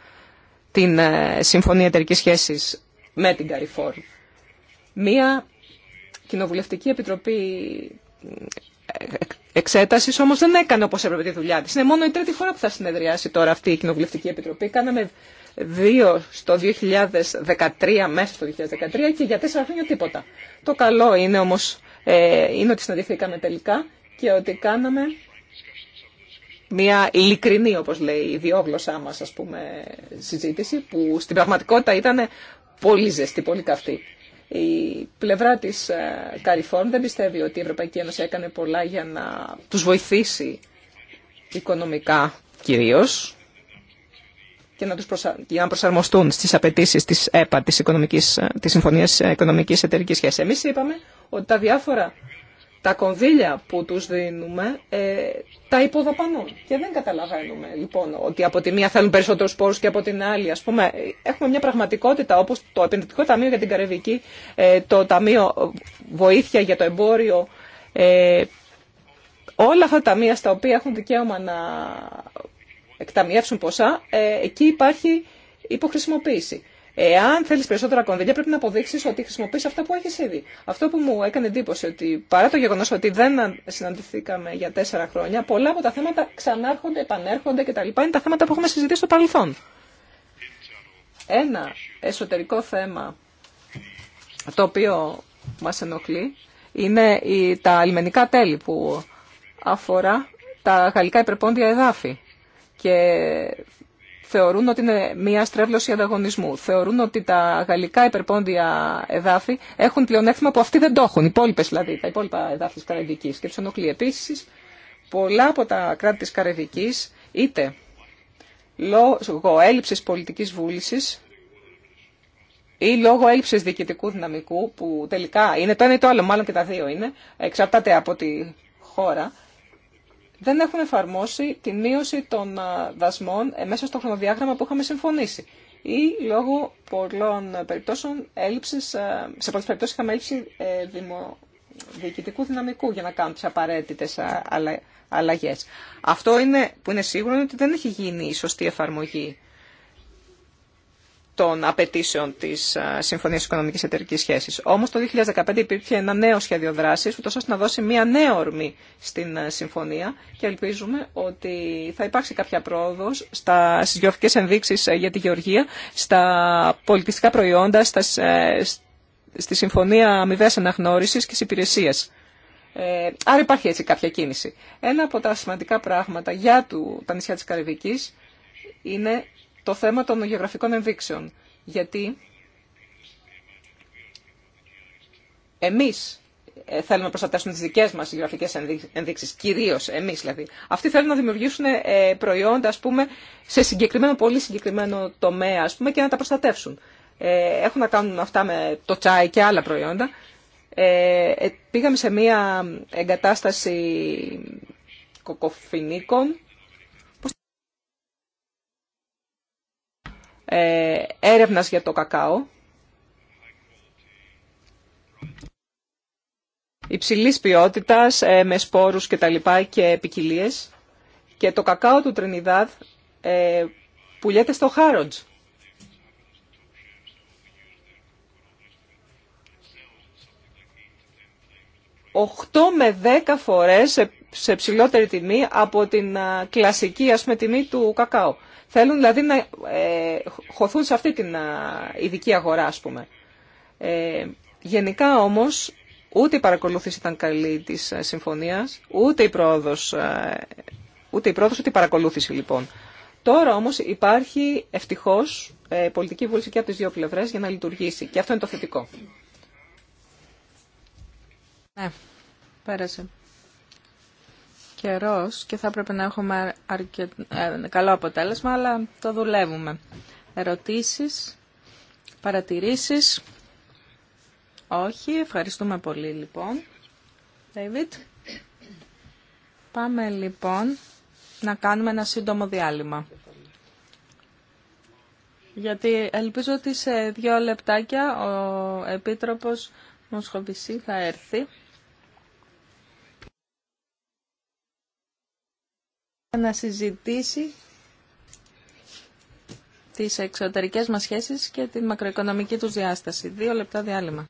την Συμφωνία Εταιρικής Σχέσης με την Καριφόρ. Μία κοινοβουλευτική επιτροπή εξέταση όμως δεν έκανε όπως έπρεπε τη δουλειά της. Είναι μόνο η τρίτη φορά που θα συνεδριάσει τώρα αυτή η Κοινοβουλευτική Επιτροπή. Κάναμε δύο στο 2013, μέσα στο 2013 και για τέσσερα χρόνια τίποτα. Το καλό είναι όμως ε, είναι ότι συναντηθήκαμε τελικά και ότι κάναμε μια ειλικρινή, όπως λέει η διόγλωσσά μας, ας πούμε, συζήτηση, που στην πραγματικότητα ήταν πολύ ζεστή, πολύ καυτή. Η πλευρά της ε, Καριφόρν δεν πιστεύει ότι η Ευρωπαϊκή Ένωση έκανε πολλά για να τους βοηθήσει οικονομικά κυρίως και να, τους να προσαρμοστούν στις απαιτήσεις της ΕΠΑ, της, οικονομικής... Ε, της Συμφωνίας Οικονομικής Εταιρικής Σχέσης. Εμείς είπαμε ότι τα διάφορα τα κονδύλια που τους δίνουμε ε, τα υποδαπανούν. Και δεν καταλαβαίνουμε λοιπόν ότι από τη μία θέλουν περισσότερους πόρους και από την άλλη. Ας πούμε, έχουμε μια πραγματικότητα όπως το Επενδυτικό Ταμείο για την Καρεβική, ε, το Ταμείο Βοήθεια για το Εμπόριο, ε, όλα αυτά τα ταμεία στα οποία έχουν δικαίωμα να εκταμιεύσουν ποσά, ε, εκεί υπάρχει υποχρησιμοποίηση. Εάν θέλει περισσότερα κονδύλια, πρέπει να αποδείξει ότι χρησιμοποιεί αυτά που έχει ήδη. Αυτό που μου έκανε εντύπωση ότι παρά το γεγονό ότι δεν συναντηθήκαμε για τέσσερα χρόνια, πολλά από τα θέματα ξανάρχονται, επανέρχονται κτλ. Είναι τα θέματα που έχουμε συζητήσει στο παρελθόν. Ένα εσωτερικό θέμα το οποίο μας ενοχλεί είναι τα λιμενικά τέλη που αφορά τα γαλλικά υπερπόντια εδάφη. Και θεωρούν ότι είναι μια στρέβλωση ανταγωνισμού. Θεωρούν ότι τα γαλλικά υπερπόντια εδάφη έχουν πλεονέκτημα που αυτοί δεν το έχουν. Οι υπόλοιπε δηλαδή, τα υπόλοιπα εδάφη τη Καραϊβική. Και του επίση πολλά από τα κράτη τη Καραϊβική είτε λόγω έλλειψη πολιτική βούληση ή λόγω έλλειψη διοικητικού δυναμικού που τελικά είναι το ένα ή το άλλο, μάλλον και τα δύο είναι, εξαρτάται από τη χώρα δεν έχουν εφαρμόσει την μείωση των ε, δασμών ε, μέσα στο χρονοδιάγραμμα που είχαμε συμφωνήσει ή λόγω πολλών περιπτώσεων έλλειψης, ε, σε πολλές περιπτώσεις είχαμε έλλειψη δημο, διοικητικού δυναμικού για να κάνουν τις απαραίτητες αλλαγές. Αυτό είναι, που είναι σίγουρο είναι ότι δεν έχει γίνει η σωστή εφαρμογή των απαιτήσεων τη Συμφωνία Οικονομική Εταιρική Σχέση. Όμω το 2015 υπήρχε ένα νέο σχέδιο δράση, ούτω ώστε να δώσει μια νέα ορμή στην Συμφωνία και ελπίζουμε ότι θα υπάρξει κάποια πρόοδο στι γεωργικέ ενδείξει ε, για τη γεωργία, στα πολιτιστικά προϊόντα, στα, ε, στη Συμφωνία Αμοιβαία Αναγνώριση και τη Ε, άρα υπάρχει έτσι κάποια κίνηση. Ένα από τα σημαντικά πράγματα για του, τα νησιά τη Καρυβική είναι το θέμα των γεωγραφικών ενδείξεων. Γιατί εμείς ε, θέλουμε να προστατεύσουμε τις δικές μας γεωγραφικές ενδείξεις, κυρίως εμείς δηλαδή. Αυτοί θέλουν να δημιουργήσουν ε, προϊόντα, ας πούμε, σε συγκεκριμένο, πολύ συγκεκριμένο τομέα, ας πούμε, και να τα προστατεύσουν. Ε, έχουν να κάνουν αυτά με το τσάι και άλλα προϊόντα. πήγαμε σε μία εγκατάσταση κοκοφινίκων Ε, έρευνας για το κακάο, υψηλής ποιότητας, ε, με σπόρους και τα λοιπά και ποικιλίε. Και το κακάο του Τρινιδάδ ε, πουλιέται στο Χάροντζ. Οχτώ με δέκα φορές σε, ψηλότερη τιμή από την κλασική ας πούμε, τιμή του κακάου. Θέλουν δηλαδή να ε, χωθούν σε αυτή την ειδική αγορά, ας πούμε. Ε, γενικά όμως, ούτε η παρακολούθηση ήταν καλή της ε, συμφωνίας, ούτε η πρόοδος, ούτε η, πρόοδος, ούτε παρακολούθηση λοιπόν. Τώρα όμως υπάρχει ευτυχώς πολιτική βούληση και από τις δύο πλευρές για να λειτουργήσει και αυτό είναι το θετικό. Ναι, πέρασε καιρός και θα έπρεπε να έχουμε ε, καλό αποτέλεσμα, αλλά το δουλεύουμε. Ερωτήσεις, παρατηρήσεις. Όχι, ευχαριστούμε πολύ λοιπόν. David. Πάμε λοιπόν να κάνουμε ένα σύντομο διάλειμμα. Γιατί ελπίζω ότι σε δύο λεπτάκια ο Επίτροπος Μοσχοβησί θα έρθει. να συζητήσει τις εξωτερικές μας σχέσεις και τη μακροοικονομική τους διάσταση. Δύο λεπτά διάλειμμα.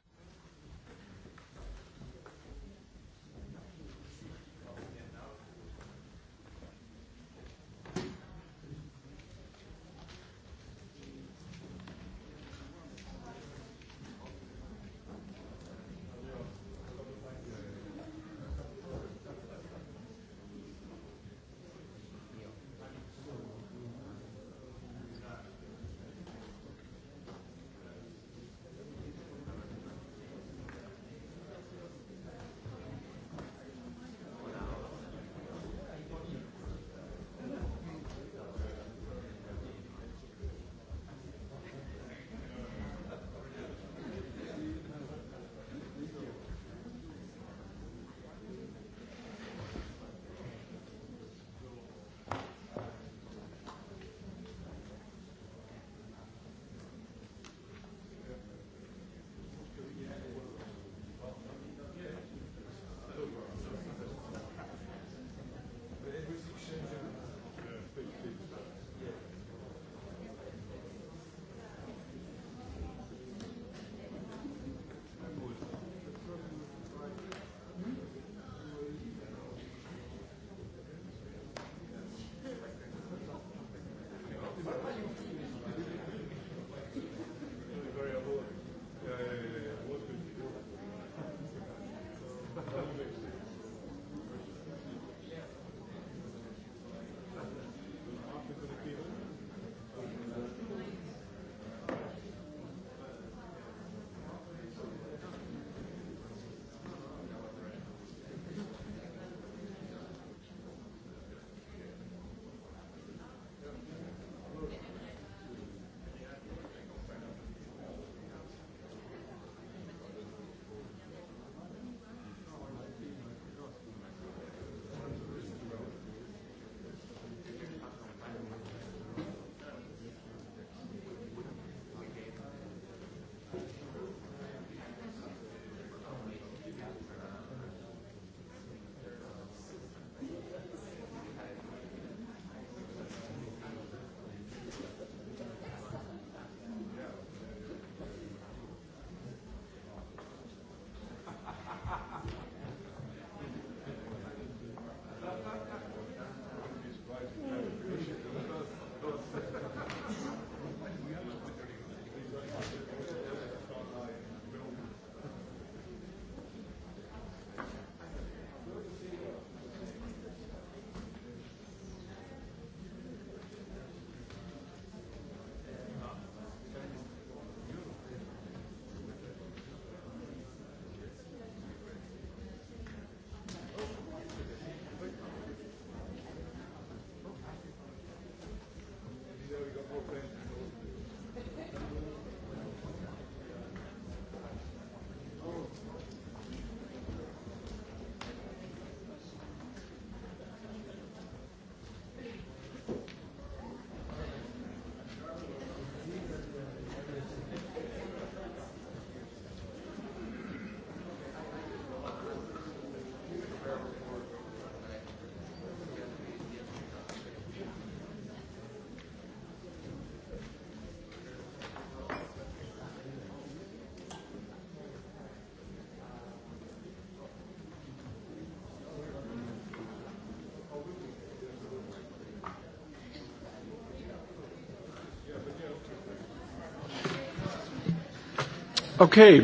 Okay,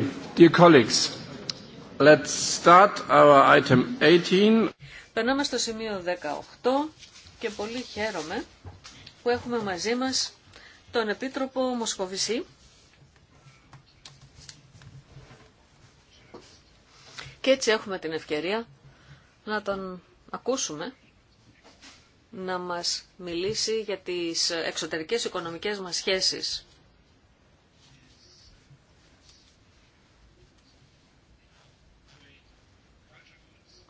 let's Περνάμε στο σημείο 18 και πολύ χαίρομαι που έχουμε μαζί μας τον Επίτροπο Μοσκοβισή και έτσι έχουμε την ευκαιρία να τον ακούσουμε να μας μιλήσει για τις εξωτερικές οικονομικές μας σχέσεις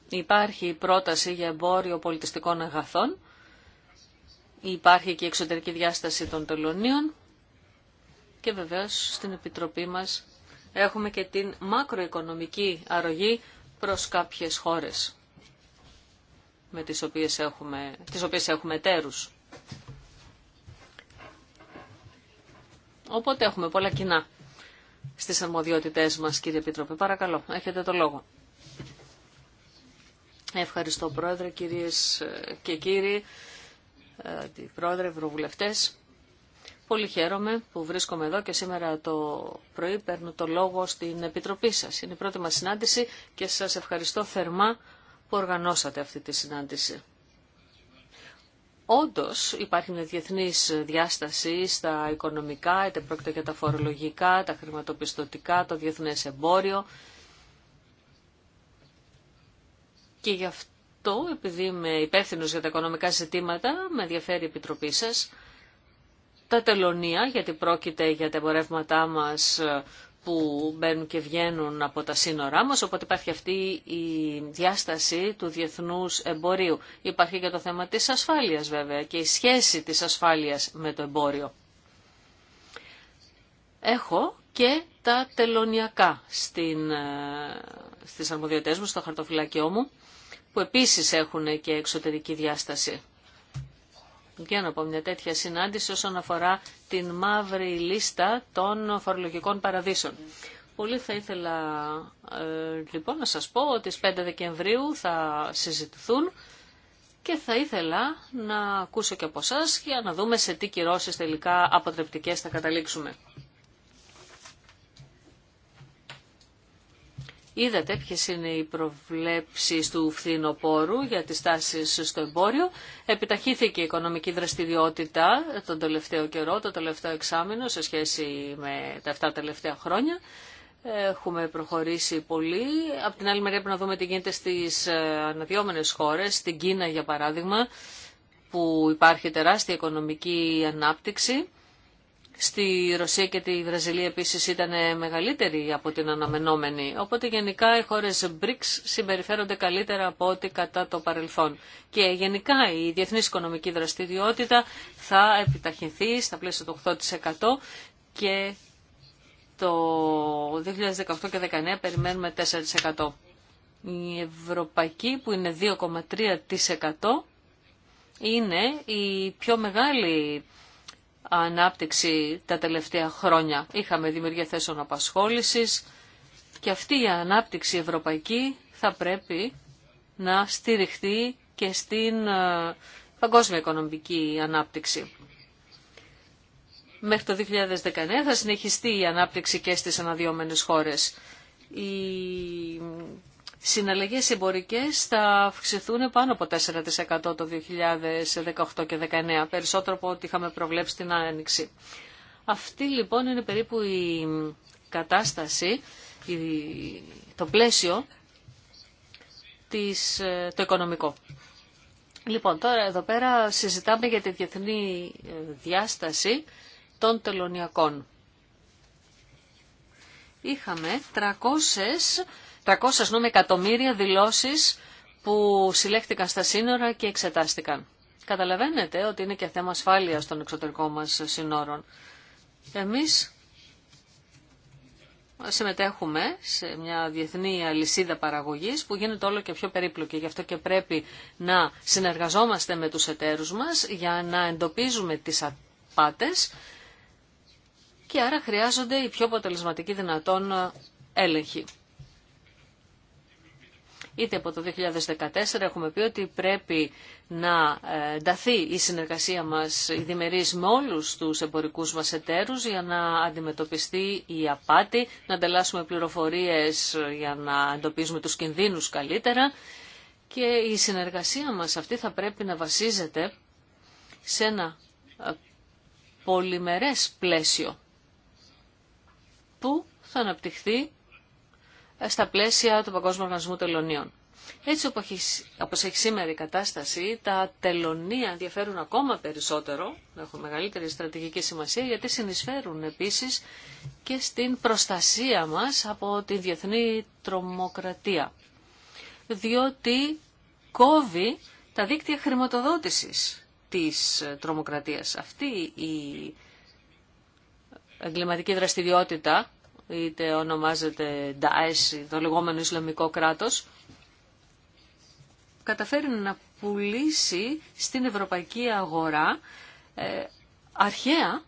Υπάρχει πρόταση για εμπόριο πολιτιστικών αγαθών. Υπάρχει και η εξωτερική διάσταση των τελωνίων. Και βεβαίως στην Επιτροπή μας έχουμε και την μακροοικονομική αρρωγή προς κάποιες χώρες με τις οποίες έχουμε, τις οποίες έχουμε εταίρους. Οπότε έχουμε πολλά κοινά στις αρμοδιότητές μας, κύριε Επίτροπε. Παρακαλώ, έχετε το λόγο. Ευχαριστώ Πρόεδρε, κυρίες ε, και κύριοι, ε, Πρόεδρε, Ευρωβουλευτές. Πολύ χαίρομαι που βρίσκομαι εδώ και σήμερα το πρωί παίρνω το λόγο στην Επιτροπή σας. Είναι η πρώτη μας συνάντηση και σας ευχαριστώ θερμά που οργανώσατε αυτή τη συνάντηση. Όντως υπάρχει μια διεθνής διάσταση στα οικονομικά, είτε πρόκειται για τα φορολογικά, τα χρηματοπιστωτικά, το διεθνές εμπόριο Και γι' αυτό, επειδή είμαι υπεύθυνο για τα οικονομικά ζητήματα, με ενδιαφέρει η Επιτροπή σα, τα τελωνία, γιατί πρόκειται για τα εμπορεύματά μας ε, που μπαίνουν και βγαίνουν από τα σύνορά μας, οπότε υπάρχει αυτή η διάσταση του διεθνούς εμπορίου. Υπάρχει και το θέμα της ασφάλειας βέβαια και η σχέση της ασφάλειας με το εμπόριο. Έχω και τα τελωνιακά στην, ε, στις μου, στο χαρτοφυλάκιό μου που επίσης έχουν και εξωτερική διάσταση. Βγαίνω από μια τέτοια συνάντηση όσον αφορά την μαύρη λίστα των φορολογικών παραδείσων. Πολύ θα ήθελα ε, λοιπόν να σας πω ότι στις 5 Δεκεμβρίου θα συζητηθούν και θα ήθελα να ακούσω και από εσά για να δούμε σε τι κυρώσεις τελικά αποτρεπτικές θα καταλήξουμε. Είδατε ποιες είναι οι προβλέψεις του φθινοπόρου για τις τάσεις στο εμπόριο. Επιταχύθηκε η οικονομική δραστηριότητα τον τελευταίο καιρό, το τελευταίο εξάμεινο σε σχέση με τα 7 τελευταία χρόνια. Έχουμε προχωρήσει πολύ. Απ' την άλλη μεριά πρέπει να δούμε τι γίνεται στις ε, αναδυόμενες χώρες, στην Κίνα για παράδειγμα, που υπάρχει τεράστια οικονομική ανάπτυξη Στη Ρωσία και τη Βραζιλία επίσης ήταν μεγαλύτερη από την αναμενόμενη, οπότε γενικά οι χώρες BRICS συμπεριφέρονται καλύτερα από ό,τι κατά το παρελθόν. Και γενικά η διεθνής οικονομική δραστηριότητα θα επιταχυνθεί στα πλαίσια του 8% και το 2018 και 2019 περιμένουμε 4%. Η ευρωπαϊκή που είναι 2,3% είναι η πιο μεγάλη ανάπτυξη τα τελευταία χρόνια. Είχαμε δημιουργία θέσεων απασχόλησης και αυτή η ανάπτυξη ευρωπαϊκή θα πρέπει να στηριχθεί και στην ε, παγκόσμια οικονομική ανάπτυξη. Μέχρι το 2019 θα συνεχιστεί η ανάπτυξη και στις αναδυόμενες χώρες. Η συναλλαγές εμπορικές θα αυξηθούν πάνω από 4% το 2018 και 2019, περισσότερο από ό,τι είχαμε προβλέψει την Άνοιξη. Αυτή λοιπόν είναι περίπου η κατάσταση, το πλαίσιο της, ε, το οικονομικό. Λοιπόν, τώρα εδώ πέρα συζητάμε για τη διεθνή ε, διάσταση των τελωνιακών. Είχαμε 300 300 νούμε εκατομμύρια δηλώσεις που συλλέχτηκαν στα σύνορα και εξετάστηκαν. Καταλαβαίνετε ότι είναι και θέμα ασφάλειας των εξωτερικών μας σύνορων. Εμείς συμμετέχουμε σε μια διεθνή αλυσίδα παραγωγής που γίνεται όλο και πιο περίπλοκη. Γι' αυτό και πρέπει να συνεργαζόμαστε με τους εταίρους μας για να εντοπίζουμε τις απάτες και άρα χρειάζονται οι πιο αποτελεσματικοί δυνατόν έλεγχοι. Είτε από το 2014 έχουμε πει ότι πρέπει να ε, ενταθεί η συνεργασία μας η διμερής με όλους τους εμπορικούς μας εταίρους για να αντιμετωπιστεί η απάτη, να ανταλλάσσουμε πληροφορίες για να εντοπίζουμε τους κινδύνους καλύτερα και η συνεργασία μας αυτή θα πρέπει να βασίζεται σε ένα ε, πολυμερές πλαίσιο που θα αναπτυχθεί στα πλαίσια του Παγκόσμιου Οργανισμού Τελωνίων. Έτσι όπως έχει σήμερα η κατάσταση, τα τελωνία ενδιαφέρουν ακόμα περισσότερο, έχουν μεγαλύτερη στρατηγική σημασία, γιατί συνεισφέρουν επίσης και στην προστασία μας από τη διεθνή τρομοκρατία. Διότι κόβει τα δίκτυα χρηματοδότησης της τρομοκρατίας. Αυτή η εγκληματική δραστηριότητα είτε ονομάζεται Daesh, το λεγόμενο Ισλαμικό κράτος, καταφέρει να πουλήσει στην ευρωπαϊκή αγορά ε, αρχαία,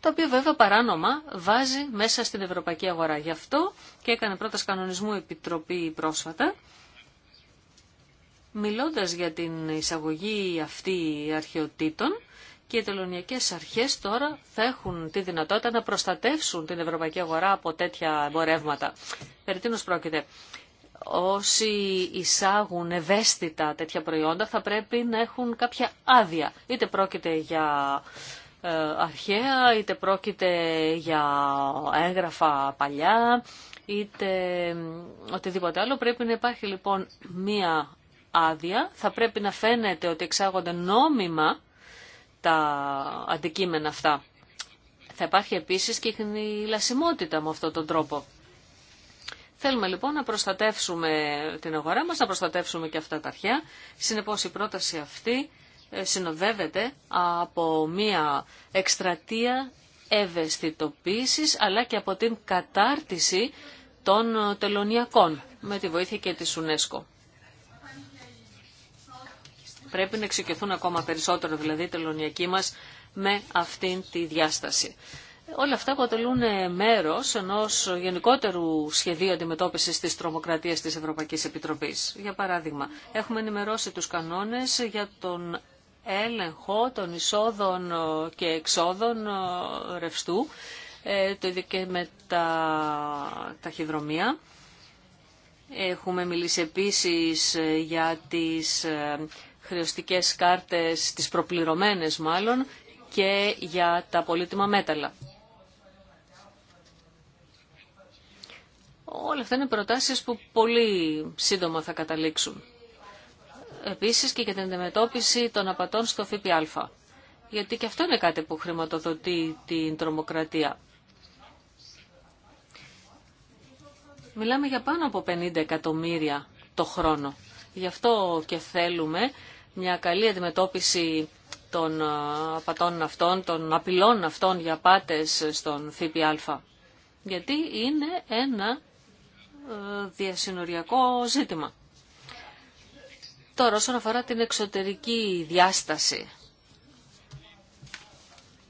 τα οποία βέβαια παράνομα βάζει μέσα στην ευρωπαϊκή αγορά. Γι' αυτό και έκανε πρώτα κανονισμού επιτροπή πρόσφατα, μιλώντας για την εισαγωγή αυτή αρχαιοτήτων, και οι τελωνιακές αρχές τώρα θα έχουν τη δυνατότητα να προστατεύσουν την ευρωπαϊκή αγορά από τέτοια εμπορεύματα. Περί τίνος πρόκειται. Όσοι εισάγουν ευαίσθητα τέτοια προϊόντα θα πρέπει να έχουν κάποια άδεια. Είτε πρόκειται για ε, αρχαία, είτε πρόκειται για έγγραφα παλιά, είτε οτιδήποτε άλλο. Πρέπει να υπάρχει λοιπόν μία άδεια. Θα πρέπει να φαίνεται ότι εξάγονται νόμιμα τα αντικείμενα αυτά. Θα υπάρχει επίσης και η λασιμότητα με αυτόν τον τρόπο. Θέλουμε λοιπόν να προστατεύσουμε την αγορά μας, να προστατεύσουμε και αυτά τα αρχαία. Συνεπώς η πρόταση αυτή ε, συνοδεύεται από μία εκστρατεία ευαισθητοποίησης αλλά και από την κατάρτιση των τελωνιακών με τη βοήθεια και της UNESCO. Πρέπει να εξοικειωθούν ακόμα περισσότερο δηλαδή τελωνιακοί μας με αυτήν τη διάσταση. Όλα αυτά αποτελούν μέρος ενός γενικότερου σχεδίου αντιμετώπισης της τρομοκρατίας της Ευρωπαϊκής Επιτροπής. Για παράδειγμα, έχουμε ενημερώσει τους κανόνες για τον έλεγχο των εισόδων και εξόδων ρευστού, ε, το ίδιο και με τα ταχυδρομεία. Έχουμε μιλήσει επίσης για τις ε, χρεωστικές κάρτες, τις προπληρωμένες μάλλον, και για τα πολύτιμα μέταλλα. Όλα αυτά είναι προτάσεις που πολύ σύντομα θα καταλήξουν. Επίσης και για την αντιμετώπιση των απατών στο ΦΠΑ. Γιατί και αυτό είναι κάτι που χρηματοδοτεί την τρομοκρατία. Μιλάμε για πάνω από 50 εκατομμύρια το χρόνο. Γι' αυτό και θέλουμε μια καλή αντιμετώπιση των ε, απατών αυτών, των απειλών αυτών για πάτες στον ΦΠΑ. Γιατί είναι ένα ε, διασυνοριακό ζήτημα. Τώρα όσον αφορά την εξωτερική διάσταση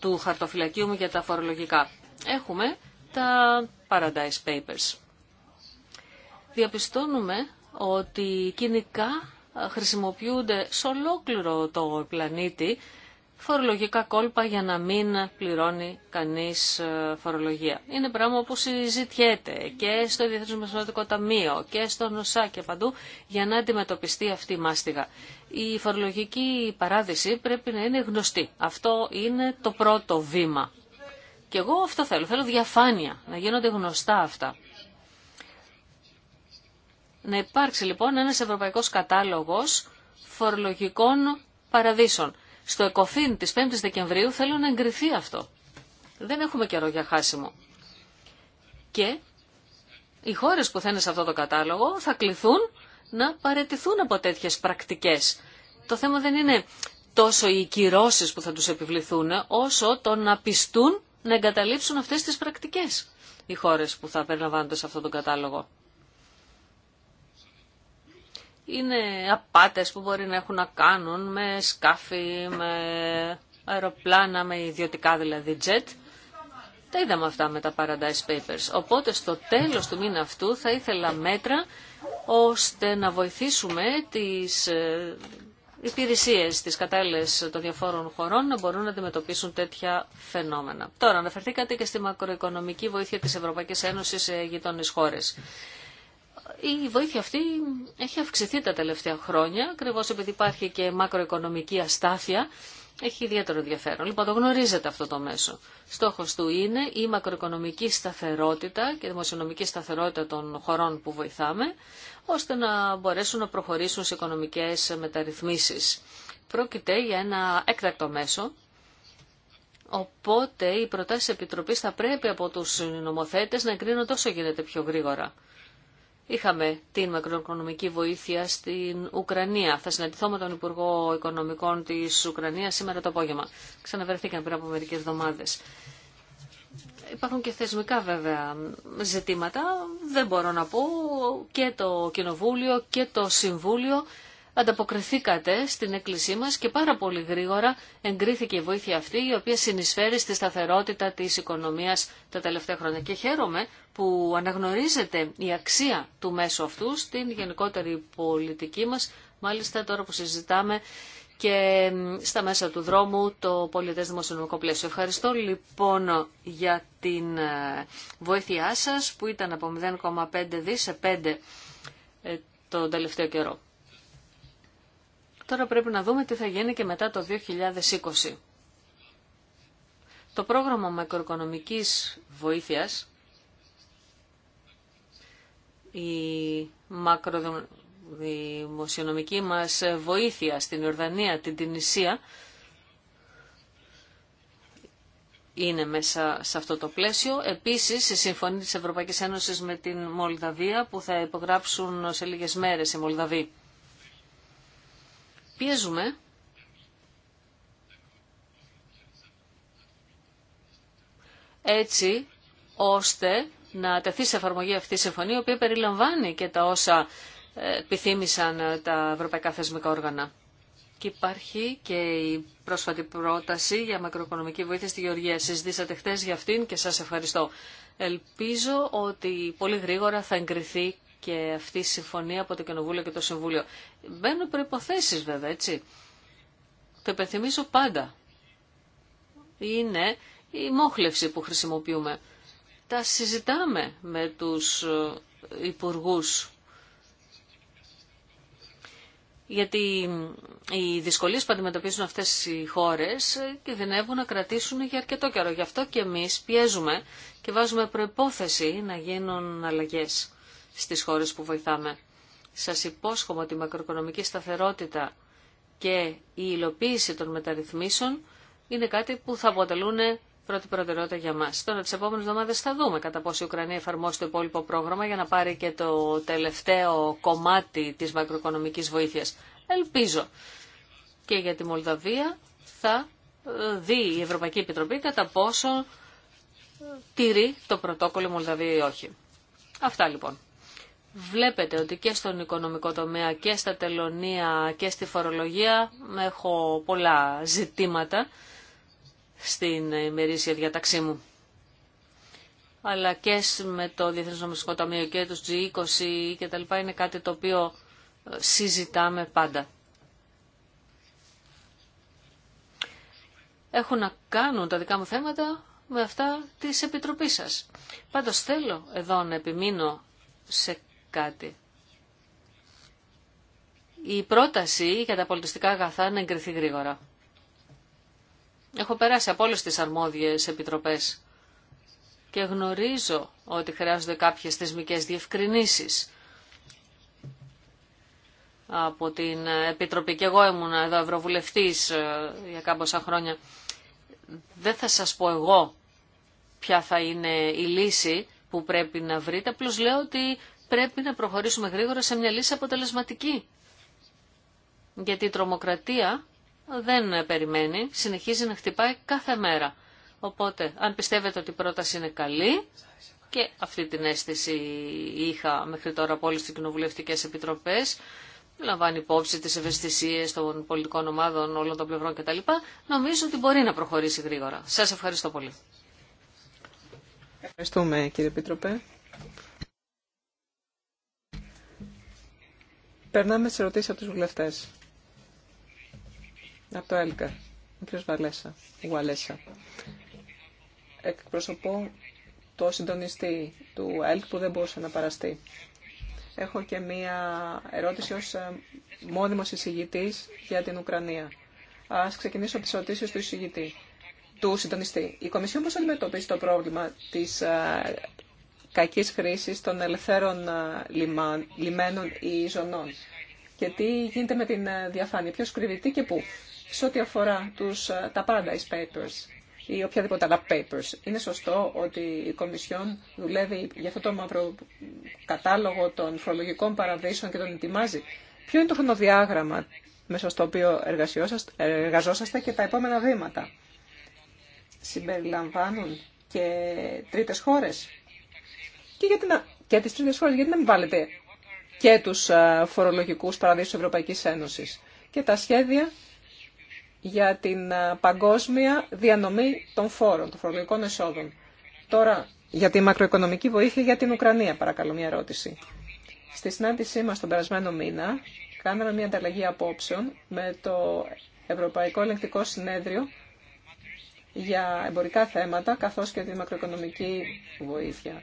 του χαρτοφυλακίου μου για τα φορολογικά. Έχουμε τα Paradise Papers. Διαπιστώνουμε ότι κοινικά ε, χρησιμοποιούνται σε ολόκληρο το πλανήτη φορολογικά κόλπα για να μην πληρώνει κανείς ε, φορολογία. Είναι πράγμα που συζητιέται και στο Διεθνές Μεσονοτικό Ταμείο και στο ΝΟΣΑ και παντού για να αντιμετωπιστεί αυτή η μάστιγα. Η φορολογική παράδειση πρέπει να είναι γνωστή. Αυτό είναι το πρώτο βήμα. Και εγώ αυτό θέλω. Θέλω διαφάνεια, να γίνονται γνωστά αυτά. Να υπάρξει λοιπόν ένας ευρωπαϊκός κατάλογος φορολογικών παραδείσων. Στο ΕΚΟΦΗΝ της 5ης Δεκεμβρίου θέλω να εγκριθεί αυτό. Δεν έχουμε καιρό για χάσιμο. Και οι χώρες που θα είναι σε αυτό το κατάλογο θα κληθούν να παρετηθούν από τέτοιες πρακτικές. Το θέμα δεν είναι τόσο οι κυρώσεις που θα τους επιβληθούν, όσο το να πιστούν να εγκαταλείψουν αυτές τις πρακτικές οι χώρες που θα περιλαμβάνονται σε αυτό τον κατάλογο είναι απάτες που μπορεί να έχουν να κάνουν με σκάφη, με αεροπλάνα, με ιδιωτικά δηλαδή jet. Τα είδαμε αυτά με τα Paradise Papers. Οπότε στο τέλος του μήνα αυτού θα ήθελα μέτρα ώστε να βοηθήσουμε τις ε, υπηρεσίες τις κατάλληλες των διαφόρων χωρών να μπορούν να αντιμετωπίσουν τέτοια φαινόμενα. Τώρα αναφερθήκατε και στη μακροοικονομική βοήθεια της Ευρωπαϊκής Ένωσης σε γειτόνες χώρες η βοήθεια αυτή έχει αυξηθεί τα τελευταία χρόνια, ακριβώ επειδή υπάρχει και μακροοικονομική αστάθεια. Έχει ιδιαίτερο ενδιαφέρον. Λοιπόν, το γνωρίζετε αυτό το μέσο. Στόχο του είναι η μακροοικονομική σταθερότητα και η δημοσιονομική σταθερότητα των χωρών που βοηθάμε, ώστε να μπορέσουν να προχωρήσουν σε οικονομικέ μεταρρυθμίσει. Πρόκειται για ένα έκτακτο μέσο, οπότε οι προτάσει επιτροπή θα πρέπει από του νομοθέτε να εγκρίνονται όσο γίνεται πιο γρήγορα. Είχαμε την μακροοικονομική βοήθεια στην Ουκρανία. Θα συναντηθώ με τον Υπουργό Οικονομικών της Ουκρανίας σήμερα το απόγευμα. Ξαναβερθήκαν πριν από μερικέ εβδομάδε. Υπάρχουν και θεσμικά βέβαια ζητήματα. Δεν μπορώ να πω και το Κοινοβούλιο και το Συμβούλιο ανταποκριθήκατε στην έκκλησή μας και πάρα πολύ γρήγορα εγκρίθηκε η βοήθεια αυτή η οποία συνεισφέρει στη σταθερότητα της οικονομίας τα τελευταία χρόνια. Και χαίρομαι που αναγνωρίζετε η αξία του μέσου αυτού στην γενικότερη πολιτική μας, μάλιστα τώρα που συζητάμε και στα μέσα του δρόμου το πολιτές δημοσιονομικό πλαίσιο. Ευχαριστώ λοιπόν για την ε, βοήθειά σας που ήταν από 0,5 δις σε 5 ε, τον τελευταίο καιρό. Τώρα πρέπει να δούμε τι θα γίνει και μετά το 2020. Το πρόγραμμα μακροοικονομικής βοήθειας, η μακροδημοσιονομική μας βοήθεια στην Ιορδανία, την Τινησία, είναι μέσα σε αυτό το πλαίσιο. Επίσης, η Συμφωνία της Ευρωπαϊκής Ένωσης με την Μολδαβία που θα υπογράψουν σε λίγες μέρες οι Μολδαβοί πιέζουμε έτσι ώστε να τεθεί σε εφαρμογή αυτή η συμφωνία, η οποία περιλαμβάνει και τα όσα ε, επιθύμησαν ε, τα ευρωπαϊκά θεσμικά όργανα. Και υπάρχει και η πρόσφατη πρόταση για μακροοικονομική βοήθεια στη Γεωργία. Συζητήσατε χθε για αυτήν και σας ευχαριστώ. Ελπίζω ότι πολύ γρήγορα θα εγκριθεί και αυτή η συμφωνία από το Κοινοβούλιο και το Συμβούλιο. Μπαίνουν προϋποθέσεις βέβαια, έτσι. Το υπενθυμίζω πάντα. Είναι η μόχλευση που χρησιμοποιούμε. Τα συζητάμε με τους ε, υπουργούς γιατί ε, οι δυσκολίες που αντιμετωπίζουν αυτές οι χώρες ε, κινδυνεύουν να κρατήσουν για αρκετό καιρό. Γι' αυτό και εμείς πιέζουμε και βάζουμε προϋπόθεση να γίνουν αλλαγές στις χώρες που βοηθάμε. Σας υπόσχομαι ότι η μακροοικονομική σταθερότητα και η υλοποίηση των μεταρρυθμίσεων είναι κάτι που θα αποτελούν πρώτη προτεραιότητα για μας. Τώρα, τι επόμενε εβδομάδε θα δούμε κατά πόσο η Ουκρανία εφαρμόσει το υπόλοιπο πρόγραμμα για να πάρει και το τελευταίο κομμάτι της μακροοικονομικής βοήθειας. Ελπίζω. Και για τη Μολδαβία θα ε, δει η Ευρωπαϊκή Επιτροπή κατά πόσο ε, τηρεί το πρωτόκολλο Μολδαβία ή όχι. Αυτά λοιπόν. Βλέπετε ότι και στον οικονομικό τομέα και στα τελωνία και στη φορολογία έχω πολλά ζητήματα στην ημερήσια διαταξή μου. Αλλά και με το Διεθνές Νομιστικό Ταμείο και τους G20 και τα λοιπά είναι κάτι το οποίο ε, συζητάμε πάντα. Έχουν να κάνουν τα δικά μου θέματα με αυτά της Επιτροπής σας. Πάντως θέλω εδώ να επιμείνω σε η πρόταση για τα πολιτιστικά αγαθά να εγκριθεί γρήγορα. Έχω περάσει από όλες τις αρμόδιες επιτροπές και γνωρίζω ότι χρειάζονται κάποιες θεσμικέ διευκρινήσεις από την Επιτροπή. Και εγώ ήμουν εδώ ευρωβουλευτής ε, για κάμποσα χρόνια. Δεν θα σας πω εγώ ποια θα είναι η λύση που πρέπει να βρείτε. Απλώς λέω ότι πρέπει να προχωρήσουμε γρήγορα σε μια λύση αποτελεσματική. Γιατί η τρομοκρατία δεν περιμένει, συνεχίζει να χτυπάει κάθε μέρα. Οπότε, αν πιστεύετε ότι η πρόταση είναι καλή, και αυτή την αίσθηση είχα μέχρι τώρα από όλες τις κοινοβουλευτικές επιτροπές, λαμβάνει υπόψη τις ευαισθησίες των πολιτικών ομάδων όλων των πλευρών κτλ. Νομίζω ότι μπορεί να προχωρήσει γρήγορα. Σας ευχαριστώ πολύ. Ευχαριστούμε κύριε Επιτροπέ. Περνάμε στις ερωτήσεις από τους βουλευτέ. Από το ΕΛΚΑ. Ο κ. Βαλέσα. Εκπροσωπώ το συντονιστή του ΕΛΚ που δεν μπορούσε να παραστεί. Έχω και μία ερώτηση ως ε, μόνιμος εισηγητής για την Ουκρανία. Ας ξεκινήσω από τις ερωτήσεις του εισηγητή, του συντονιστή. Η Κομισιόν πώς αντιμετωπίζει το πρόβλημα της ε, κακής χρήσης των ελευθέρων ε, λιμένων ή ζωνών. Και τι γίνεται με την ε, διαφάνεια, ποιος κρύβει τι και πού. Σε ό,τι αφορά τους, ε, τα paradise papers ή οποιαδήποτε άλλα papers. Είναι σωστό ότι η Κομισιόν δουλεύει για αυτό το μαύρο κατάλογο των φορολογικών παραδείσων και τον ετοιμάζει. Ποιο είναι το χρονοδιάγραμμα μέσα στο οποίο εργαζόσαστε και τα επόμενα βήματα. Συμπεριλαμβάνουν και τρίτες χώρες και, γιατί να, και Γιατί να μην βάλετε και τους ε, φορολογικούς παραδείσους της Ευρωπαϊκής Ένωσης και τα σχέδια για την ε, παγκόσμια διανομή των φόρων, των φορολογικών εσόδων. Τώρα, για τη μακροοικονομική βοήθεια για την Ουκρανία, παρακαλώ, μια ερώτηση. Στη συνάντησή μας τον περασμένο μήνα, κάναμε μια ανταλλαγή απόψεων με το Ευρωπαϊκό Ελεκτικό Συνέδριο για εμπορικά θέματα, καθώς και τη μακροοικονομική βοήθεια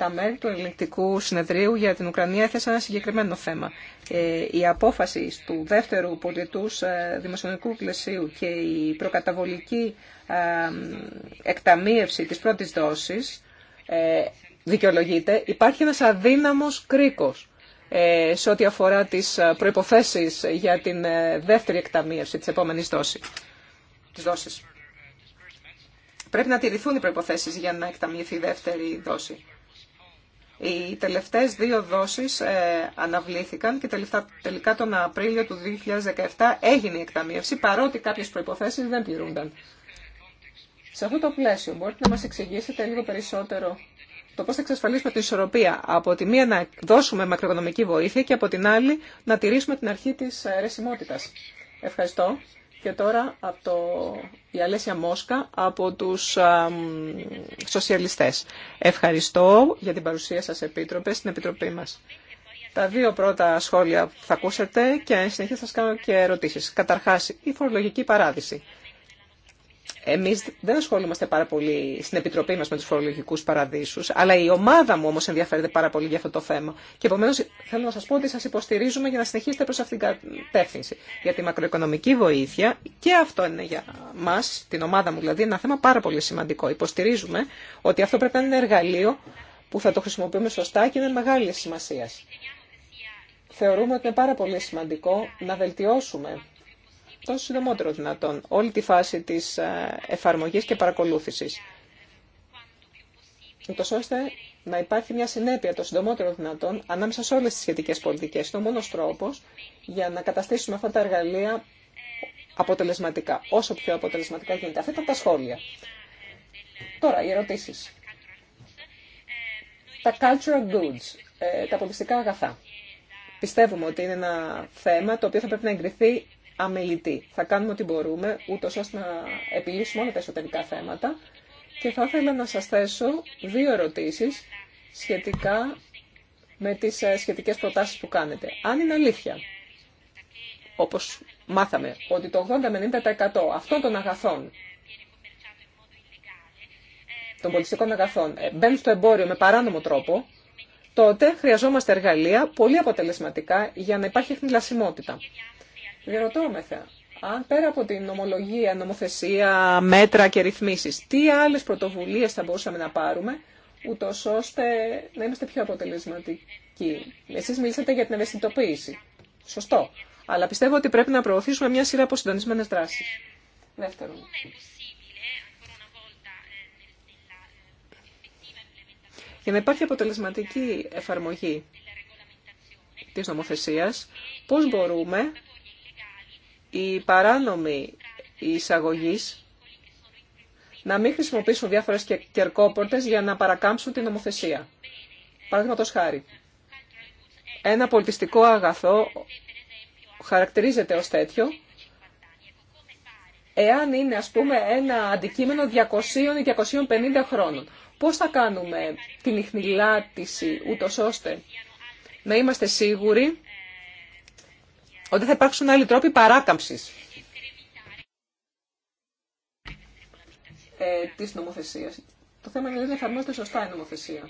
τα μέλη του ελληνικτικού Συνεδρίου για την Ουκρανία έθεσαν ένα συγκεκριμένο θέμα. Ε, η απόφαση του δεύτερου πολιτού ε, δημοσιονομικού πλαισίου και η προκαταβολική ε, εκταμίευση της πρώτης δόσης δικαιολογείται. Υπάρχει ένας αδύναμος κρίκος σε ό,τι αφορά τις προϋποθέσεις για την δεύτερη εκταμίευση της επόμενης δόσης. Της δόσης. Πρέπει να τηρηθούν οι προϋποθέσεις για να εκταμιευθεί η δεύτερη δόση. Οι τελευταίες δύο δόσεις ε, αναβλήθηκαν και τελικά τον Απρίλιο του 2017 έγινε η εκταμείευση, παρότι κάποιες προϋποθέσεις δεν πληρούνταν. Σε αυτό το πλαίσιο μπορείτε να μας εξηγήσετε λίγο περισσότερο το πώς θα εξασφαλίσουμε την ισορροπία. Από τη μία να δώσουμε μακροοικονομική βοήθεια και από την άλλη να τηρήσουμε την αρχή της ρεσιμότητας. Ευχαριστώ. Και τώρα από το... η Αλέσια Μόσκα από τους α, σοσιαλιστές. Ευχαριστώ για την παρουσία σας, Επίτροπε, στην Επιτροπή μας. Τα δύο πρώτα σχόλια θα ακούσετε και θα σας κάνω και ερωτήσεις. Καταρχάς, η φορολογική παράδειση. Εμεί δεν ασχολούμαστε πάρα πολύ στην Επιτροπή μα με του φορολογικού παραδείσου, αλλά η ομάδα μου όμω ενδιαφέρεται πάρα πολύ για αυτό το θέμα. Και επομένω θέλω να σα πω ότι σα υποστηρίζουμε για να συνεχίσετε προ αυτήν την κατεύθυνση. Για τη μακροοικονομική βοήθεια, και αυτό είναι για μα, την ομάδα μου δηλαδή, ένα θέμα πάρα πολύ σημαντικό. Υποστηρίζουμε ότι αυτό πρέπει να είναι ένα εργαλείο που θα το χρησιμοποιούμε σωστά και είναι μεγάλη σημασία. Θεωρούμε ότι είναι πάρα πολύ σημαντικό να βελτιώσουμε το συντομότερο δυνατόν όλη τη φάση της ε, εφαρμογής και παρακολούθησης. Ούτως ώστε να υπάρχει μια συνέπεια το συντομότερο δυνατόν ανάμεσα σε όλες τις σχετικές πολιτικές. Είναι ο μόνος τρόπος για να καταστήσουμε αυτά τα εργαλεία αποτελεσματικά, όσο πιο αποτελεσματικά γίνεται. Αυτά ήταν τα σχόλια. Τώρα, οι ερωτήσεις. Τα cultural goods, ε, τα πολιτιστικά αγαθά. Πιστεύουμε ότι είναι ένα θέμα το οποίο θα πρέπει να εγκριθεί αμελητή. Θα κάνουμε ό,τι μπορούμε, ούτω ώστε να επιλύσουμε όλα τα εσωτερικά θέματα. Και θα ήθελα να σας θέσω δύο ερωτήσεις σχετικά με τις ε, σχετικές προτάσεις που κάνετε. Αν είναι αλήθεια, όπως μάθαμε, ότι το 80 90% αυτών των αγαθών, των πολιτιστικών αγαθών, ε, μπαίνουν στο εμπόριο με παράνομο τρόπο, τότε χρειαζόμαστε εργαλεία πολύ αποτελεσματικά για να υπάρχει εχνηλασιμότητα. Διερωτώμεθα, αν πέρα από την ομολογία, νομοθεσία, μέτρα και ρυθμίσεις, τι άλλες πρωτοβουλίες θα μπορούσαμε να πάρουμε, ούτω ώστε να είμαστε πιο αποτελεσματικοί. Εσείς μιλήσατε για την ευαισθητοποίηση. Σωστό. Αλλά πιστεύω ότι πρέπει να προωθήσουμε μια σειρά από συντονισμένες δράσεις. Δεύτερον. Για να υπάρχει αποτελεσματική εφαρμογή της νομοθεσίας, πώς μπορούμε οι παράνομοι εισαγωγεί να μην χρησιμοποιήσουν διάφορε κερκόπορτε για να παρακάμψουν την νομοθεσία. Παραδείγματο χάρη, ένα πολιτιστικό αγαθό χαρακτηρίζεται ως τέτοιο εάν είναι ας πούμε ένα αντικείμενο 200 ή 250 χρόνων. Πώς θα κάνουμε την ηχνηλάτηση ούτω ώστε να είμαστε σίγουροι ότι θα υπάρξουν άλλοι τρόποι παράκαμψης ε, της νομοθεσίας. Το θέμα είναι δεν εφαρμόζεται σωστά η νομοθεσία.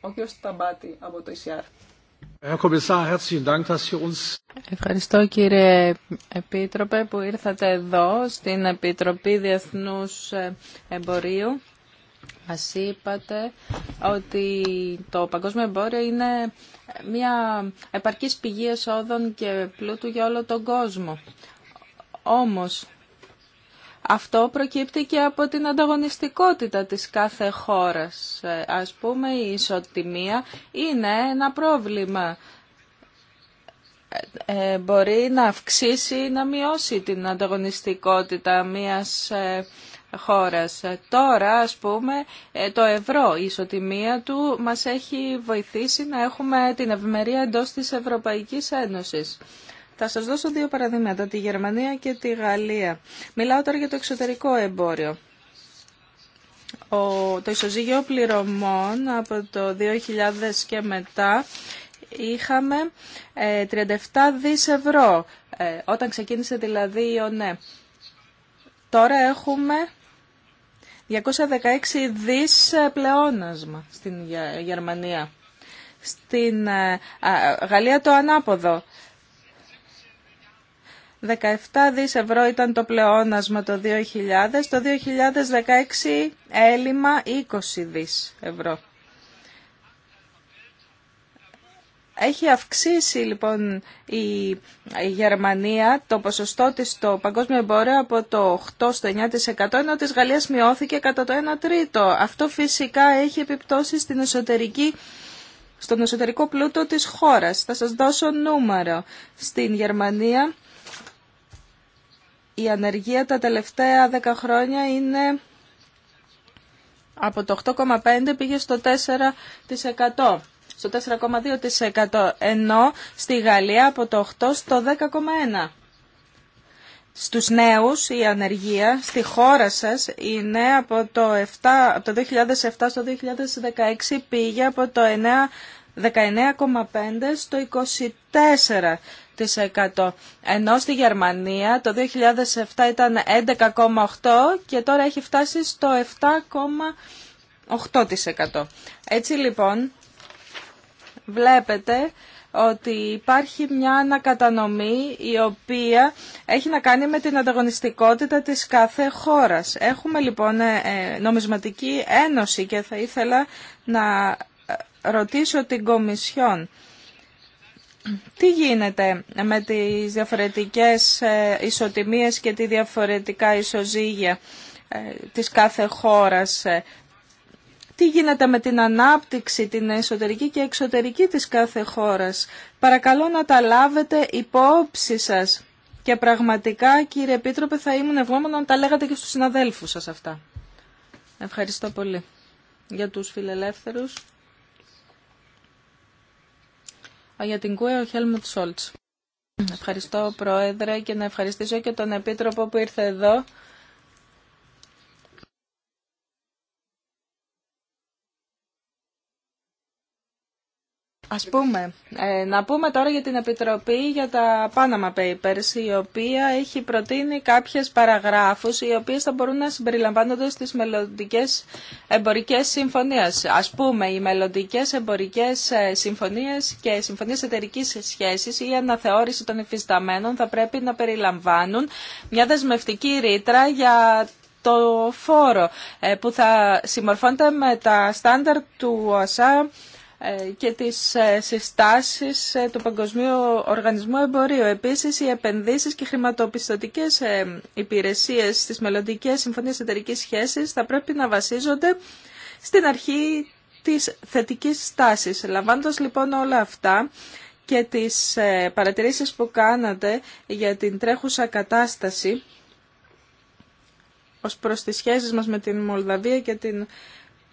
Ο κ. Σταμπάτη από το ECR. Ευχαριστώ κύριε Επίτροπε που ήρθατε εδώ στην Επιτροπή Διεθνούς Εμπορίου μας είπατε ότι το παγκόσμιο εμπόριο είναι μια επαρκής πηγή εσόδων και πλούτου για όλο τον κόσμο. Όμως, αυτό προκύπτει και από την ανταγωνιστικότητα της κάθε χώρας. Ας πούμε, η ισοτιμία είναι ένα πρόβλημα. Ε, μπορεί να αυξήσει ή να μειώσει την ανταγωνιστικότητα μιας ε, χώρας. Τώρα, ας πούμε, ε, το ευρώ, η ισοτιμία του μας έχει βοηθήσει να έχουμε την ευημερία εντός της Ευρωπαϊκής Ένωσης. Θα σας δώσω δύο παραδείγματα, τη Γερμανία και τη Γαλλία. Μιλάω τώρα για το εξωτερικό εμπόριο. Ο, το ισοζύγιο πληρωμών από το 2000 και μετά είχαμε 37 ε, δις ευρώ, ε, όταν ξεκίνησε δηλαδή η ΟΝΕ. Ναι. Τώρα έχουμε 216 δις ε, πλεόνασμα στην Γερμανία. Στην ε, Γαλλία το ανάποδο. 17 δις ευρώ ήταν το πλεόνασμα το 2000, το 2016 έλλειμμα 20 δις ευρώ. Έχει αυξήσει λοιπόν η Γερμανία το ποσοστό της στο παγκόσμιο εμπόριο από το 8% στο 9% ενώ της Γαλλίας μειώθηκε κατά το 1 τρίτο. Αυτό φυσικά έχει επιπτώσει στην εσωτερική στον εσωτερικό πλούτο της χώρας. Θα σας δώσω νούμερο. Στην Γερμανία η ανεργία τα τελευταία 10 χρόνια είναι από το 8,5 πήγε στο 4% στο 4,2% ενώ στη Γαλλία από το 8% στο 10,1%. Στους νέους η ανεργία στη χώρα σας είναι από το, 7, από το 2007 στο 2016 πήγε από το 19,5% στο 24%. Ενώ στη Γερμανία το 2007 ήταν 11,8% και τώρα έχει φτάσει στο 7,8%. Έτσι λοιπόν βλέπετε ότι υπάρχει μια ανακατανομή η οποία έχει να κάνει με την ανταγωνιστικότητα της κάθε χώρας. Έχουμε λοιπόν ε, ε, νομισματική ένωση και θα ήθελα να ε, ρωτήσω την Κομισιόν. Τι γίνεται με τις διαφορετικές ισοτιμίες και τη διαφορετικά ισοζύγια της κάθε χώρας τι γίνεται με την ανάπτυξη, την εσωτερική και εξωτερική της κάθε χώρας. Παρακαλώ να τα λάβετε υπόψη σας. Και πραγματικά, κύριε Επίτροπε, θα ήμουν ευγόμενο να τα λέγατε και στους συναδέλφους σας αυτά. Ευχαριστώ πολύ για τους φιλελεύθερους. Για την ΚΟΕ, ο Χέλμουτ Σόλτς. Ευχαριστώ, Πρόεδρε, και να ευχαριστήσω και τον Επίτροπο που ήρθε εδώ. Ας πούμε, ε, να πούμε τώρα για την Επιτροπή για τα Panama Papers, η οποία έχει προτείνει κάποιες παραγράφους, οι οποίες θα μπορούν να συμπεριλαμβάνονται στις μελλοντικέ εμπορικές συμφωνίες. Ας πούμε, οι μελλοντικέ εμπορικές ε, συμφωνίες και συμφωνίες εταιρική σχέσης ή αναθεώρηση των υφισταμένων θα πρέπει να περιλαμβάνουν μια δεσμευτική ρήτρα για το φόρο ε, που θα συμμορφώνεται με τα στάνταρ του ΟΑΣΑ ε, και τις ε, συστάσεις ε, του Παγκοσμίου Οργανισμού Εμπορίου. Επίσης, οι επενδύσεις και χρηματοπιστωτικές υπηρεσίες στις μελλοντικέ συμφωνίες εταιρική σχέσης θα πρέπει να βασίζονται στην αρχή της θετικής στάσης. Λαμβάνοντας λοιπόν όλα αυτά και τις παρατηρήσεις που κάνατε για την τρέχουσα κατάσταση ως προς τις σχέσεις μας με την Μολδαβία και την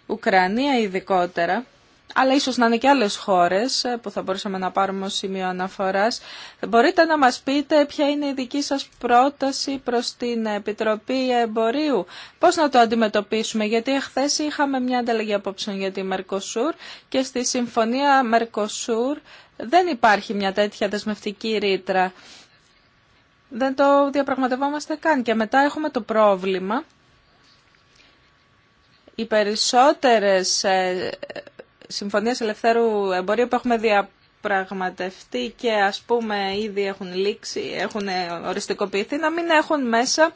Ουκρανία ειδικότερα, αλλά ίσως να είναι και άλλες χώρες ε, που θα μπορούσαμε να πάρουμε ως σημείο αναφοράς. Μπορείτε να μας πείτε ποια είναι η δική σας πρόταση προς την Επιτροπή Εμπορίου. Πώς να το αντιμετωπίσουμε, γιατί εχθές είχαμε μια ανταλλαγή απόψεων για τη Μερκοσούρ και στη Συμφωνία Μερκοσούρ δεν υπάρχει μια τέτοια δεσμευτική ρήτρα. Δεν το διαπραγματευόμαστε καν και μετά έχουμε το πρόβλημα οι περισσότερες ε, συμφωνίες ελευθέρου εμπορίου που έχουμε διαπραγματευτεί και ας πούμε ήδη έχουν λήξει, έχουν οριστικοποιηθεί, να μην έχουν μέσα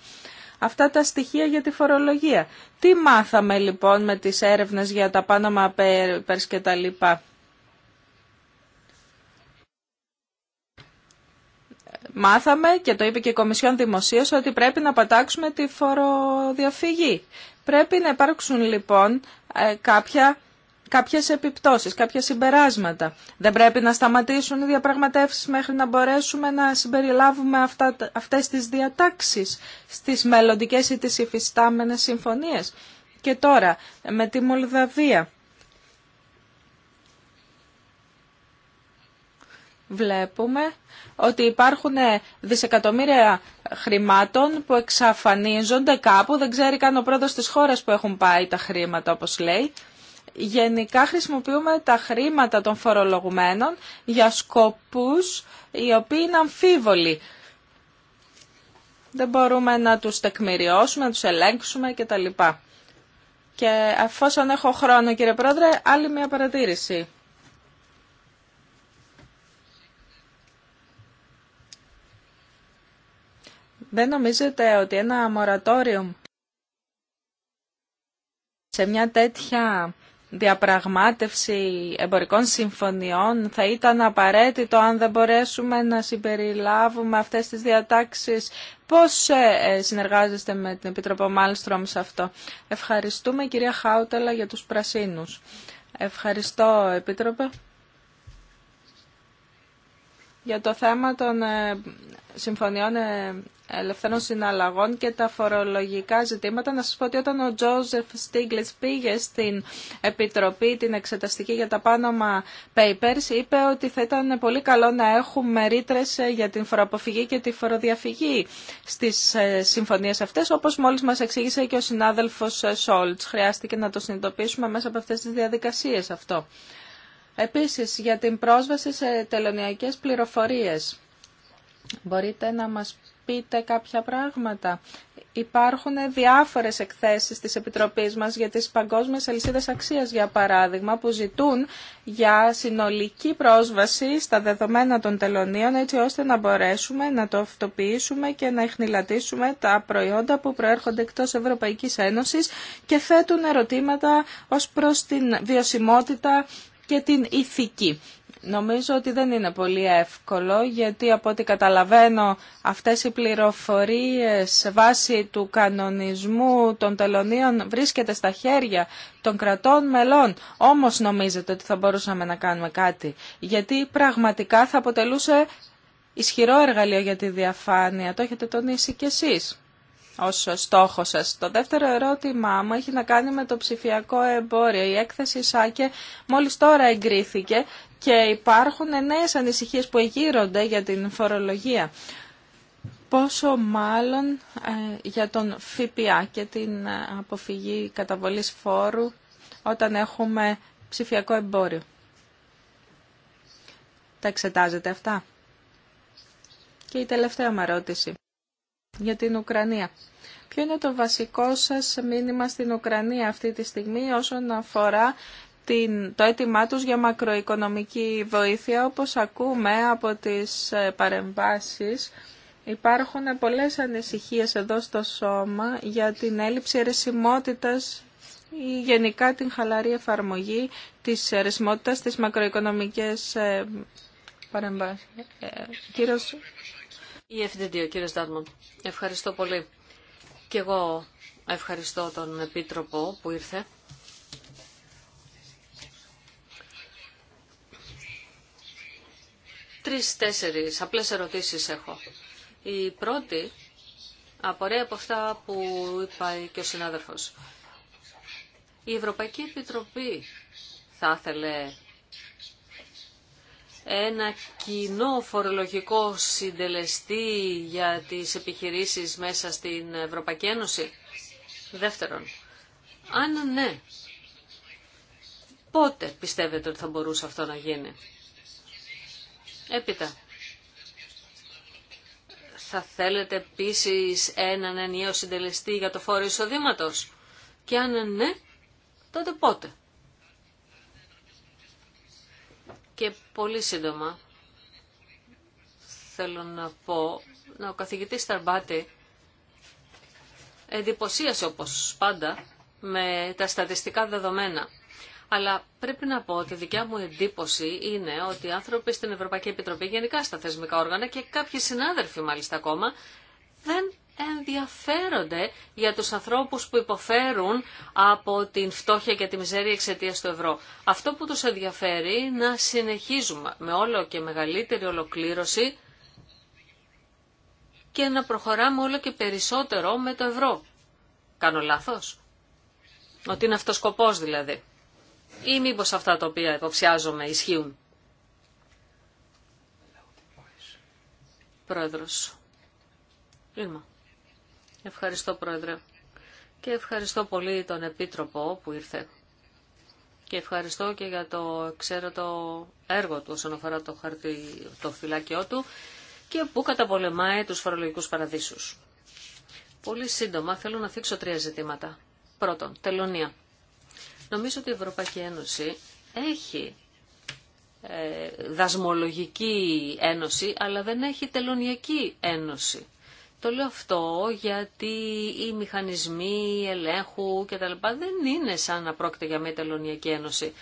αυτά τα στοιχεία για τη φορολογία. Τι μάθαμε λοιπόν με τις έρευνες για τα Panama Papers και τα λοιπά. Μάθαμε και το είπε και η Κομισιόν Δημοσίως ότι πρέπει να πατάξουμε τη φοροδιαφυγή. Πρέπει να υπάρξουν λοιπόν ε, κάποια κάποιες επιπτώσεις, κάποια συμπεράσματα. Δεν πρέπει να σταματήσουν οι διαπραγματεύσεις μέχρι να μπορέσουμε να συμπεριλάβουμε αυτά, αυτές τις διατάξεις στις μελλοντικές ή τις υφιστάμενες συμφωνίες. Και τώρα με τη Μολδαβία. Βλέπουμε ότι υπάρχουν δισεκατομμύρια χρημάτων που εξαφανίζονται κάπου. Δεν ξέρει καν ο πρόεδρος της χώρας που έχουν πάει τα χρήματα, όπως λέει γενικά χρησιμοποιούμε τα χρήματα των φορολογουμένων για σκοπούς οι οποίοι είναι αμφίβολοι. Δεν μπορούμε να τους τεκμηριώσουμε, να τους ελέγξουμε κτλ. Και εφόσον έχω χρόνο κύριε Πρόεδρε, άλλη μια παρατήρηση. Δεν νομίζετε ότι ένα μορατόριο σε μια τέτοια διαπραγμάτευση εμπορικών συμφωνιών θα ήταν απαραίτητο αν δεν μπορέσουμε να συμπεριλάβουμε αυτές τις διατάξεις. Πώς ε, ε, συνεργάζεστε με την Επίτροπο Μάλστρομ σε αυτό. Ευχαριστούμε κυρία Χάουτελα για τους πρασίνους. Ευχαριστώ Επίτροπε για το θέμα των ε, συμφωνιών ε, ελευθερών συναλλαγών και τα φορολογικά ζητήματα. Να σας πω ότι όταν ο Τζόζεφ Στίγκλες πήγε στην Επιτροπή την Εξεταστική για τα Πάνομα Papers, είπε ότι θα ήταν πολύ καλό να έχουμε ρήτρε ε, για την φοροαποφυγή και τη φοροδιαφυγή στις συμφωνίες αυτές, όπως μόλις μας εξήγησε και ο συνάδελφος Σόλτς. Χρειάστηκε να το συνειδητοποιήσουμε μέσα από αυτές τις διαδικασίες αυτό. Επίσης, για την πρόσβαση σε τελωνιακές πληροφορίες. Μπορείτε να μας πείτε κάποια πράγματα. Υπάρχουν διάφορες εκθέσεις της Επιτροπής μας για τις παγκόσμιες αλυσίδες αξίας, για παράδειγμα, που ζητούν για συνολική πρόσβαση στα δεδομένα των τελωνίων, έτσι ώστε να μπορέσουμε να το αυτοποιήσουμε και να εχνηλατήσουμε τα προϊόντα που προέρχονται εκτός Ευρωπαϊκής Ένωσης και θέτουν ερωτήματα ως προς την βιωσιμότητα και την ηθική. Νομίζω ότι δεν είναι πολύ εύκολο γιατί από ό,τι καταλαβαίνω αυτές οι πληροφορίες σε βάση του κανονισμού των τελωνίων βρίσκεται στα χέρια των κρατών μελών. Όμως νομίζετε ότι θα μπορούσαμε να κάνουμε κάτι γιατί πραγματικά θα αποτελούσε ισχυρό εργαλείο για τη διαφάνεια. Το έχετε τονίσει κι εσείς ως στόχο σας. Το δεύτερο ερώτημά μου έχει να κάνει με το ψηφιακό εμπόριο. Η έκθεση ΣΑΚΕ μόλις τώρα εγκρίθηκε και υπάρχουν νέες ανησυχίες που εγείρονται για την φορολογία. Πόσο μάλλον ε, για τον ΦΠΑ και την ε, αποφυγή καταβολής φόρου όταν έχουμε ψηφιακό εμπόριο. Τα εξετάζετε αυτά. Και η τελευταία μου ερώτηση για την Ουκρανία. Ποιο είναι το βασικό σας μήνυμα στην Ουκρανία αυτή τη στιγμή όσον αφορά το αίτημά τους για μακροοικονομική βοήθεια. Όπως ακούμε από τις ε, παρεμβάσεις, υπάρχουν πολλές ανησυχίες εδώ στο σώμα για την έλλειψη αιρεσιμότητας ή γενικά την χαλαρή εφαρμογή της αιρεσιμότητας στις μακροοικονομικές ε, παρεμβάσεις. Ε, κύριος η ευθυντή, κύριε Ευχαριστώ πολύ. Και εγώ ευχαριστώ τον Επίτροπο που ήρθε. Τρεις-τέσσερις απλές ερωτήσεις έχω. Η πρώτη απορρέει από αυτά που είπα και ο συνάδελφος. Η Ευρωπαϊκή Επιτροπή θα ήθελε ένα κοινό φορολογικό συντελεστή για τις επιχειρήσεις μέσα στην Ευρωπαϊκή Ένωση. Δεύτερον, αν ναι, πότε πιστεύετε ότι θα μπορούσε αυτό να γίνει. Έπειτα, θα θέλετε επίσης έναν ενιαίο συντελεστή για το φόρο εισοδήματος. Και αν ναι, τότε πότε. Και πολύ σύντομα θέλω να πω, να ο καθηγητής Σταρμπάτη εντυπωσίασε όπως πάντα με τα στατιστικά δεδομένα. Αλλά πρέπει να πω ότι η δικιά μου εντύπωση είναι ότι οι άνθρωποι στην Ευρωπαϊκή Επιτροπή, γενικά στα θεσμικά όργανα και κάποιοι συνάδελφοι μάλιστα ακόμα, δεν ενδιαφέρονται για τους ανθρώπους που υποφέρουν από την φτώχεια και τη μιζέρια εξαιτία του ευρώ. Αυτό που τους ενδιαφέρει να συνεχίζουμε με όλο και μεγαλύτερη ολοκλήρωση και να προχωράμε όλο και περισσότερο με το ευρώ. Κάνω λάθος. Ότι είναι αυτός σκοπός δηλαδή. Ή μήπως αυτά τα οποία υποψιάζομαι ισχύουν. Πρόεδρος. Ευχαριστώ Πρόεδρε. Και ευχαριστώ πολύ τον Επίτροπο που ήρθε. Και ευχαριστώ και για το εξαίρετο έργο του όσον αφορά το, χαρτί, το φυλάκιό του και που καταπολεμάει τους φορολογικούς παραδείσους. Πολύ σύντομα θέλω να θίξω τρία ζητήματα. Πρώτον, τελωνία. Νομίζω ότι η Ευρωπαϊκή Ένωση έχει ε, δασμολογική ένωση, αλλά δεν έχει τελωνιακή ένωση. Το λέω αυτό γιατί οι μηχανισμοί ελέγχου και τα λοιπά δεν είναι σαν να πρόκειται για μια τελωνιακή ένωση.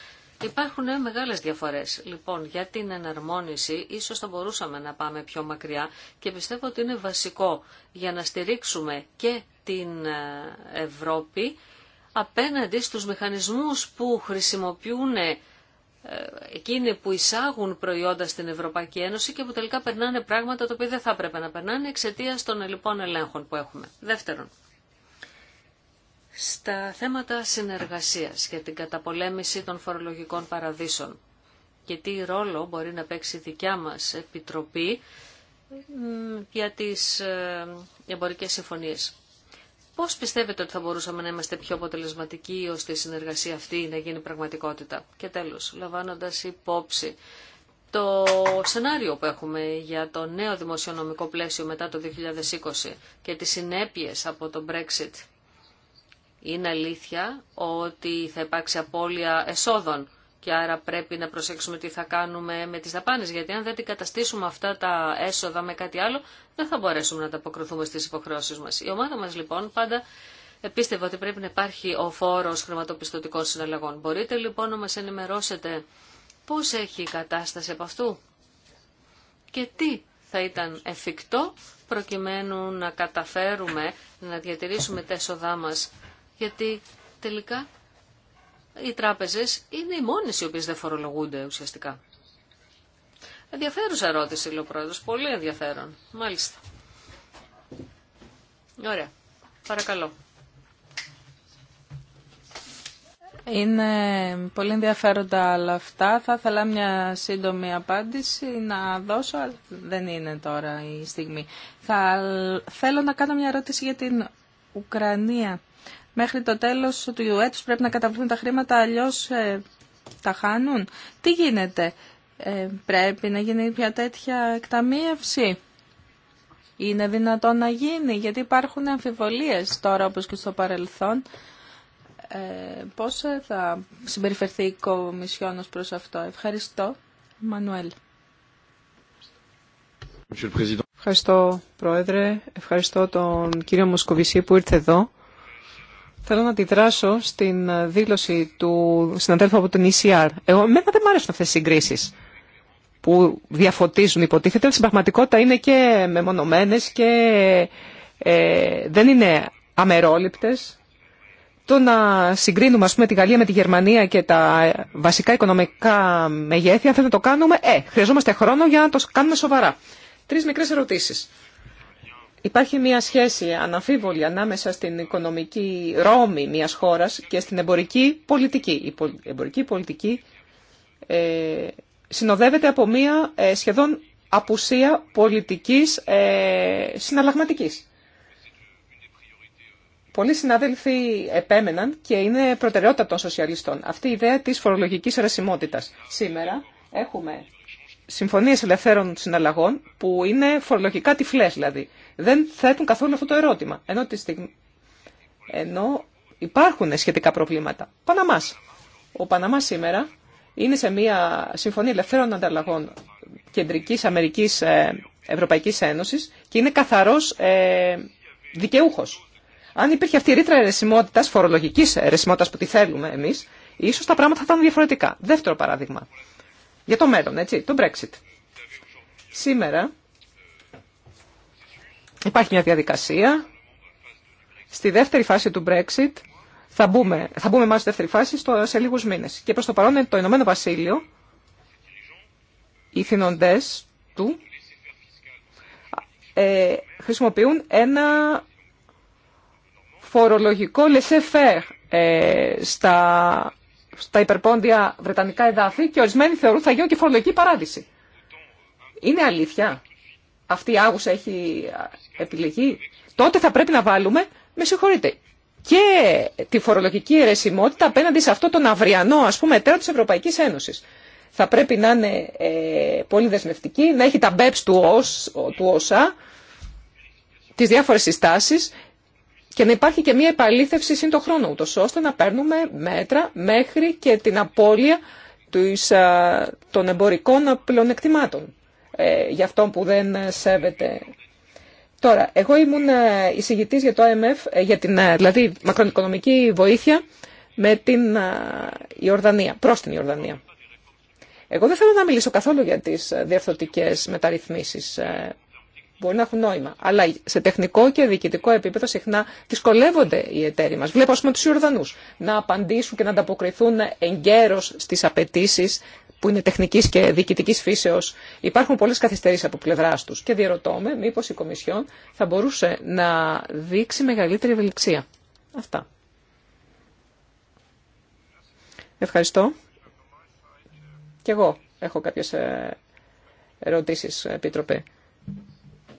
Υπάρχουν μεγάλες διαφορές. Λοιπόν, για την εναρμόνιση ίσως θα μπορούσαμε να πάμε πιο μακριά και πιστεύω ότι είναι βασικό για να στηρίξουμε και την ε, Ευρώπη απέναντι στους μηχανισμούς που χρησιμοποιούν ε, ε, εκείνοι που εισάγουν προϊόντα στην Ευρωπαϊκή Ένωση και που τελικά περνάνε πράγματα τα οποία δεν θα έπρεπε να περνάνε εξαιτία των λοιπόν ελέγχων που έχουμε. Δεύτερον, στα θέματα συνεργασίας και την καταπολέμηση των φορολογικών παραδείσων και τι ρόλο μπορεί να παίξει η δικιά μας Επιτροπή για τις ε, εμπορικές συμφωνίες. Πώ πιστεύετε ότι θα μπορούσαμε να είμαστε πιο αποτελεσματικοί ώστε η συνεργασία αυτή να γίνει πραγματικότητα. Και τέλος, λαμβάνοντα υπόψη το σενάριο που έχουμε για το νέο δημοσιονομικό πλαίσιο μετά το 2020 και τις συνέπειε από το Brexit, είναι αλήθεια ότι θα υπάρξει απώλεια εσόδων και άρα πρέπει να προσέξουμε τι θα κάνουμε με τις δαπάνες, γιατί αν δεν την καταστήσουμε αυτά τα έσοδα με κάτι άλλο, δεν θα μπορέσουμε να τα αποκριθούμε στις υποχρεώσεις μας. Η ομάδα μας λοιπόν πάντα πίστευε ότι πρέπει να υπάρχει ο φόρος χρηματοπιστωτικών συναλλαγών. Μπορείτε λοιπόν να μας ενημερώσετε πώς έχει η κατάσταση από αυτού και τι θα ήταν εφικτό προκειμένου να καταφέρουμε να διατηρήσουμε τα έσοδά μας, γιατί τελικά οι τράπεζε είναι οι μόνες οι οποίες δεν φορολογούνται ουσιαστικά. Ενδιαφέρουσα ερώτηση, λέει ο Πολύ ενδιαφέρον. Μάλιστα. Ωραία. Παρακαλώ. Είναι πολύ ενδιαφέροντα όλα αυτά. Θα ήθελα μια σύντομη απάντηση να δώσω, αλλά δεν είναι τώρα η στιγμή. Θα... Θέλω να κάνω μια ερώτηση για την Ουκρανία μέχρι το τέλος του έτους πρέπει να καταβληθούν τα χρήματα, αλλιώς ε, τα χάνουν. Τι γίνεται, ε, πρέπει να γίνει μια τέτοια εκταμίευση. Είναι δυνατόν να γίνει, γιατί υπάρχουν αμφιβολίες τώρα όπως και στο παρελθόν. Ε, πώς ε, θα συμπεριφερθεί η Κομισιόν ως προς αυτό. Ευχαριστώ. Μανουέλ. Ευχαριστώ Πρόεδρε, ευχαριστώ τον κύριο Μοσκοβισή που ήρθε εδώ Θέλω να αντιδράσω στην ε, δήλωση του συναντέλφου από την ECR. Εγώ, εμένα δεν μου αρέσουν αυτές οι συγκρίσεις που διαφωτίζουν υποτίθεται, αλλά στην πραγματικότητα είναι και μεμονωμένες και ε, δεν είναι αμερόληπτες. Το να συγκρίνουμε, ας πούμε, τη Γαλλία με τη Γερμανία και τα βασικά οικονομικά μεγέθη, αν θέλουμε να το κάνουμε, ε, χρειαζόμαστε χρόνο για να το κάνουμε σοβαρά. Τρεις μικρές ερωτήσεις. Υπάρχει μια σχέση αναμφίβολη ανάμεσα στην οικονομική ρόμη μιας χώρας και στην εμπορική πολιτική. Η εμπορική πολιτική ε, συνοδεύεται από μια ε, σχεδόν απουσία πολιτικής ε, συναλλαγματικής. Πολλοί συνάδελφοι επέμεναν και είναι προτεραιότητα των σοσιαλιστών αυτή η ιδέα της φορολογικής ρεσιμότητας. Σήμερα έχουμε συμφωνίες ελευθέρων συναλλαγών που είναι φορολογικά τυφλές δηλαδή. Δεν θέτουν καθόλου αυτό το ερώτημα. Ενώ, τη Ενώ υπάρχουν σχετικά προβλήματα. Παναμάς. Ο Παναμάς σήμερα είναι σε μια συμφωνία ελευθέρων ανταλλαγών Κεντρικής Αμερικής ε, Ευρωπαϊκής Ένωσης και είναι καθαρός ε, δικαιούχος. Αν υπήρχε αυτή η ρήτρα ερεσιμότητας, φορολογικής ερεσιμότητας που τη θέλουμε εμείς, ίσως τα πράγματα θα ήταν διαφορετικά. Δεύτερο παράδειγμα για το μέλλον, έτσι, το Brexit. Σήμερα υπάρχει μια διαδικασία. Στη δεύτερη φάση του Brexit θα μπούμε, θα μπούμε μάλλον στη δεύτερη φάση στο, σε λίγους μήνες. Και προς το παρόν το Ηνωμένο Βασίλειο, οι θυνοντές του, ε, χρησιμοποιούν ένα φορολογικό laissez-faire ε, στα στα υπερπόντια βρετανικά εδάφη και ορισμένοι θεωρούν θα γίνουν και φορολογική παράδειση. Είναι αλήθεια. Αυτή η άγουσα έχει επιλεγεί. Τότε θα πρέπει να βάλουμε, με συγχωρείτε, και τη φορολογική αιρεσιμότητα απέναντι σε αυτό τον αυριανό, ας πούμε, εταίρο της Ευρωπαϊκής Ένωσης. Θα πρέπει να είναι ε, πολύ δεσμευτική, να έχει τα BEPS του, ΟΣ, του ΟΣΑ, τις διάφορες συστάσεις και να υπάρχει και μια επαλήθευση σύν το χρόνο, ούτως ώστε να παίρνουμε μέτρα μέχρι και την απώλεια των εμπορικών πλεονεκτημάτων ε, για αυτό που δεν ε, σέβεται. Τώρα, εγώ ήμουν ε, εισηγητής για το IMF, για την δηλαδή, μακροοικονομική βοήθεια με την Ιορδανία, προς την Ιορδανία. Εγώ δεν θέλω να μιλήσω καθόλου για τις διαρθρωτικές μεταρρυθμίσεις μπορεί να έχουν νόημα. Αλλά σε τεχνικό και διοικητικό επίπεδο συχνά δυσκολεύονται οι εταίροι μα. Βλέπω, α πούμε, του Ιορδανού να απαντήσουν και να ανταποκριθούν εγκαίρω στι απαιτήσει που είναι τεχνική και διοικητική φύσεω. Υπάρχουν πολλέ καθυστερήσει από πλευρά του. Και διαρωτώ με, μήπω η Κομισιόν θα μπορούσε να δείξει μεγαλύτερη ευελιξία. Αυτά. Ευχαριστώ. Και εγώ έχω κάποιες ε, ερωτήσεις, Επίτροπε.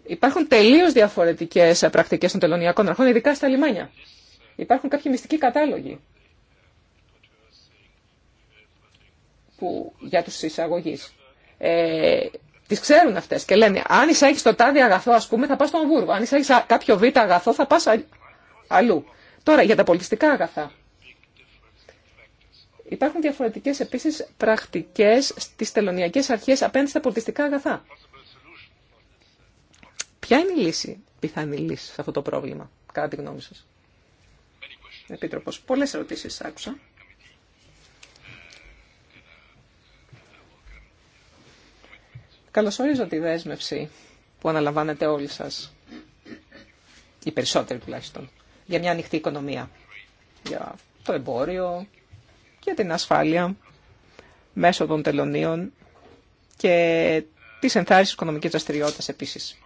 Υπάρχουν τελείως διαφορετικές πρακτικές των τελωνιακών αρχών, ειδικά στα λιμάνια. Υπάρχουν κάποιοι μυστικοί κατάλογοι που, για τους εισαγωγείς. Ε, τις ξέρουν αυτές και λένε αν εισάγεις το τάδι αγαθό ας πούμε θα πας στον Βούργο. αν εισάγεις κάποιο β αγαθό θα πας αλλού. Τώρα για τα πολιτιστικά αγαθά. Υπάρχουν διαφορετικές επίσης πρακτικές στις τελωνιακές αρχές απέναντι στα πολιτιστικά αγαθά. Ποια είναι η λύση, πιθανή λύση σε αυτό το πρόβλημα, κατά τη γνώμη σας. Επίτροπος, πολλές ερωτήσεις άκουσα. Καλωσορίζω τη δέσμευση που αναλαμβάνετε όλοι σας, οι περισσότεροι τουλάχιστον, για μια ανοιχτή οικονομία, για το εμπόριο, για την ασφάλεια μέσω των τελωνίων και της ενθάρρυνσης οικονομικής δραστηριότητα επίσης.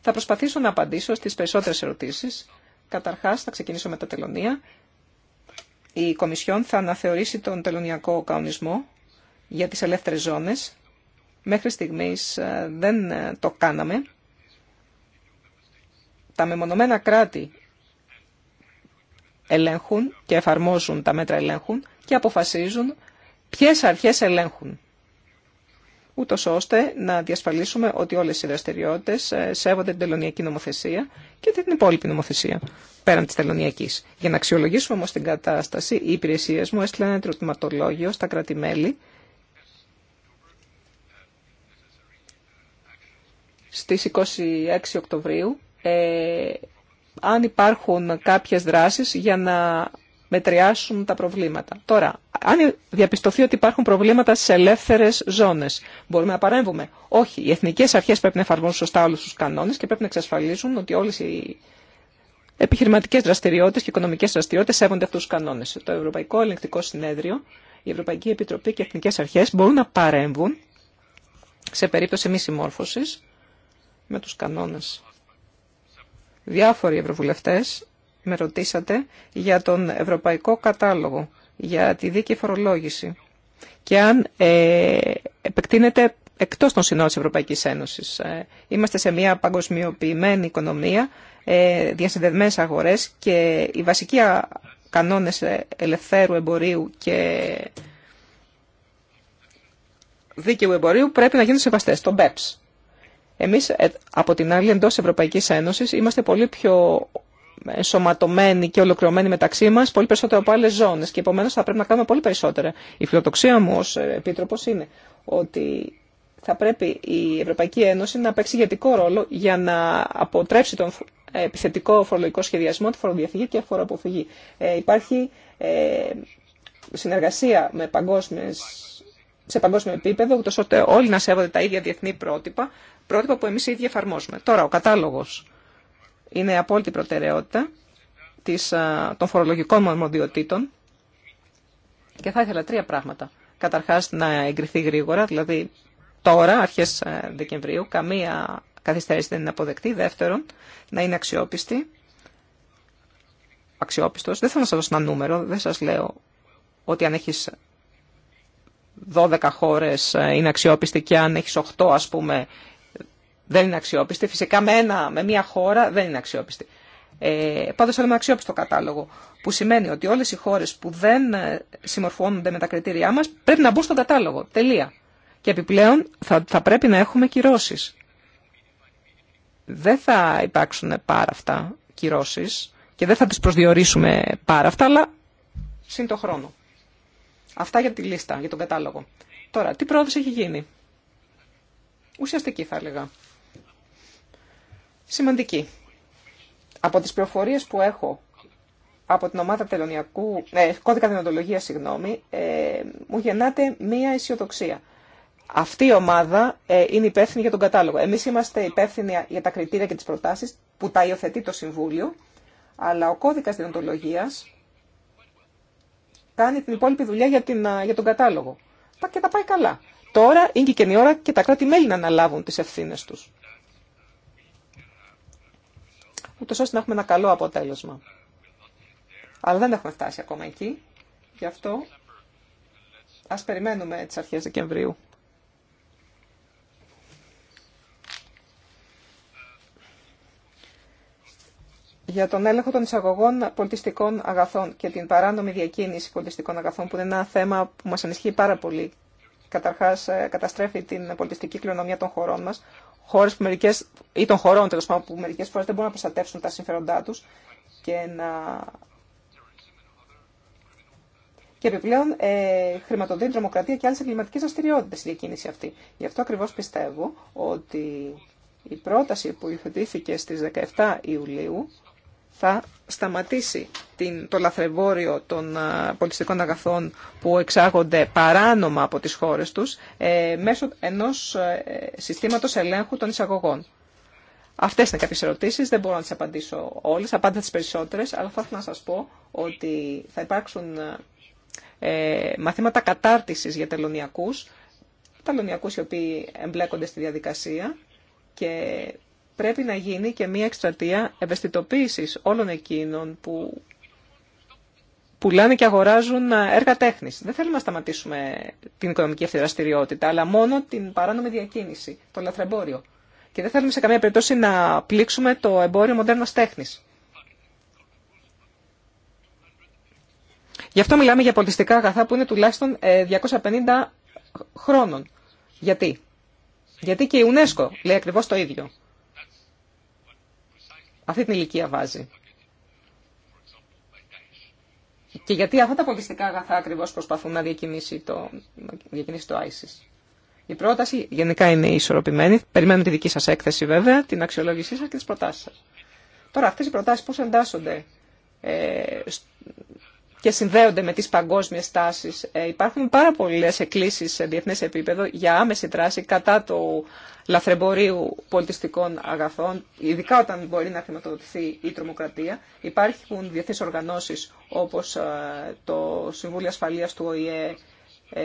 Θα προσπαθήσω να απαντήσω στις περισσότερες ερωτήσεις. Καταρχάς, θα ξεκινήσω με τα τελωνία. Η Κομισιόν θα αναθεωρήσει τον τελωνιακό καονισμό για τις ελεύθερες ζώνες. Μέχρι στιγμής ε, δεν ε, το κάναμε. Τα μεμονωμένα κράτη ελέγχουν και εφαρμόζουν τα μέτρα ελέγχουν και αποφασίζουν ποιες αρχές ελέγχουν ούτω ώστε να διασφαλίσουμε ότι όλε οι δραστηριότητε ε, σέβονται την τελωνιακή νομοθεσία και την υπόλοιπη νομοθεσία πέραν τη τελωνιακή. Για να αξιολογήσουμε όμω την κατάσταση, οι υπηρεσίε μου έστειλαν ένα ερωτηματολόγιο στα κράτη-μέλη στις 26 Οκτωβρίου ε, αν υπάρχουν κάποιες δράσεις για να μετριάσουν τα προβλήματα. Τώρα, αν διαπιστωθεί ότι υπάρχουν προβλήματα στι ελεύθερε ζώνε, μπορούμε να παρέμβουμε. Όχι. Οι εθνικέ αρχέ πρέπει να εφαρμόσουν σωστά όλου του κανόνε και πρέπει να εξασφαλίσουν ότι όλε οι επιχειρηματικέ δραστηριότητε και οικονομικέ δραστηριότητε σέβονται αυτού του κανόνε. Το Ευρωπαϊκό Ελεγκτικό Συνέδριο, η Ευρωπαϊκή Επιτροπή και οι εθνικέ αρχέ μπορούν να παρέμβουν σε περίπτωση μη συμμόρφωση με του κανόνε. Διάφοροι ευρωβουλευτέ με ρωτήσατε για τον Ευρωπαϊκό Κατάλογο, για τη δίκαιη φορολόγηση και αν ε, επεκτείνεται εκτός των συνόρων της Ευρωπαϊκής Ένωσης. Ε, είμαστε σε μια παγκοσμιοποιημένη οικονομία, ε, διασυνδεδμένες αγορές και οι βασικοί κανόνες ε, ελευθέρου εμπορίου και δίκαιου εμπορίου πρέπει να γίνουν σεβαστές, το BEPS. Εμείς, ε, από την άλλη, εντός Ευρωπαϊκής Ένωσης είμαστε πολύ πιο ενσωματωμένη και ολοκληρωμένοι μεταξύ μα πολύ περισσότερο από άλλε ζώνε. Και επομένω θα πρέπει να κάνουμε πολύ περισσότερα. Η φιλοδοξία μου ω επίτροπο είναι ότι θα πρέπει η Ευρωπαϊκή Ένωση να παίξει ηγετικό ρόλο για να αποτρέψει τον επιθετικό φορολογικό σχεδιασμό, τη φοροδιαφυγή και φοροαποφυγή. Ε, υπάρχει ε, συνεργασία με παγκόσμιες σε παγκόσμιο επίπεδο, ούτως ώστε όλοι να σέβονται τα ίδια διεθνή πρότυπα, πρότυπα που εμείς οι ίδιοι εφαρμόζουμε. Τώρα, ο κατάλογος είναι απόλυτη προτεραιότητα της, των φορολογικών αρμοδιοτήτων και θα ήθελα τρία πράγματα. Καταρχάς να εγκριθεί γρήγορα, δηλαδή τώρα, αρχές ε, Δεκεμβρίου, καμία καθυστέρηση δεν είναι αποδεκτή. Δεύτερον, να είναι αξιόπιστη, αξιόπιστος. Δεν θέλω να σας δώσω ένα νούμερο, δεν σας λέω ότι αν έχεις 12 χώρες ε, είναι αξιόπιστη και αν έχεις 8 ας πούμε δεν είναι αξιόπιστη. Φυσικά με, ένα, με μια χώρα δεν είναι αξιόπιστη. Ε, πάντως θέλουμε αξιόπιστο κατάλογο, που σημαίνει ότι όλες οι χώρες που δεν ε, συμμορφώνονται με τα κριτήριά μας πρέπει να μπουν στον κατάλογο. Τελεία. Και επιπλέον θα, θα πρέπει να έχουμε κυρώσεις. Δεν θα υπάρξουν πάρα αυτά κυρώσεις και δεν θα τις προσδιορίσουμε πάρα αυτά, αλλά συν το χρόνο. Αυτά για τη λίστα, για τον κατάλογο. Τώρα, τι πρόοδος έχει γίνει. Ουσιαστική θα έλεγα σημαντική. Από τις πληροφορίες που έχω από την ομάδα τελωνιακού, ε, κώδικα δυνατολογίας συγγνώμη, ε, μου γεννάται μία αισιοδοξία. Αυτή η ομάδα ε, είναι υπεύθυνη για τον κατάλογο. Εμείς είμαστε υπεύθυνοι για τα κριτήρια και τις προτάσεις που τα υιοθετεί το Συμβούλιο, αλλά ο κώδικας δυνατολογίας κάνει την υπόλοιπη δουλειά για, την, για τον κατάλογο. Και τα πάει καλά. Τώρα είναι και η ώρα και τα κράτη-μέλη να αναλάβουν τις ευθύνες τους ούτως ώστε να έχουμε ένα καλό αποτέλεσμα. Αλλά δεν έχουμε φτάσει ακόμα εκεί, γι' αυτό ας περιμένουμε τις αρχές Δεκεμβρίου. για τον έλεγχο των εισαγωγών πολιτιστικών αγαθών και την παράνομη διακίνηση πολιτιστικών αγαθών, που είναι ένα θέμα που μας ανισχύει πάρα πολύ. Καταρχάς, ε, καταστρέφει την πολιτιστική κληρονομιά των χωρών μας, χώρες που μερικές, ή των χωρών τέλος πάντων που μερικές φορές δεν μπορούν να προστατεύσουν τα συμφέροντά τους και να... Και επιπλέον ε, χρηματοδοτεί τρομοκρατία και άλλε εγκληματικέ δραστηριότητε η διακίνηση αυτή. Γι' αυτό ακριβώ πιστεύω ότι η πρόταση που υιοθετήθηκε στι 17 Ιουλίου θα σταματήσει την, το λαθρεμπόριο των πολιτιστικών αγαθών που εξάγονται παράνομα από τις χώρες τους ε, μέσω ενός ε, συστήματος ελέγχου των εισαγωγών. Αυτές είναι κάποιες ερωτήσεις, δεν μπορώ να τις απαντήσω όλες, απάντησα τις περισσότερες, αλλά θα ήθελα να σας πω ότι θα υπάρξουν ε, μαθήματα κατάρτισης για τελωνιακούς, τελωνιακούς οι οποίοι εμπλέκονται στη διαδικασία και πρέπει να γίνει και μια εκστρατεία ευαισθητοποίηση όλων εκείνων που πουλάνε και αγοράζουν ε, έργα τέχνης. Δεν θέλουμε να σταματήσουμε την οικονομική αυτή δραστηριότητα, αλλά μόνο την παράνομη διακίνηση, το λαθρεμπόριο. Και δεν θέλουμε σε καμία περίπτωση να πλήξουμε το εμπόριο μοντέρνας τέχνης. Γι' αυτό μιλάμε για πολιτιστικά αγαθά που είναι τουλάχιστον 250 ε, χρόνων. Γιατί? Γιατί και η UNESCO λέει ακριβώς το ίδιο. Αυτή την ηλικία βάζει. Και γιατί αυτά τα πολιτιστικά αγαθά ακριβώ προσπαθούν να διακινήσει το, διακινήσει ISIS. Η πρόταση γενικά είναι ισορροπημένη. Περιμένουμε τη δική σα έκθεση βέβαια, την αξιολόγησή σα και τι προτάσει σα. Τώρα, αυτέ οι προτάσει πώ εντάσσονται ε, και συνδέονται με τις παγκόσμιες τάσεις. Ε, υπάρχουν πάρα πολλές εκκλήσεις σε διεθνές επίπεδο για άμεση δράση κατά του λαθρεμπορίου πολιτιστικών αγαθών, ειδικά όταν μπορεί να χρηματοδοτηθεί η τρομοκρατία. Υπάρχουν διεθνείς οργανώσεις όπως ε, το Συμβούλιο Ασφαλείας του ΟΗΕ, ε,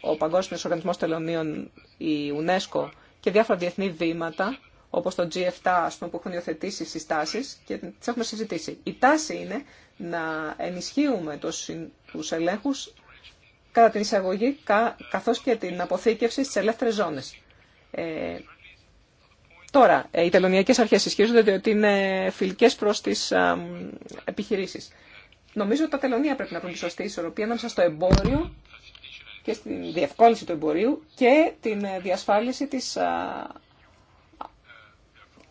ο Παγκόσμιος Οργανισμός Τελωνίων, η UNESCO και διάφορα διεθνή βήματα όπως το G7 ας πούμε, που έχουν υιοθετήσει τάσεις και τις έχουμε συζητήσει. Η τάση είναι να ενισχύουμε τους ελέγχους κατά την εισαγωγή καθώς και την αποθήκευση στις ελεύθερες ζώνες. Ε, τώρα, ε, οι τελωνιακές αρχές ισχύζονται διότι είναι φιλικές προς τις α, επιχειρήσεις. Νομίζω ότι τα τελωνία πρέπει να βρουν τη σωστή ισορροπία ανάμεσα στο εμπόριο και στην διευκόλυνση του εμπορίου και την ε, διασφάλιση της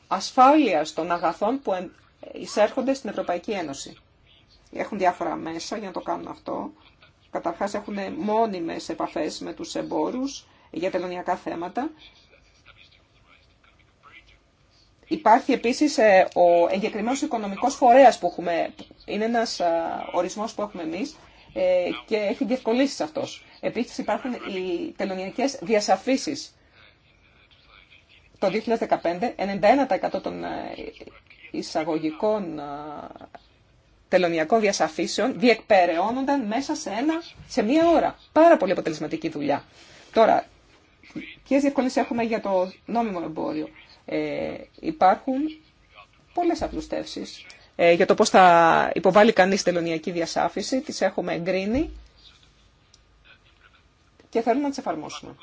ασφάλεια των αγαθών που εισέρχονται στην Ευρωπαϊκή Ένωση. Έχουν διάφορα μέσα για να το κάνουν αυτό. Καταρχά έχουν μόνιμες επαφέ με τους εμπόρους για τελωνιακά θέματα. Υπάρχει επίσης ε, ο εγκεκριμένος οικονομικός φορέας που έχουμε, είναι ένας ε, ορισμός που έχουμε εμείς ε, και έχει διευκολύνσει αυτός. Επίσης υπάρχουν οι τελωνιακές διασαφήσεις το 2015 91% των ε, εισαγωγικών ε, τελωνιακών διασαφήσεων διεκπεραιώνονταν μέσα σε, ένα, σε μία ώρα. Πάρα πολύ αποτελεσματική δουλειά. Τώρα, ποιες διευκολύνσεις έχουμε για το νόμιμο εμπόριο. Ε, υπάρχουν πολλές απλουστεύσεις ε, για το πώς θα υποβάλει κανείς τελωνιακή διασάφηση. Τις έχουμε εγκρίνει και θέλουμε να τις εφαρμόσουμε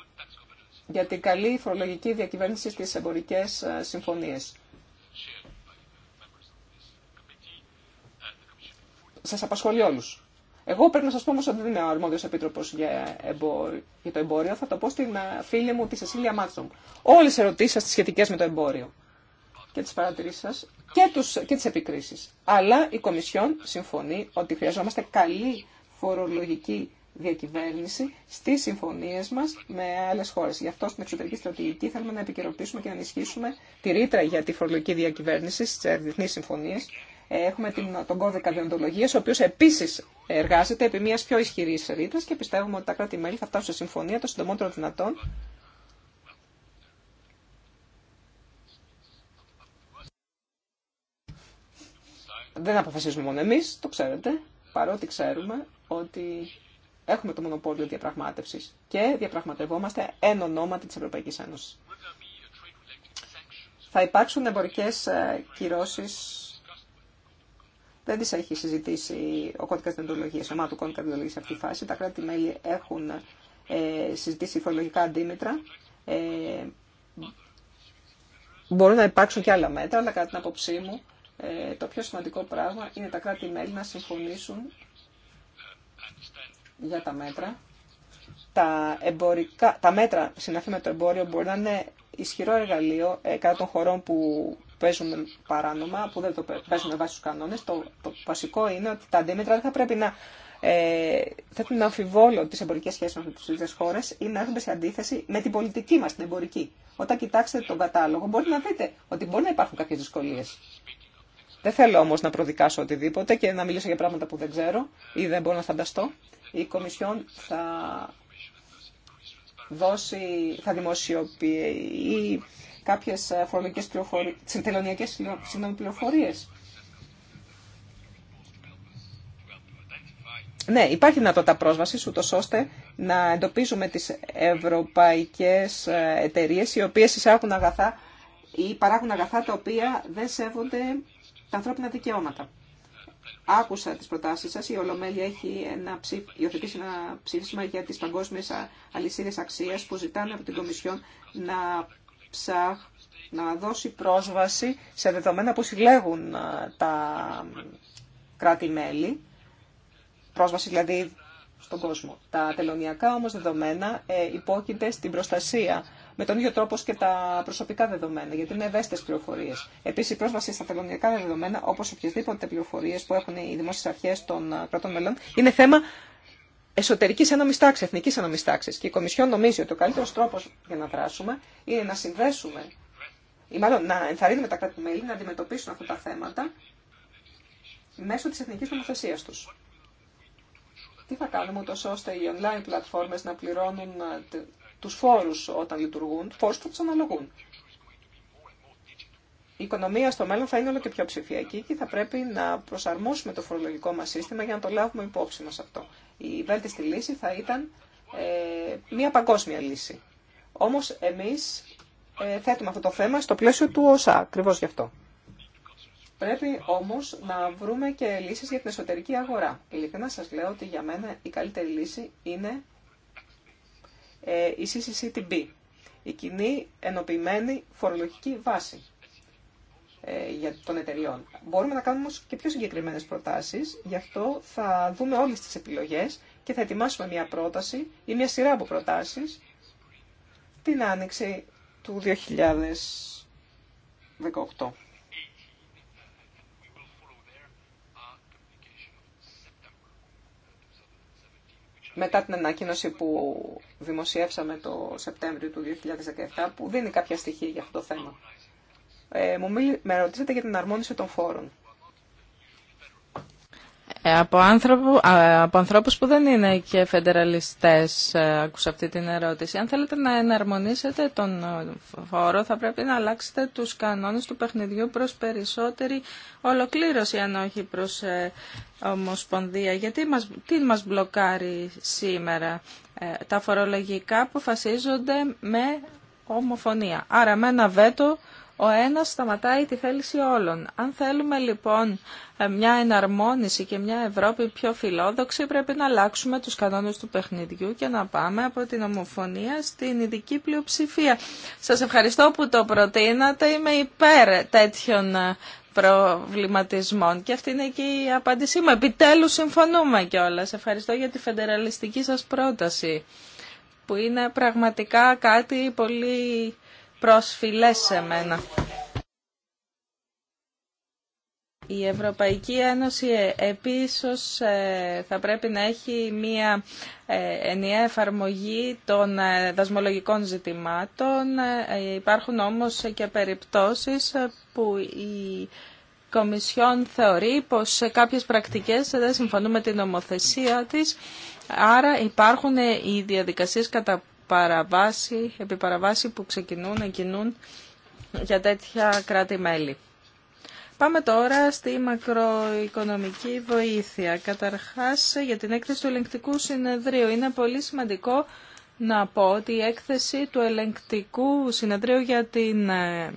για την καλή φορολογική διακυβέρνηση στις εμπορικές ε, συμφωνίες. Σας απασχολεί όλους. Εγώ πρέπει να σας πω όμως ότι δεν είμαι ο αρμόδιος επίτροπος για, το εμπόριο. Θα το πω στην ε, φίλη μου τη Σεσίλια Μάτσομ. Όλες οι ερωτήσεις σας σχετικές με το εμπόριο και τις παρατηρήσεις σας και, τους, και τις επικρίσεις. Αλλά η Κομισιόν συμφωνεί ότι χρειαζόμαστε καλή φορολογική διακυβέρνηση στι συμφωνίε μα με άλλε χώρε. Γι' αυτό στην εξωτερική στρατηγική θέλουμε να επικαιροποιήσουμε και να ενισχύσουμε τη ρήτρα για τη φορολογική διακυβέρνηση στι διεθνεί συμφωνίε. Έχουμε τον κώδικα διοντολογία, ο οποίο επίση εργάζεται επί μια πιο ισχυρή ρήτρα και πιστεύουμε ότι τα κράτη-μέλη θα φτάσουν σε συμφωνία το συντομότερο δυνατόν. Δεν αποφασίζουμε μόνο εμείς, το ξέρετε, παρότι ξέρουμε ότι έχουμε το μονοπόλιο διαπραγματεύση και διαπραγματευόμαστε εν ονόματι τη Ευρωπαϊκή Ένωση. Θα υπάρξουν εμπορικέ ε, κυρώσει. Δεν τι έχει συζητήσει ο κώδικα διοντολογίας, ο του κώδικα διοντολογίας σε αυτή τη φάση. Τα κράτη-μέλη έχουν ε, συζητήσει φορολογικά αντίμετρα. Ε, μπορούν να υπάρξουν και άλλα μέτρα, αλλά κατά την άποψή μου ε, το πιο σημαντικό πράγμα είναι τα κράτη-μέλη να συμφωνήσουν για τα μέτρα. Τα, εμπορικά, τα μέτρα συναφή με το εμπόριο μπορεί να είναι ισχυρό εργαλείο ε, κατά των χωρών που παίζουν παράνομα, που δεν το παίζουν με βάση τους κανόνες. Το, βασικό είναι ότι τα αντίμετρα δεν θα πρέπει να ε, θέτουν να αμφιβόλω τις εμπορικές σχέσεις μας με τις ίδιες χώρες ή να έρθουν σε αντίθεση με την πολιτική μας, την εμπορική. Όταν κοιτάξετε τον κατάλογο μπορείτε να δείτε ότι μπορεί να υπάρχουν κάποιες δυσκολίες. Δεν θέλω όμως να προδικάσω οτιδήποτε και να μιλήσω για πράγματα που δεν ξέρω ή δεν μπορώ να φανταστώ η Κομισιόν θα δώσει, θα δημοσιοποιεί κάποιες φορολογικές πληροφορίες, τελωνιακές πληροφορίες. Ναι, υπάρχει δυνατότητα πρόσβασης, ούτως ώστε να εντοπίζουμε τις ευρωπαϊκές εταιρείες οι οποίες εισάγουν αγαθά ή παράγουν αγαθά τα οποία δεν σέβονται τα ανθρώπινα δικαιώματα άκουσα τις προτάσεις σας. Η Ολομέλεια έχει ένα υιοθετήσει ένα ψήφισμα για τις παγκόσμιες αλυσίδες αξίας που ζητάνε από την Κομισιόν να να δώσει πρόσβαση σε δεδομένα που συλλέγουν τα κράτη-μέλη, πρόσβαση δηλαδή στον κόσμο. Τα τελωνιακά όμως δεδομένα ε, υπόκειται στην προστασία με τον ίδιο τρόπο και τα προσωπικά δεδομένα, γιατί είναι ευαίσθητε πληροφορίε. Επίση, η πρόσβαση στα θελωνιακά δεδομένα, όπω οποιασδήποτε πληροφορίε που έχουν οι δημόσιε αρχέ των κρατών μελών, είναι θέμα εσωτερική ένωμη τάξη, εθνική ένωμη τάξη. Και η Κομισιόν νομίζει ότι ο καλύτερο τρόπο για να δράσουμε είναι να συνδέσουμε ή μάλλον να ενθαρρύνουμε τα κράτη-μέλη να αντιμετωπίσουν αυτά τα θέματα μέσω τη εθνική νομοθεσία του. Τι θα κάνουμε ούτως ώστε οι online πλατφόρμες να πληρώνουν ε, του φόρου όταν λειτουργούν, φόρους που του αναλογούν. Η οικονομία στο μέλλον θα είναι όλο και πιο ψηφιακή και θα πρέπει να προσαρμόσουμε το φορολογικό μα σύστημα για να το λάβουμε υπόψη μα αυτό. Η βέλτιστη λύση θα ήταν ε, μια παγκόσμια λύση. Όμω εμεί ε, θέτουμε αυτό το θέμα στο πλαίσιο του ΩΣΑ, ακριβώ γι' αυτό. Πρέπει όμω να βρούμε και λύσεις για την εσωτερική αγορά. Ειλικρινά σα λέω ότι για μένα η καλύτερη λύση είναι ε, η CCCTB, η κοινή ενοποιημένη φορολογική βάση ε, για των εταιριών. Μπορούμε να κάνουμε όμως και πιο συγκεκριμένες προτάσεις, γι' αυτό θα δούμε όλες τις επιλογές και θα ετοιμάσουμε μια πρόταση ή μια σειρά από προτάσεις την άνοιξη του 2018. μετά την ανακοίνωση που δημοσιεύσαμε το Σεπτέμβριο του 2017, που δίνει κάποια στοιχεία για αυτό το θέμα. Ε, μου με ρωτήσατε για την αρμόνιση των φόρων από, άνθρωπου, από ανθρώπους που δεν είναι και φεντεραλιστές, ε, άκουσα αυτή την ερώτηση. Αν θέλετε να εναρμονίσετε τον ε, φόρο, θα πρέπει να αλλάξετε τους κανόνες του παιχνιδιού προς περισσότερη ολοκλήρωση, αν όχι προς ε, ομοσπονδία. Γιατί μας, τι μας μπλοκάρει σήμερα τα φορολογικά που φασίζονται με ομοφωνία. Άρα με ένα βέτο ο ένας σταματάει τη θέληση όλων. Αν θέλουμε λοιπόν ε, μια εναρμόνιση και μια Ευρώπη πιο φιλόδοξη, πρέπει να αλλάξουμε τους κανόνες του παιχνιδιού και να πάμε από την ομοφωνία στην ειδική πλειοψηφία. Σας ευχαριστώ που το προτείνατε. Είμαι υπέρ τέτοιων ε, προβληματισμών. Και αυτή είναι και η απάντησή μου. Επιτέλους συμφωνούμε κιόλα. Ευχαριστώ για τη φεντεραλιστική σας πρόταση, που είναι πραγματικά κάτι πολύ προσφυλές σε Η Ευρωπαϊκή Ένωση ε, επίσης ε, θα πρέπει να έχει μία ε, ενιαία εφαρμογή των δασμολογικών ζητημάτων. Υπάρχουν όμως και περιπτώσεις που η Κομισιόν θεωρεί πως σε κάποιες πρακτικές δεν συμφωνούν με την νομοθεσία της. Άρα υπάρχουν οι διαδικασίες κατά παραβάση, επί που ξεκινούν να κινούν για τέτοια κράτη-μέλη. Πάμε τώρα στη μακροοικονομική βοήθεια. Καταρχάς για την έκθεση του ελεγκτικού συνεδρίου. Είναι πολύ σημαντικό να πω ότι η έκθεση του ελεγκτικού συνεδρίου για την ε,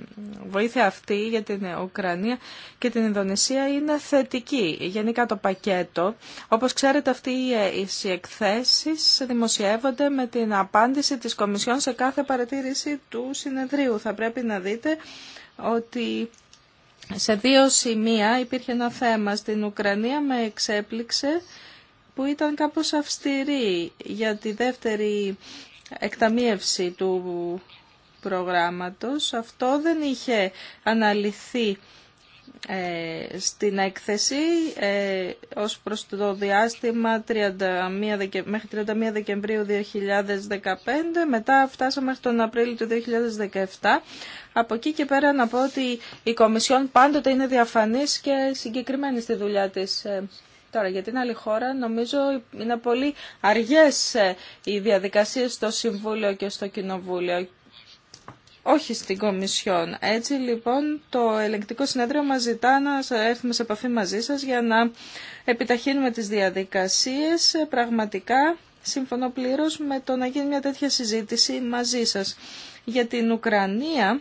βοήθεια αυτή, για την Ουκρανία και την Ινδονησία είναι θετική. Γενικά το πακέτο, όπως ξέρετε αυτοί ε, οι εκθέσεις δημοσιεύονται με την απάντηση της Κομισιόν σε κάθε παρατήρηση του συνεδρίου. Θα πρέπει να δείτε ότι σε δύο σημεία υπήρχε ένα θέμα στην Ουκρανία με εξέπληξε που ήταν κάπως αυστηρή για τη δεύτερη εκταμίευση του προγράμματος. Αυτό δεν είχε αναλυθεί ε, στην έκθεση ε, ως προς το διάστημα 31 μέχρι 31 Δεκεμβρίου 2015 μετά φτάσαμε μέχρι τον Απρίλιο του 2017 από εκεί και πέρα να πω ότι η Κομισιόν πάντοτε είναι διαφανής και συγκεκριμένη στη δουλειά της ε, Τώρα, για την άλλη χώρα, νομίζω είναι πολύ αργές ε, οι διαδικασίες στο Συμβούλιο και στο Κοινοβούλιο όχι στην Κομισιόν. Έτσι λοιπόν το ελεγκτικό συνέδριο μας ζητά να έρθουμε σε επαφή μαζί σας για να επιταχύνουμε τις διαδικασίες. Ε, πραγματικά συμφωνώ πλήρως με το να γίνει μια τέτοια συζήτηση μαζί σας. Για την Ουκρανία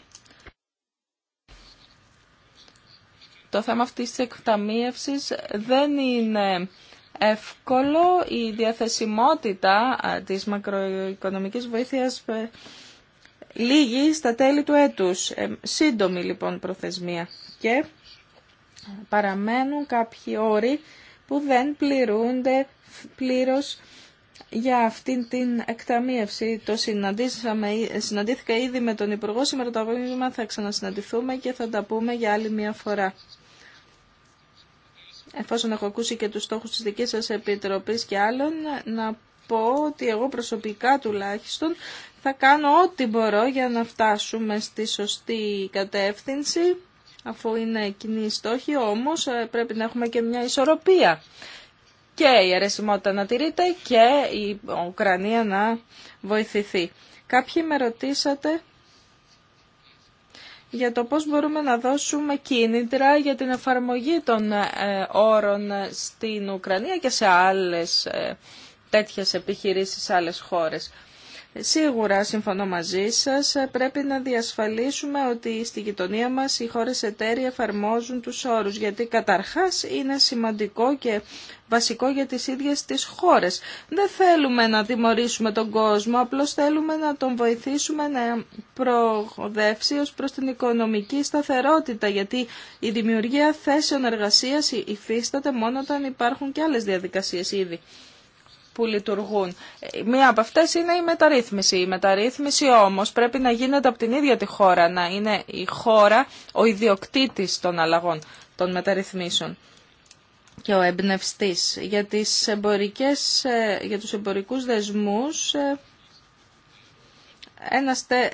Το θέμα αυτής της εκταμίευσης δεν είναι εύκολο. Η διαθεσιμότητα της μακροοικονομικής βοήθειας ε, λίγη στα τέλη του έτους. Ε, σύντομη λοιπόν προθεσμία. Και παραμένουν κάποιοι όροι που δεν πληρούνται πλήρως για αυτήν την εκταμείευση. Το συναντήσαμε, συναντήθηκα ήδη με τον Υπουργό. Σήμερα το απόγευμα θα ξανασυναντηθούμε και θα τα πούμε για άλλη μία φορά. Εφόσον έχω ακούσει και τους στόχους της δικής σας επιτροπής και άλλων, να πω ότι εγώ προσωπικά τουλάχιστον θα κάνω ό,τι μπορώ για να φτάσουμε στη σωστή κατεύθυνση, αφού είναι κοινή στόχη, όμως ε, πρέπει να έχουμε και μια ισορροπία και η αιρεσιμότητα να τηρείται και η Ουκρανία να βοηθηθεί. Κάποιοι με ρωτήσατε για το πώς μπορούμε να δώσουμε κίνητρα για την εφαρμογή των ε, όρων στην Ουκρανία και σε άλλες ε, τέτοιες επιχειρήσεις σε άλλες χώρες. Σίγουρα, συμφωνώ μαζί σας, ε, πρέπει να διασφαλίσουμε ότι στη γειτονία μας οι χώρες εταίροι εφαρμόζουν τους όρους, γιατί καταρχάς είναι σημαντικό και βασικό για τις ίδιες τις χώρες. Δεν θέλουμε να δημορίσουμε τον κόσμο, απλώς θέλουμε να τον βοηθήσουμε να προοδεύσει ως προς την οικονομική σταθερότητα, γιατί η δημιουργία θέσεων εργασίας υφίσταται μόνο όταν υπάρχουν και άλλες διαδικασίες ήδη που λειτουργούν. Ε, μία από αυτές είναι η μεταρρύθμιση. Η μεταρρύθμιση όμως πρέπει να γίνεται από την ίδια τη χώρα, να είναι η χώρα ο ιδιοκτήτης των αλλαγών των μεταρρυθμίσεων και ο εμπνευστή. Για, τις εμπορικές, ε, για τους εμπορικούς δεσμούς, ε, ένας τε,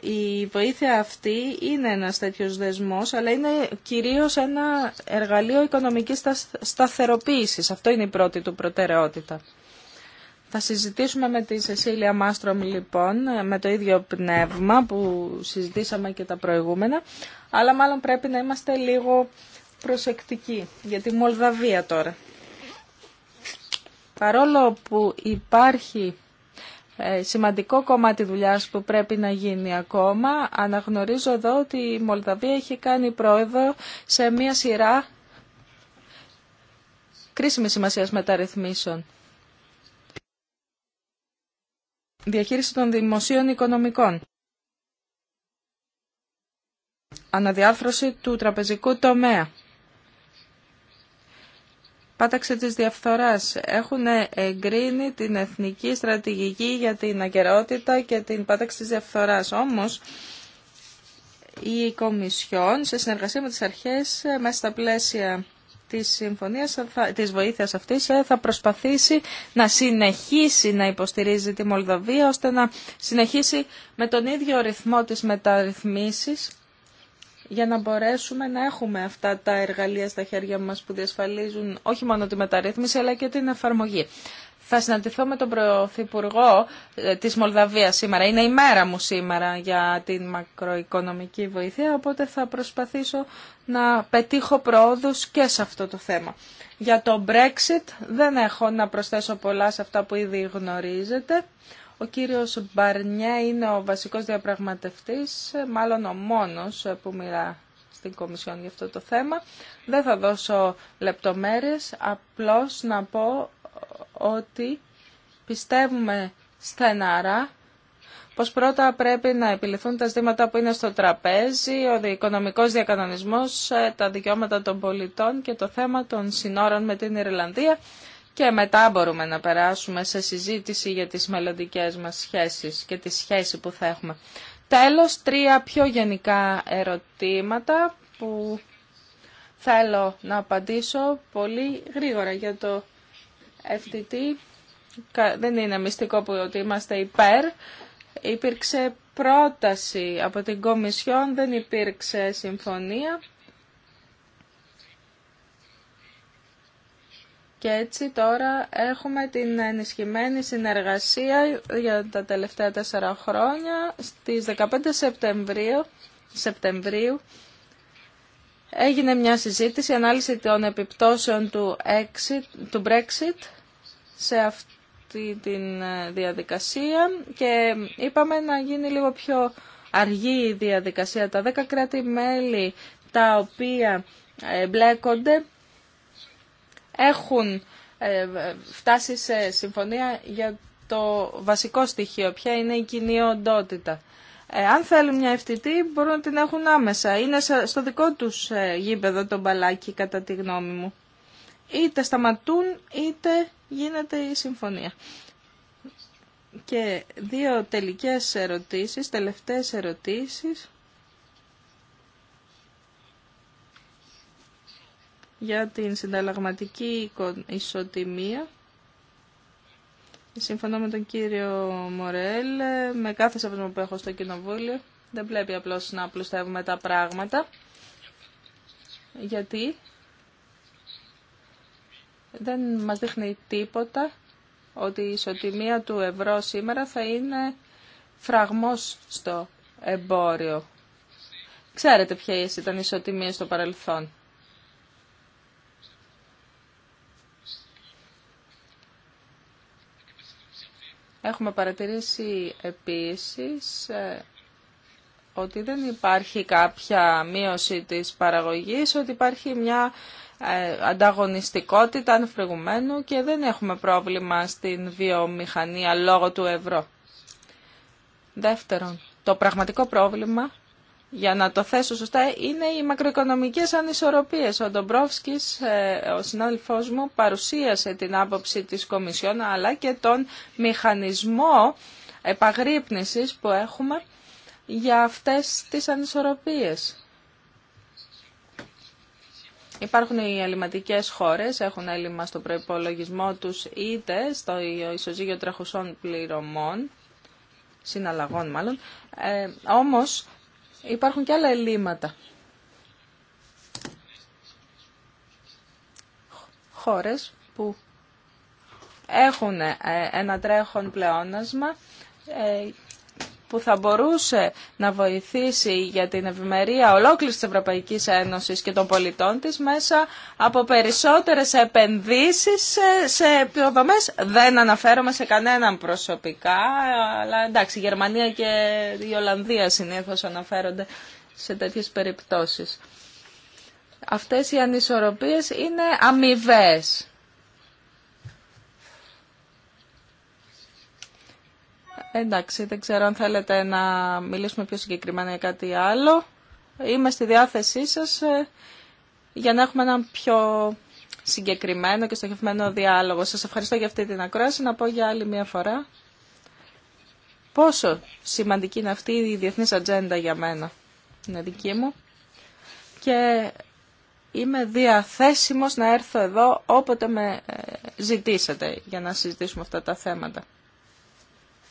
η βοήθεια αυτή είναι ένας τέτοιος δεσμός, αλλά είναι κυρίως ένα εργαλείο οικονομικής σταθεροποίησης. Αυτό είναι η πρώτη του προτεραιότητα. Θα συζητήσουμε με τη Σεσίλια Μάστρομ λοιπόν με το ίδιο πνεύμα που συζητήσαμε και τα προηγούμενα, αλλά μάλλον πρέπει να είμαστε λίγο προσεκτική για τη Μολδαβία τώρα. Παρόλο που υπάρχει ε, σημαντικό κομμάτι δουλειάς που πρέπει να γίνει ακόμα, αναγνωρίζω εδώ ότι η Μολδαβία έχει κάνει πρόεδρο σε μία σειρά κρίσιμης σημασίας μεταρρυθμίσεων. Διαχείριση των δημοσίων οικονομικών. Αναδιάρθρωση του τραπεζικού τομέα πάταξη της διαφθοράς. Έχουν εγκρίνει την Εθνική Στρατηγική για την Ακαιρότητα και την πάταξη της διαφθοράς. Όμως, η Κομισιόν, σε συνεργασία με τις αρχές, μέσα στα πλαίσια της συμφωνίας, της βοήθειας αυτής, θα προσπαθήσει να συνεχίσει να υποστηρίζει τη Μολδαβία, ώστε να συνεχίσει με τον ίδιο ρυθμό της μεταρρυθμίσης για να μπορέσουμε να έχουμε αυτά τα εργαλεία στα χέρια μας που διασφαλίζουν όχι μόνο τη μεταρρύθμιση αλλά και την εφαρμογή. Θα συναντηθώ με τον Πρωθυπουργό ε, της Μολδαβίας σήμερα. Είναι η μέρα μου σήμερα για την μακροοικονομική βοήθεια, οπότε θα προσπαθήσω να πετύχω πρόοδους και σε αυτό το θέμα. Για το Brexit δεν έχω να προσθέσω πολλά σε αυτά που ήδη γνωρίζετε. Ο κύριος Μπαρνιέ είναι ο βασικός διαπραγματευτής, μάλλον ο μόνος που μιλά στην Κομισιόν για αυτό το θέμα. Δεν θα δώσω λεπτομέρειες, απλώς να πω ότι πιστεύουμε στεναρά πως πρώτα πρέπει να επιληθούν τα ζητήματα που είναι στο τραπέζι, ο οικονομικός διακανονισμός, ε, τα δικαιώματα των πολιτών και το θέμα των συνόρων με την Ιρλανδία και μετά μπορούμε να περάσουμε σε συζήτηση για τις μελλοντικέ μας σχέσεις και τη σχέση που θα έχουμε. Τέλος, τρία πιο γενικά ερωτήματα που θέλω να απαντήσω πολύ γρήγορα για το FTT. Δεν είναι μυστικό που ότι είμαστε υπέρ. Υπήρξε πρόταση από την Κομισιόν, δεν υπήρξε συμφωνία. Και έτσι τώρα έχουμε την ενισχυμένη συνεργασία για τα τελευταία τέσσερα χρόνια. Στις 15 Σεπτεμβρίου, Σεπτεμβρίου έγινε μια συζήτηση, ανάλυση των επιπτώσεων του, exit, του Brexit σε αυτή τη ε, διαδικασία και είπαμε να γίνει λίγο πιο αργή η διαδικασία. Τα 10 κράτη-μέλη τα οποία μπλέκονται έχουν ε, φτάσει σε συμφωνία για το βασικό στοιχείο, ποια είναι η κοινή οντότητα. Ε, αν θέλουν μια ευθυτή μπορούν να την έχουν άμεσα. Είναι στο δικό τους ε, γήπεδο το μπαλάκι κατά τη γνώμη μου. Είτε σταματούν είτε γίνεται η συμφωνία. Και δύο τελικές ερωτήσεις, τελευταίες ερωτήσεις. για την συνταλλαγματική ισοτιμία. Συμφωνώ με τον κύριο Μορέλ, με κάθε σεβασμό που έχω στο κοινοβούλιο. Δεν πρέπει απλώς να απλουστεύουμε τα πράγματα. Γιατί δεν μας δείχνει τίποτα ότι η ισοτιμία του ευρώ σήμερα θα είναι φραγμός στο εμπόριο. Ξέρετε ποια ήταν η ισοτιμία στο παρελθόν. Έχουμε παρατηρήσει επίσης ε, ότι δεν υπάρχει κάποια μείωση της παραγωγής, ότι υπάρχει μια ε, ανταγωνιστικότητα ανευπροηγουμένου και δεν έχουμε πρόβλημα στην βιομηχανία λόγω του ευρώ. Δεύτερον, το πραγματικό πρόβλημα για να το θέσω σωστά, είναι οι μακροοικονομικές ανισορροπίες. Ο Ντομπρόφσκης, ε, ο συνάδελφός μου, παρουσίασε την άποψη της Κομισιόν, αλλά και τον μηχανισμό επαγρύπνησης που έχουμε για αυτές τις ανισορροπίες. Υπάρχουν οι ελληματικές χώρες, έχουν έλλειμμα στο προϋπολογισμό τους είτε στο ισοζύγιο τρεχουσών πληρωμών, συναλλαγών μάλλον, ε, όμως υπάρχουν και άλλα ελλείμματα. Χώρες που έχουν ε, ένα τρέχον πλεόνασμα ε, που θα μπορούσε να βοηθήσει για την ευημερία ολόκληρης της Ευρωπαϊκής Ένωσης και των πολιτών της μέσα από περισσότερες επενδύσεις σε υποδομές. Δεν αναφέρομαι σε κανέναν προσωπικά, αλλά εντάξει, η Γερμανία και η Ολλανδία συνήθως αναφέρονται σε τέτοιες περιπτώσεις. Αυτές οι ανισορροπίες είναι αμοιβέ. Εντάξει, δεν ξέρω αν θέλετε να μιλήσουμε πιο συγκεκριμένα για κάτι άλλο. Είμαι στη διάθεσή σας ε, για να έχουμε έναν πιο συγκεκριμένο και στοχευμένο διάλογο. Σας ευχαριστώ για αυτή την ακρόαση. Να πω για άλλη μια φορά πόσο σημαντική είναι αυτή η διεθνής ατζέντα για μένα. Είναι δική μου. Και είμαι διαθέσιμος να έρθω εδώ όποτε με ε, ζητήσετε για να συζητήσουμε αυτά τα θέματα.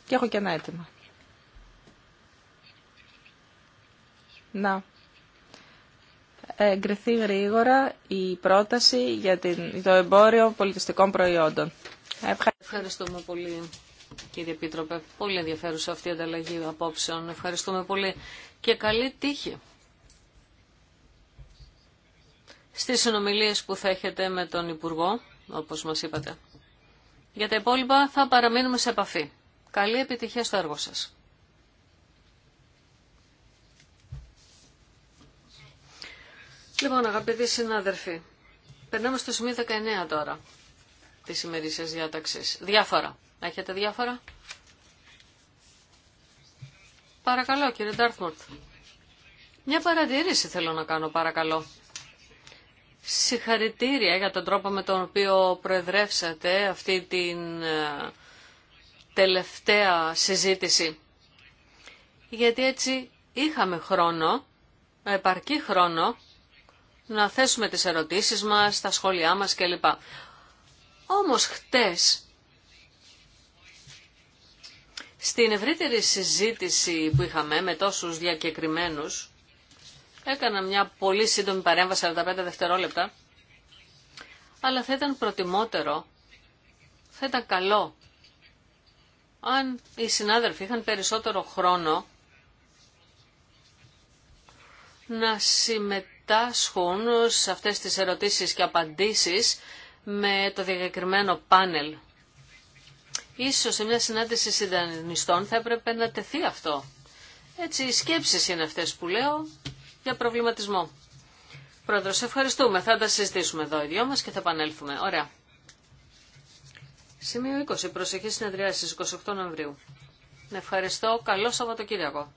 Και έχω και ένα αίτημα. Να εγκριθεί γρήγορα η πρόταση για το εμπόριο πολιτιστικών προϊόντων. Ευχαριστούμε πολύ κύριε Επίτροπε. Πολύ ενδιαφέρουσα αυτή η ανταλλαγή απόψεων. Ευχαριστούμε πολύ και καλή τύχη στις συνομιλίες που θα έχετε με τον Υπουργό, όπως μας είπατε. Για τα υπόλοιπα θα παραμείνουμε σε επαφή. Καλή επιτυχία στο έργο σας. Λοιπόν, αγαπητοί συνάδελφοι, περνάμε στο σημείο 19 τώρα τη ημερήσια διάταξη. Διάφορα. Έχετε διάφορα. Παρακαλώ, κύριε Ντάρθμορτ. Μια παρατήρηση θέλω να κάνω, παρακαλώ. Συγχαρητήρια για τον τρόπο με τον οποίο προεδρεύσατε αυτή την ε, τελευταία συζήτηση. Γιατί έτσι είχαμε χρόνο, επαρκή χρόνο, να θέσουμε τις ερωτήσεις μας, τα σχόλιά μας κλπ. Όμως χτες, στην ευρύτερη συζήτηση που είχαμε με τόσους διακεκριμένους, έκανα μια πολύ σύντομη παρέμβαση, 45 δευτερόλεπτα, αλλά θα ήταν προτιμότερο, θα ήταν καλό αν οι συνάδελφοι είχαν περισσότερο χρόνο να συμμετάσχουν σε αυτές τις ερωτήσεις και απαντήσεις με το διακεκριμένο πάνελ. Ίσως σε μια συνάντηση συντανιστών θα έπρεπε να τεθεί αυτό. Έτσι, οι σκέψεις είναι αυτές που λέω για προβληματισμό. Πρόεδρος, ευχαριστούμε. Θα τα συζητήσουμε εδώ οι δυο μας και θα επανέλθουμε. Ωραία. Σημείο 20. Προσεχή συνεδρία 28 Νοεμβρίου. Ευχαριστώ. Καλό Σαββατοκύριακο.